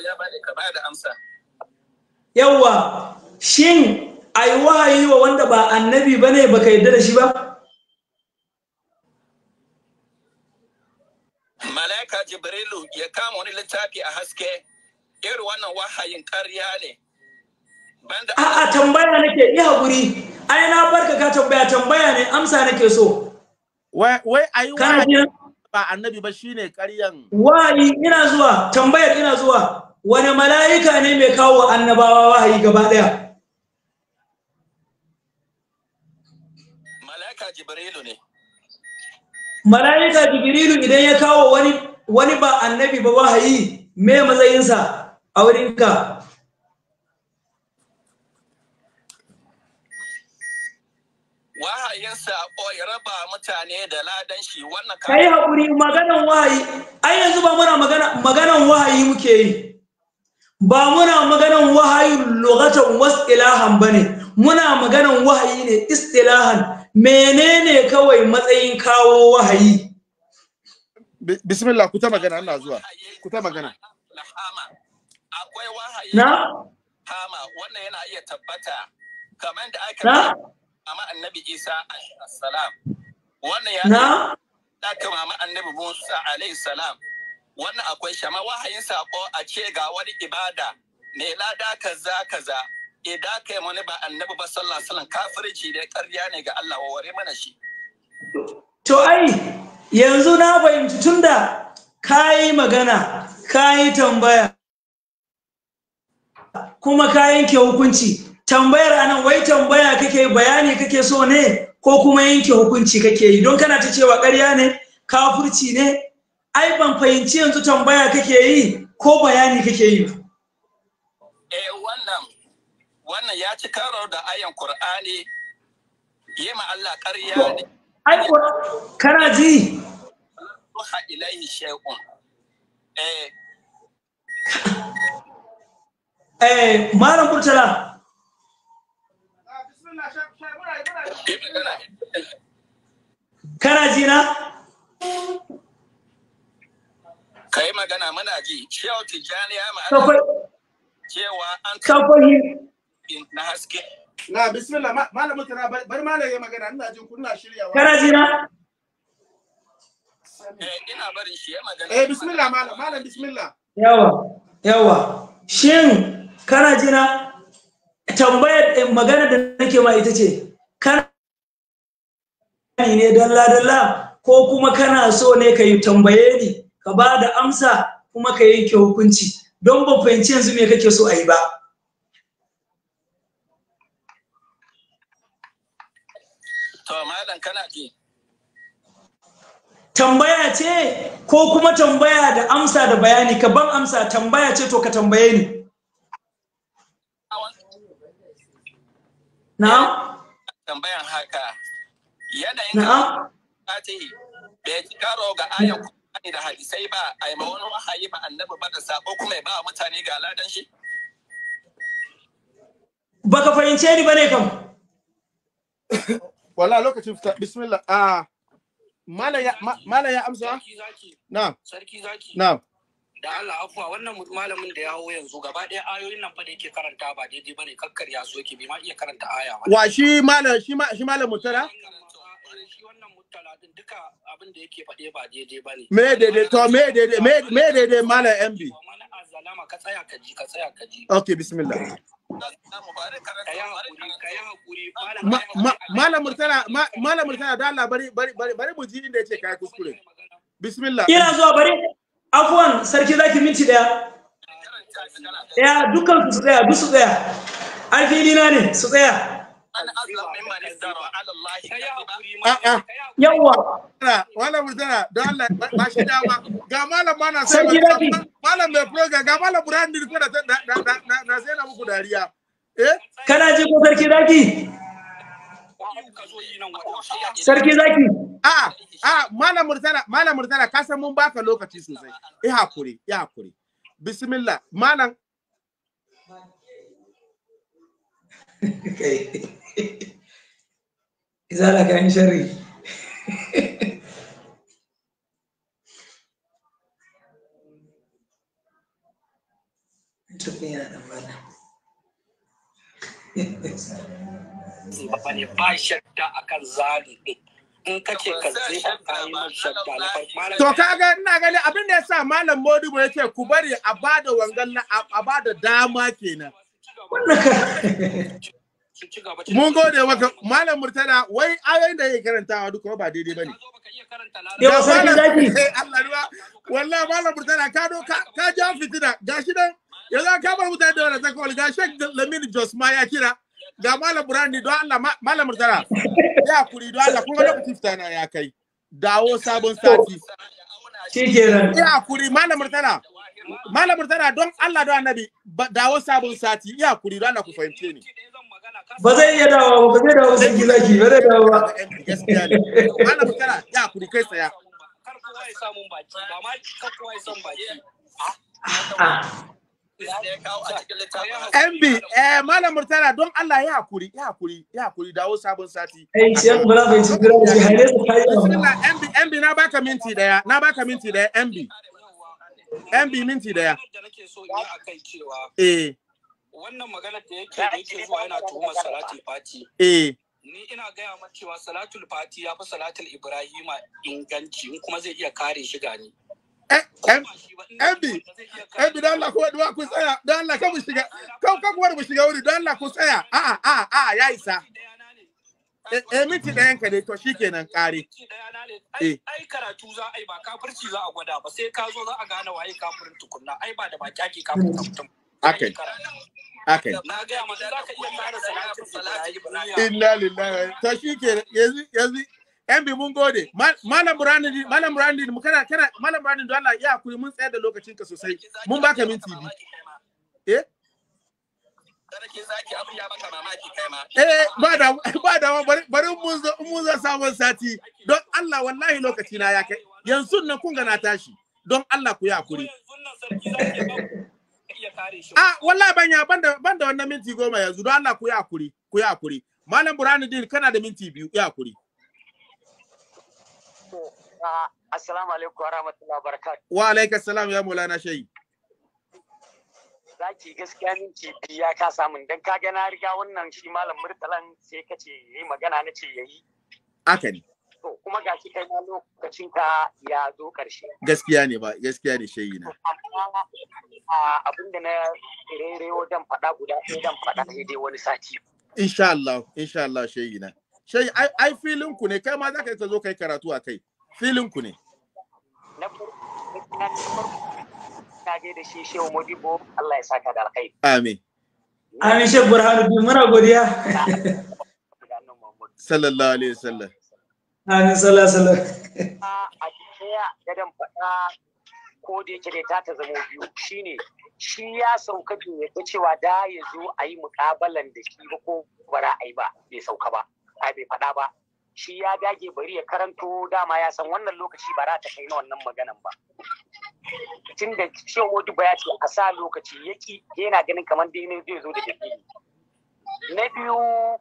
ya ba ka ba da amsa yawa shin ai wahayi wa wanda ba annabi bane baka yadda da shi ba malaika jibrilu ya kama wani littafi a haske irin wannan wahayin ƙarya ne A a tambaya nake yi haƙuri ai na barka ka tambaya tambaya ne amsa nake so wai wai ayi wahayi ba annabi ba shine ƙaryan wahayi ina zuwa tambayar ina zuwa wani mala'ika ne mai kawo annabawa wahayi gaba daya mala'ika jibrilu ne mala'ika jibrilu idan ya kawo wani wani ba annabi ba wahayi me matsayinsa a wurinka sako ya raba mutane da ladan shi wannan ka yi hakuri maganan wahayi ai yanzu ba muna magana maganan wahayi muke yi ba muna maganan wahayi lugatan was ilahan bane muna maganan wahayi ne istilahan menene kawai matsayin kawo wahayi bismillah kuta magana ina zuwa kuta magana akwai wahayi na hama wannan yana iya tabbata kamar da aka mama annabi Isa salam wannan ya ɗaka mama annabi Musa alaihi salam wannan akwai shama wahayin sako a ce ga wani ibada mai lada kaza kaza idan eh, kai mani ba annabi ba sallallahu alaihi wasallam kafirci da ƙarya ne ga Allah waware mana shi to ai yanzu na fahimci tunda kayi magana kayi tambaya kuma ka yanke hukunci tambayar anan wai tambaya kake bayani kake so ne ko kuma yanke hukunci kake yi don kana ta cewa ƙarya ne kafurci ne ai ban fahimci yanzu tambaya kake yi ko bayani kake yi ba eh wannan wannan ya ci karo da ayan qur'ani yema Allah ƙarya ne ai kana ji ruha ilaihi shay'un eh eh malam kurtala Kana ji na? Kai magana muna ji, Shehu Tijjani ya ma'ana cewa an yi na haske. Na bismillah, malam na bar malam ya magana, ina jin kuna shiryawa. Kana ji na? Eh, ina barin shi ya magana. Eh bismillah malam, malam bismillah. Yawa, yawa. Shin kana ji na? tambayar eh, magana da nake ma ita ce bayani ne dalla-dalla ko kuma kana so ne ka yi tambaye ni ka ba da amsa kuma ka yanke hukunci don ba fahimci yanzu me kake so a yi ba tambaya ce ko kuma tambaya da amsa da bayani ka ban amsa tambaya ce to ka tambaye ni Na? tambayan haka yanayin ka ta yi bai ci karo ga ayan Qur'ani da hadisai ba a yi wani wahayi ba annabi ba da sako kuma ya ba mutane ga ladan shi baka fahimce ni bane kam wala lokacin fita bismillah ah Malam ya amsa Na, sarki zaki na'am da Allah afuwa wannan malamin da ya hawo yanzu gaba ɗaya ayoyin nan fa da yake karanta ba daidai bane kakkar ya so yake bai ma iya karanta aya ba? wa shi malam shi malam mutara al'amarin shi wannan duka abin da yake faɗe ba daidai ba ne. Me daidai to me daidai me daidai MB. Mana azalama ka tsaya ka ji ka tsaya ka ji. Okay bismillah. Murtala, da bari bari bari mu ji inda kuskure. Bismillah. Ina zuwa bari. sarki zaki minti daya. Ya dukkan su tsaya, duk su tsaya. Ai filina ne, su tsaya. Yawwa. Wala mutana don Allah ba shi dama. Ga malam sai malam mai proga ga malam Burhan din ko na sai na muku dariya. Eh? Kana ji ko sarki zaki? Sarki zaki. A'a, ah, a'a ah, malam Murtala, malam Murtala ka san mun baka lokaci sosai. Eh hakuri, eh hakuri. Bismillah. Malam izala kayan sharri tafiya ka na to kaga ina gani abin da yasa malam Modibo yake ku bari a bada wangan a bada dama kenan Mun gode maka Malam Murtala wai ayoyin da yake karantawa duka ba daidai bane. Yau sai zaki. Eh, Allah ruwa. Wallahi Malam Murtala ka do ka ja fitina gashi dan yanzu ka bar mutane da wannan zakawal Gashi Lamin Josma ya kira ga Malam Burani don Allah Malam Murtala ya kuri don Allah kuma ya kai. Dawo sabon sati. Shikenan. Ya kuri Malam Murtala. Malam Murtala don Allah don Annabi dawo sabon sati ya kuri don Allah ku fahimce ni. ba zai iya dawo ba zai dawo ba zai dawo ba ana ya kuri kai tsaya kar kowa ya samu baki MB, ah. eh, Malam Murtala don Allah ya hakuri, ya hakuri, ya hakuri dawo sabon sati. Eh, MB, MB na baka minti daya, na baka minti daya MB. MB minti daya. Eh. wannan magana da yake da yake zuwa yana tuhumar salatul fati eh ni ina gaya maka cewa salatul fati ya fi salatul ibrahima inganci in kuma zai iya kare shi gani Ebi, Ebi, don Allah kuwa duwa ku tsaya, don Allah kan mu shiga, kan kan kuwa mu shiga wuri, don Allah ku tsaya, a a a ya isa. E eh, eh, minti ɗayan ka ne to shi kenan kare. Eh. Ai karatu za a yi ba kafirci za a gwada ba sai ka zo za a gane waye kafirin tukunna, ai ba da ba kyaki kafin mutum. akai akai inna lillahi to shike yanzu yanzu yan bi mun gode malam burani malam burani mu kana kana malam burani don Allah ya mun tsaya da lokacin ka sosai mun baka minti eh eh bari mun sabon sati don Allah wallahi lokaci na nan kun na tashi don Allah ku iya kare shi ah wallahi banya banda banda wannan minti goma yanzu don Allah ku yi hakuri ku yi hakuri malam Din kana da minti biyu yi hakuri assalamu alaikum wa rahmatullahi wa barakatuh wa alaikum assalam ya mulana shayi zaki gaskiya minti biyu ya ka samun dan ga na riga wannan shi malam murtalan sai kace yayi magana ce yayi haka ne to kuma ga shi kai na lokacin ka ya zo karshe gaskiya ne ba gaskiya ne shayi na amma ah, abin da na rere wajen faɗa guda ɗaya dan faɗa sai dai wani sati insha Allah insha Allah shayi na shayi ai filin ku ne kai ma za ka zo kai karatu a kai filin ku ne na farko na je da shi shehu modibo Allah ya saka da alkhairi amin amin shehu burhanuddin muna godiya sallallahu alaihi wasallam Amin sallah sallah. A ɗaya da dan faɗa ko da yake ta ta zama biyu shine shi ya sauka bai ya cewa da ya zo a yi muƙabalan da shi ba ko ba a yi ba bai sauka ba a bai faɗa ba shi ya dage bari ya karanto dama ya san wannan lokaci ba za ta kai na wannan maganan ba tun da wadu ba ya ce a sa lokaci yaki yana ganin kamar dai ne zai zo da dalili na biyu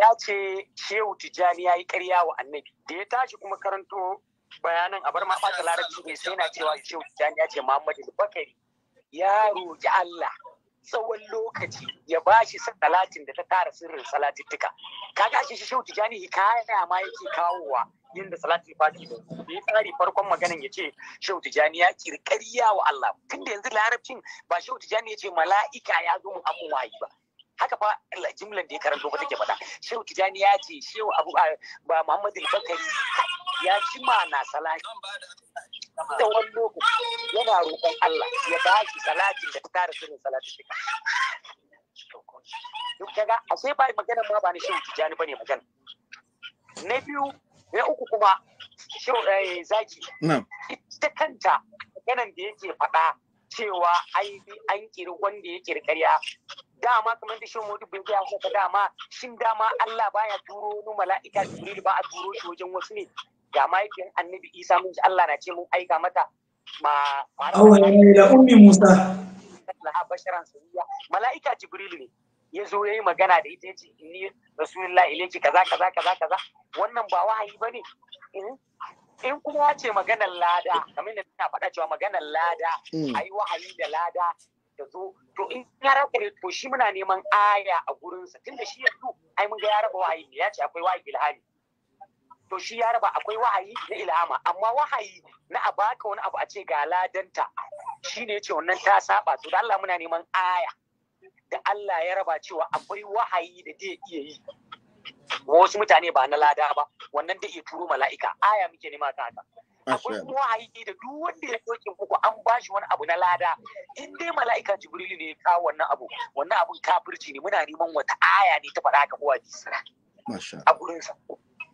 ya ce shehu tijjani ya yi karya wa annabi da ya tashi kuma karanto bayanan a bar ma ɓata larabci ne sai na cewa shehu tijjani ya ce muhammadu bakari ya roƙi allah tsawon lokaci ya ba shi salatin da ta tara sirrin salatittuka kaga shi shehu tijjani hikaya ma yake kawowa yadda salatin fati da ya tsari farkon maganan ya ce shehu tijjani ya kirkariya wa allah tunda yanzu larabcin ba shehu tijjani ya ce mala'ika ya zo mu amma wayi ba haka fa jimlan da ya karanto ba take faɗa shehu tijani ya ce shehu abu ba muhammadu bakari ya ci na salati da wani lokaci yana roƙon allah ya ba shi salatin da ta tara sunan salatin duka duk kaga sai ba magana ma ba ni shehu tijani bane magana na biyu na uku kuma shehu eh, zaki ita kanta maganan da yake faɗa cewa an bi an kiri wanda ya kirkariya dama kamar da shehu mutu bin ya saka dama shin dama Allah baya turo wani mala'ika jibril ba a turo shi wajen wasu ne ga mahaifin annabi isa mun ji Allah na ce mun aika mata ma da ummi musa basharan sahiya mala'ika jibril ne ya zo ya yi magana da ita ya ce inni rasulullah ilayki kaza kaza kaza kaza wannan ba wahayi bane hmm? in kuma ce maganar lada kamar da ta faɗa cewa maganar lada mm. a yi wahayi da lada ta zo to in ya raba to shi muna neman aya a sa tunda shi yanzu ai mun ga ya raba wahayi ne ya ce akwai wahayi ilhami to shi ya raba akwai wahayi na ilhama amma wahayi na a baka wani abu a ce ga ladanta shi ne ce wannan ta saba to da Allah muna neman aya da Allah ya raba cewa akwai wahayi da zai iya yi wasu mutane ba na lada ba wannan da turo mala'ika aya muke nema ta haka akwai kuma wahayi da duk wanda ya ɗauke muku an bashi wani abu na lada in dai mala'ika jibrilu ne ya kawo wannan abu wannan abun kafirci ne muna neman wata aya ne ta faɗa ka ko hadisi a gurinsa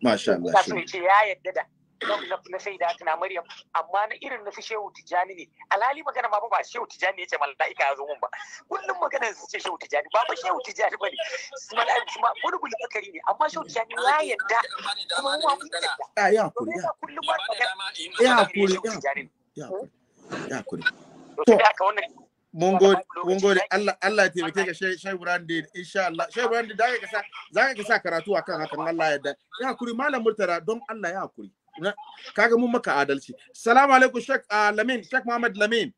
masha Allah ya yarda da na da tana maryam amma na irin na fi shehu tijani ne alhali magana ma ba shehu tijani ya ce mala'ika ya zo mun ba kullum magana su ce shehu tijani ba ba shehu tijani ba ne mala'ika ma gudu bakari ne amma shehu tijani ya yadda kuma mu mun yadda ya hakuri ya hakuri ya hakuri ya hakuri to mun gode Allah Allah taimake ka Shehu Brandi insha Allah Shehu Brandi da ka sa za ka sa karatu akan hakan Allah ya yarda ya hakuri malam Murtala don Allah ya hakuri kaga mun maka adalci salamu alaikum shek ah, lamin shek muhammad lamin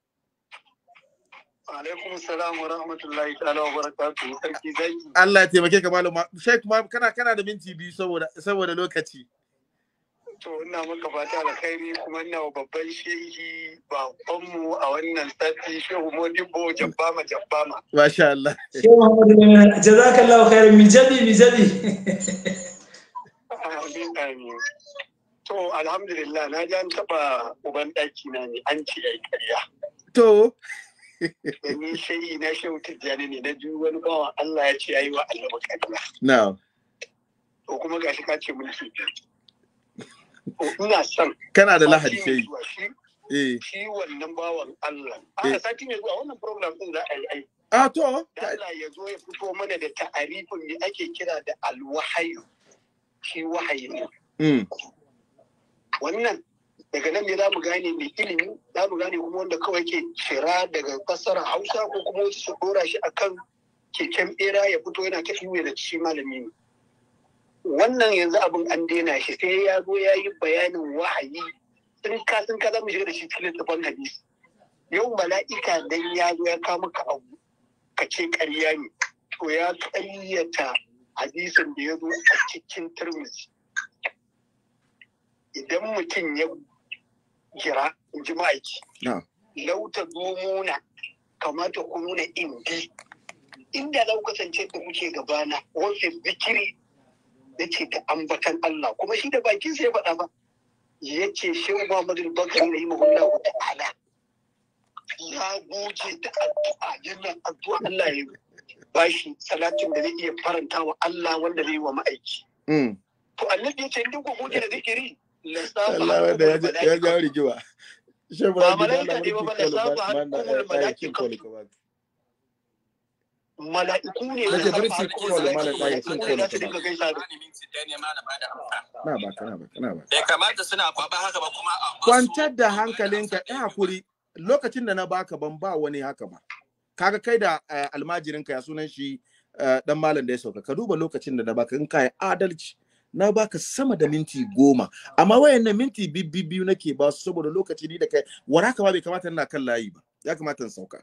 alaikum salam wa rahmatullahi ta'ala wa barakatuhu sarki Allah ya taimake ka malama shek ma kana kana da minti biyu saboda saboda lokaci to ina maka fata alkhairi kuma ina wa babban shehi babanmu a wannan sati shehu bo jabbama jabbama masha Allah shehu muhammad lamin jazakallahu khairan mi jabi amin amin To alhamdulillah na ji an taɓa uban ɗaki na ne an ce ai ƙarya. To. Ni sai na shauta jani ne na ji wani bawan Allah ya ce ayi wa Allah ƙarya. Na. To kuma gashi ka ce mun mulki. Ina son. Kana da lahadi sai. Eh. Shi wannan bawan Allah. A eh. sati mai zuwa wannan program ɗin za a yi aiki. A to. Allah ya zo ya fito mana da ta'arifin da ake kira da alwahayu. Shi wahayi ne. Mm. wannan daga nan ne za mu gane mai ilimi za mu gane kuma wanda kawai ke cira daga fassara hausa ko kuma wasu su dora shi a kan keken bera ya fito yana ta iwe da shi malami ne wannan yanzu abin an daina shi sai ya zo ya yi bayanin wahayi sun ka sun ka za mu shiga da shi cikin littafin hadisi yau mala'ika dan ya zo ya kama maka abu ka ce ƙarya ne to ya ƙayyata hadisin da ya zo a cikin turmuzi idan mutum ya gira in ji ma'aiki lauta domuna kamata ku nuna indi inda za ku kasance da muke gabana wasu zikiri ya ce da ambatan Allah kuma shi da bakin sai faɗa ba ya ce shi Muhammadu Bakar ne wa ta'ala ya goce ta addu'a yana addu'a Allah ya ba shi salatin da zai iya faranta wa Allah wanda zai yi wa ma'aiki. Mm. To annabi ya ce in duk goge da zikiri da kwantar da hankalinka eh hakuri lokacin da na baka ban ba wani haka ba kaga kai da eh, almajirinka ya sunan shi eh, dan malam da ya sauka ka duba lokacin da na baka in kai adalci na baka sama da minti goma amma wayannan minti biyu nake ba saboda lokaci ni da kai waraka ba bai kamata ina kan layi ba ya kamata in sauka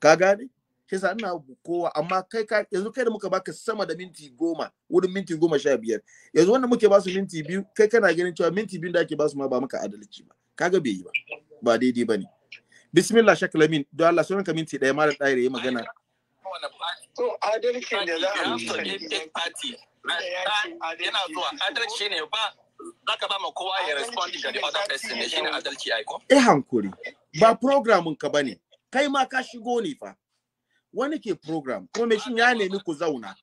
ka gane shi ina kowa amma kai ka yanzu kai da muka baka sama da minti goma wurin minti goma sha biyar yanzu wannan muke ba su minti biyu kai kana ganin cewa minti biyu da ake ba su ma ba maka adalci ba kaga bai yi ba ba daidai ba ne bismillah shakalamin don Allah sunan ka minti ɗaya mara ɗaya ya magana to adalcin da za a yi yana zuwa adalci ne ba za ka ba ma kowa ya respond da the other person ne shine adalci ai ko eh hankuri ba programin ka bane kai ma ka shigo ne fa wani ke program kuma me shin ya nemi ku zauna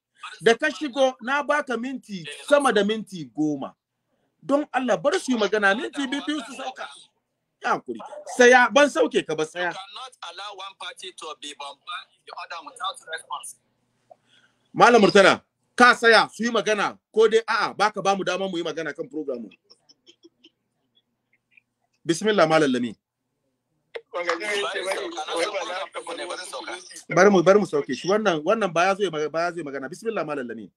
da ka shigo na baka minti eh, sama da minti goma don Allah bar su yi magana minti biyu su sauka ya hankuri saya ban sauke ka ba saya malam murtala ka saya su yi magana ko dai a'a baka bamu dama mu yi magana kan program bismillah malallami bari mu bari mu sauke shi wannan wannan baya zo baya zo magana bismillah malallami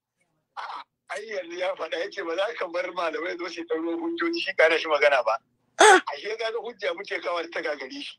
ai yanzu ya faɗa yace ba za ka bar malamai zo shi tauro hujjoji shi kana shi magana ba ah! ashe ga hujja muke kawar ta gagare shi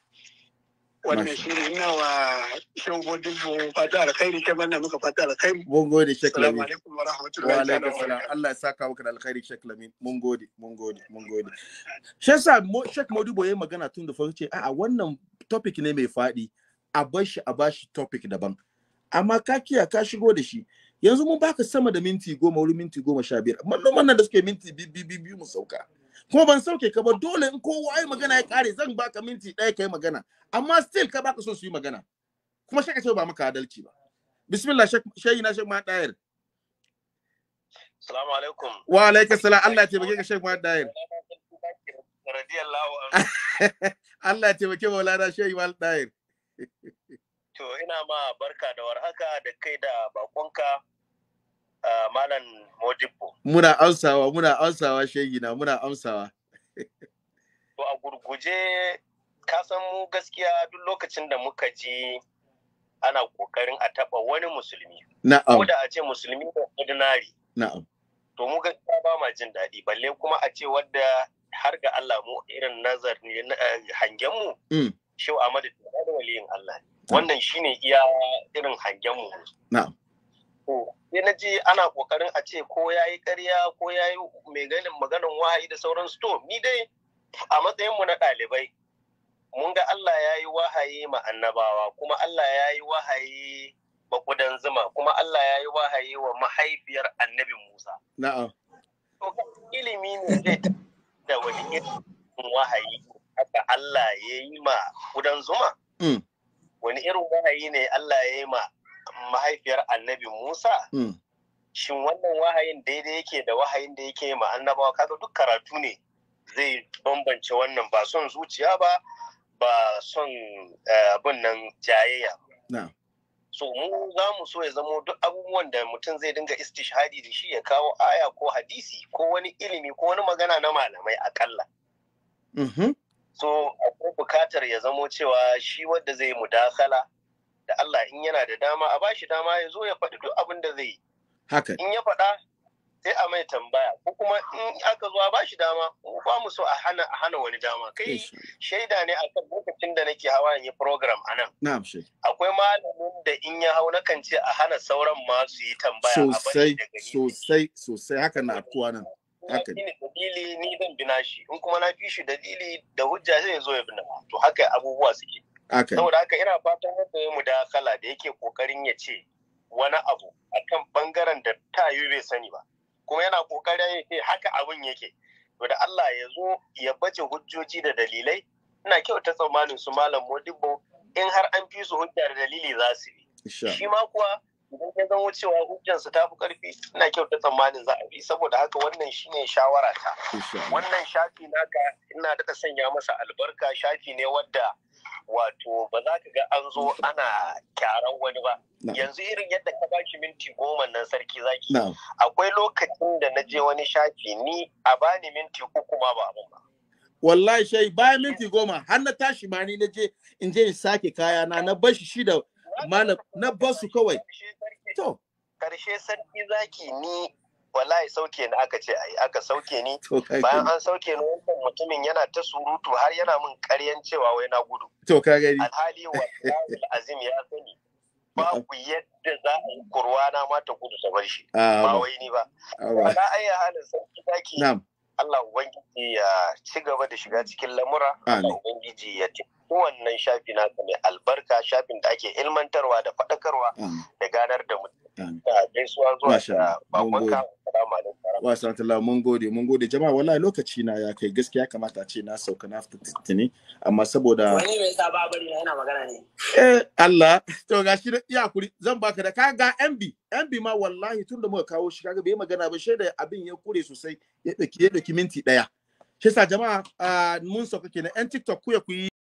wannan ne nawa shan godin mu fata alkhairi kai manna muka fata alkhairi mun gode shek lamin alaikum wa rahmatullahi wa alaikum salam Allah ya saka maka da alkhairi shek lamin mun gode mun gode mun gode shi yasa shek Modibo yayi magana tun da farko ce a wannan topic ne mai fadi a bar a bashi topic daban amma ka kiya ka shigo da shi yanzu mun baka sama da minti goma wurin minti goma sha biyar malluman nan da suke minti biyu mu sauka kuma ban sauke ka ba dole in kowa ya magana ya kare zan baka minti ɗaya ka yi magana amma still ka baka so su yi magana kuma shaka ba maka adalci ba bismillah shayi na shek ma ɗayar salamu alaikum wa alaikum salam Allah ya taimake ka shek ma ɗayar radiyallahu anhu Allah ya taimake maulana shayi ma ɗayar to ina ma barka da warhaka da kai da bakonka malam Modibo. Muna amsawa, muna amsawa shegina, muna amsawa. To a gurguje ka san mu gaskiya duk lokacin da muka ji ana kokarin a taɓa wani musulmi. Na'am. Ko da a ce musulmi da ordinary. Na'am. To mu gaskiya ba ma jin daɗi balle kuma a ce wadda har ga Allah mu irin nazar eh, hangen mu. Mm. Shehu Ahmadu da waliyin Allah. Wannan shine iya irin hangen mu. Na'am. sai na ji ana kokarin a ce ko ya yi karya ko ya yi mai ganin maganin wahayi da sauran to ni dai a matsayin mu na ɗalibai mun ga Allah ya yi wahayi ma annabawa kuma Allah ya yi wahayi makudan zuma kuma Allah ya yi wahayi wa mahaifiyar annabi Musa. Na'am. To ilimi ne zai da wani irin wahayi haka Allah ya yi ma kudan zuma? Mm. Wani irin wahayi ne Allah ya yi ma mahaifiyar annabi Musa? Hmm. Shin wannan wahayin daidai yake da wahayin da yake ma annabawa kaga duk karatu ne zai bambance wannan ba son zuciya ba ba son eh, abin nan jayayya. So mu za mu so ya zamo duk abubuwan da mutum zai dinga istishhadi da shi ya kawo aya ko hadisi ko wani ilimi ko wani magana na malamai akalla. Mm-hmm. So akwai bukatar ya zamo cewa shi wadda zai mudakala da Allah in yana da dama a bashi dama ya zo ya faɗi duk abin da zai yi. Haka. In ya faɗa sai a mai tambaya ko kuma in aka zo a bashi dama ba mu so a hana a hana wani dama kai shaida ne akan lokacin da nake hawa in yi program a nan. Na'am shi. Akwai malamin da in ya hau nakan ce a hana sauran ma su yi tambaya sosai sosai sosai haka na afkuwa nan. haka ni dalili ni zan bi nashi, in kuma na fi shi dalili da hujja zai zo ya bi bina to haka abubuwa suke Saboda haka ina fatan yadda ya mudakala da yake kokarin ya ce wani abu akan bangaren da ta yi bai sani ba. Kuma yana kokarin ya ce haka abin yake. To da Allah ya zo ya bace hujjoji da dalilai ina kyauta tsammanin su malam Modibo in har an fi su hujja da dalili za su yi. Shi ma kuwa idan ya zama cewa hujjansa ta fi karfi ina kyauta tsammanin za a bi saboda haka wannan shine shawara ta. Wannan shafi naka ina daɗa sanya masa albarka shafi ne wadda wato ba za ka ga an zo ana kyaran wani ba yanzu irin yadda ka bashi minti goma nan sarki zaki akwai lokacin da na je wani shafi ni a bani minti uku ma ba abun ba wallahi shai bayan minti goma har na tashi ma ni na je in je in sake kaya na na bashi shi da na basu kawai karshe sarki zaki ni wallahi sauke ni aka ce ai aka sauke ni bayan an sauke ni wannan mutumin yana ta surutu har yana min karyan cewa wai na gudu to ka gani alhali wallahi azim ya sani babu yadda za a yi kurwana ma ta gudu ta bar shi ah, ba wai ni ba ah, ba ai halin sarki zaki Allah Ubangiji ya ci gaba da shiga cikin lamura, Allah Ubangiji ya ci wannan shafi naka mai albarka shafin da ake ilmantarwa da faɗakarwa da ganar da mutum. Wa sallallahu mun gode mun gode jama'a wallahi lokaci na ya kai gaskiya kamata ce na sauka na fita tuni amma saboda wani mai sa babari na yana magana ne eh Allah to gashi da iya kuri zan baka da kaga MB MB ma wallahi da muka kawo shi kaga bai magana ba shaida abin ya kure sosai ya ɗauki minti ɗaya shi sa jama'a ah, mun sauka kenan yan tiktok ku ya ku yi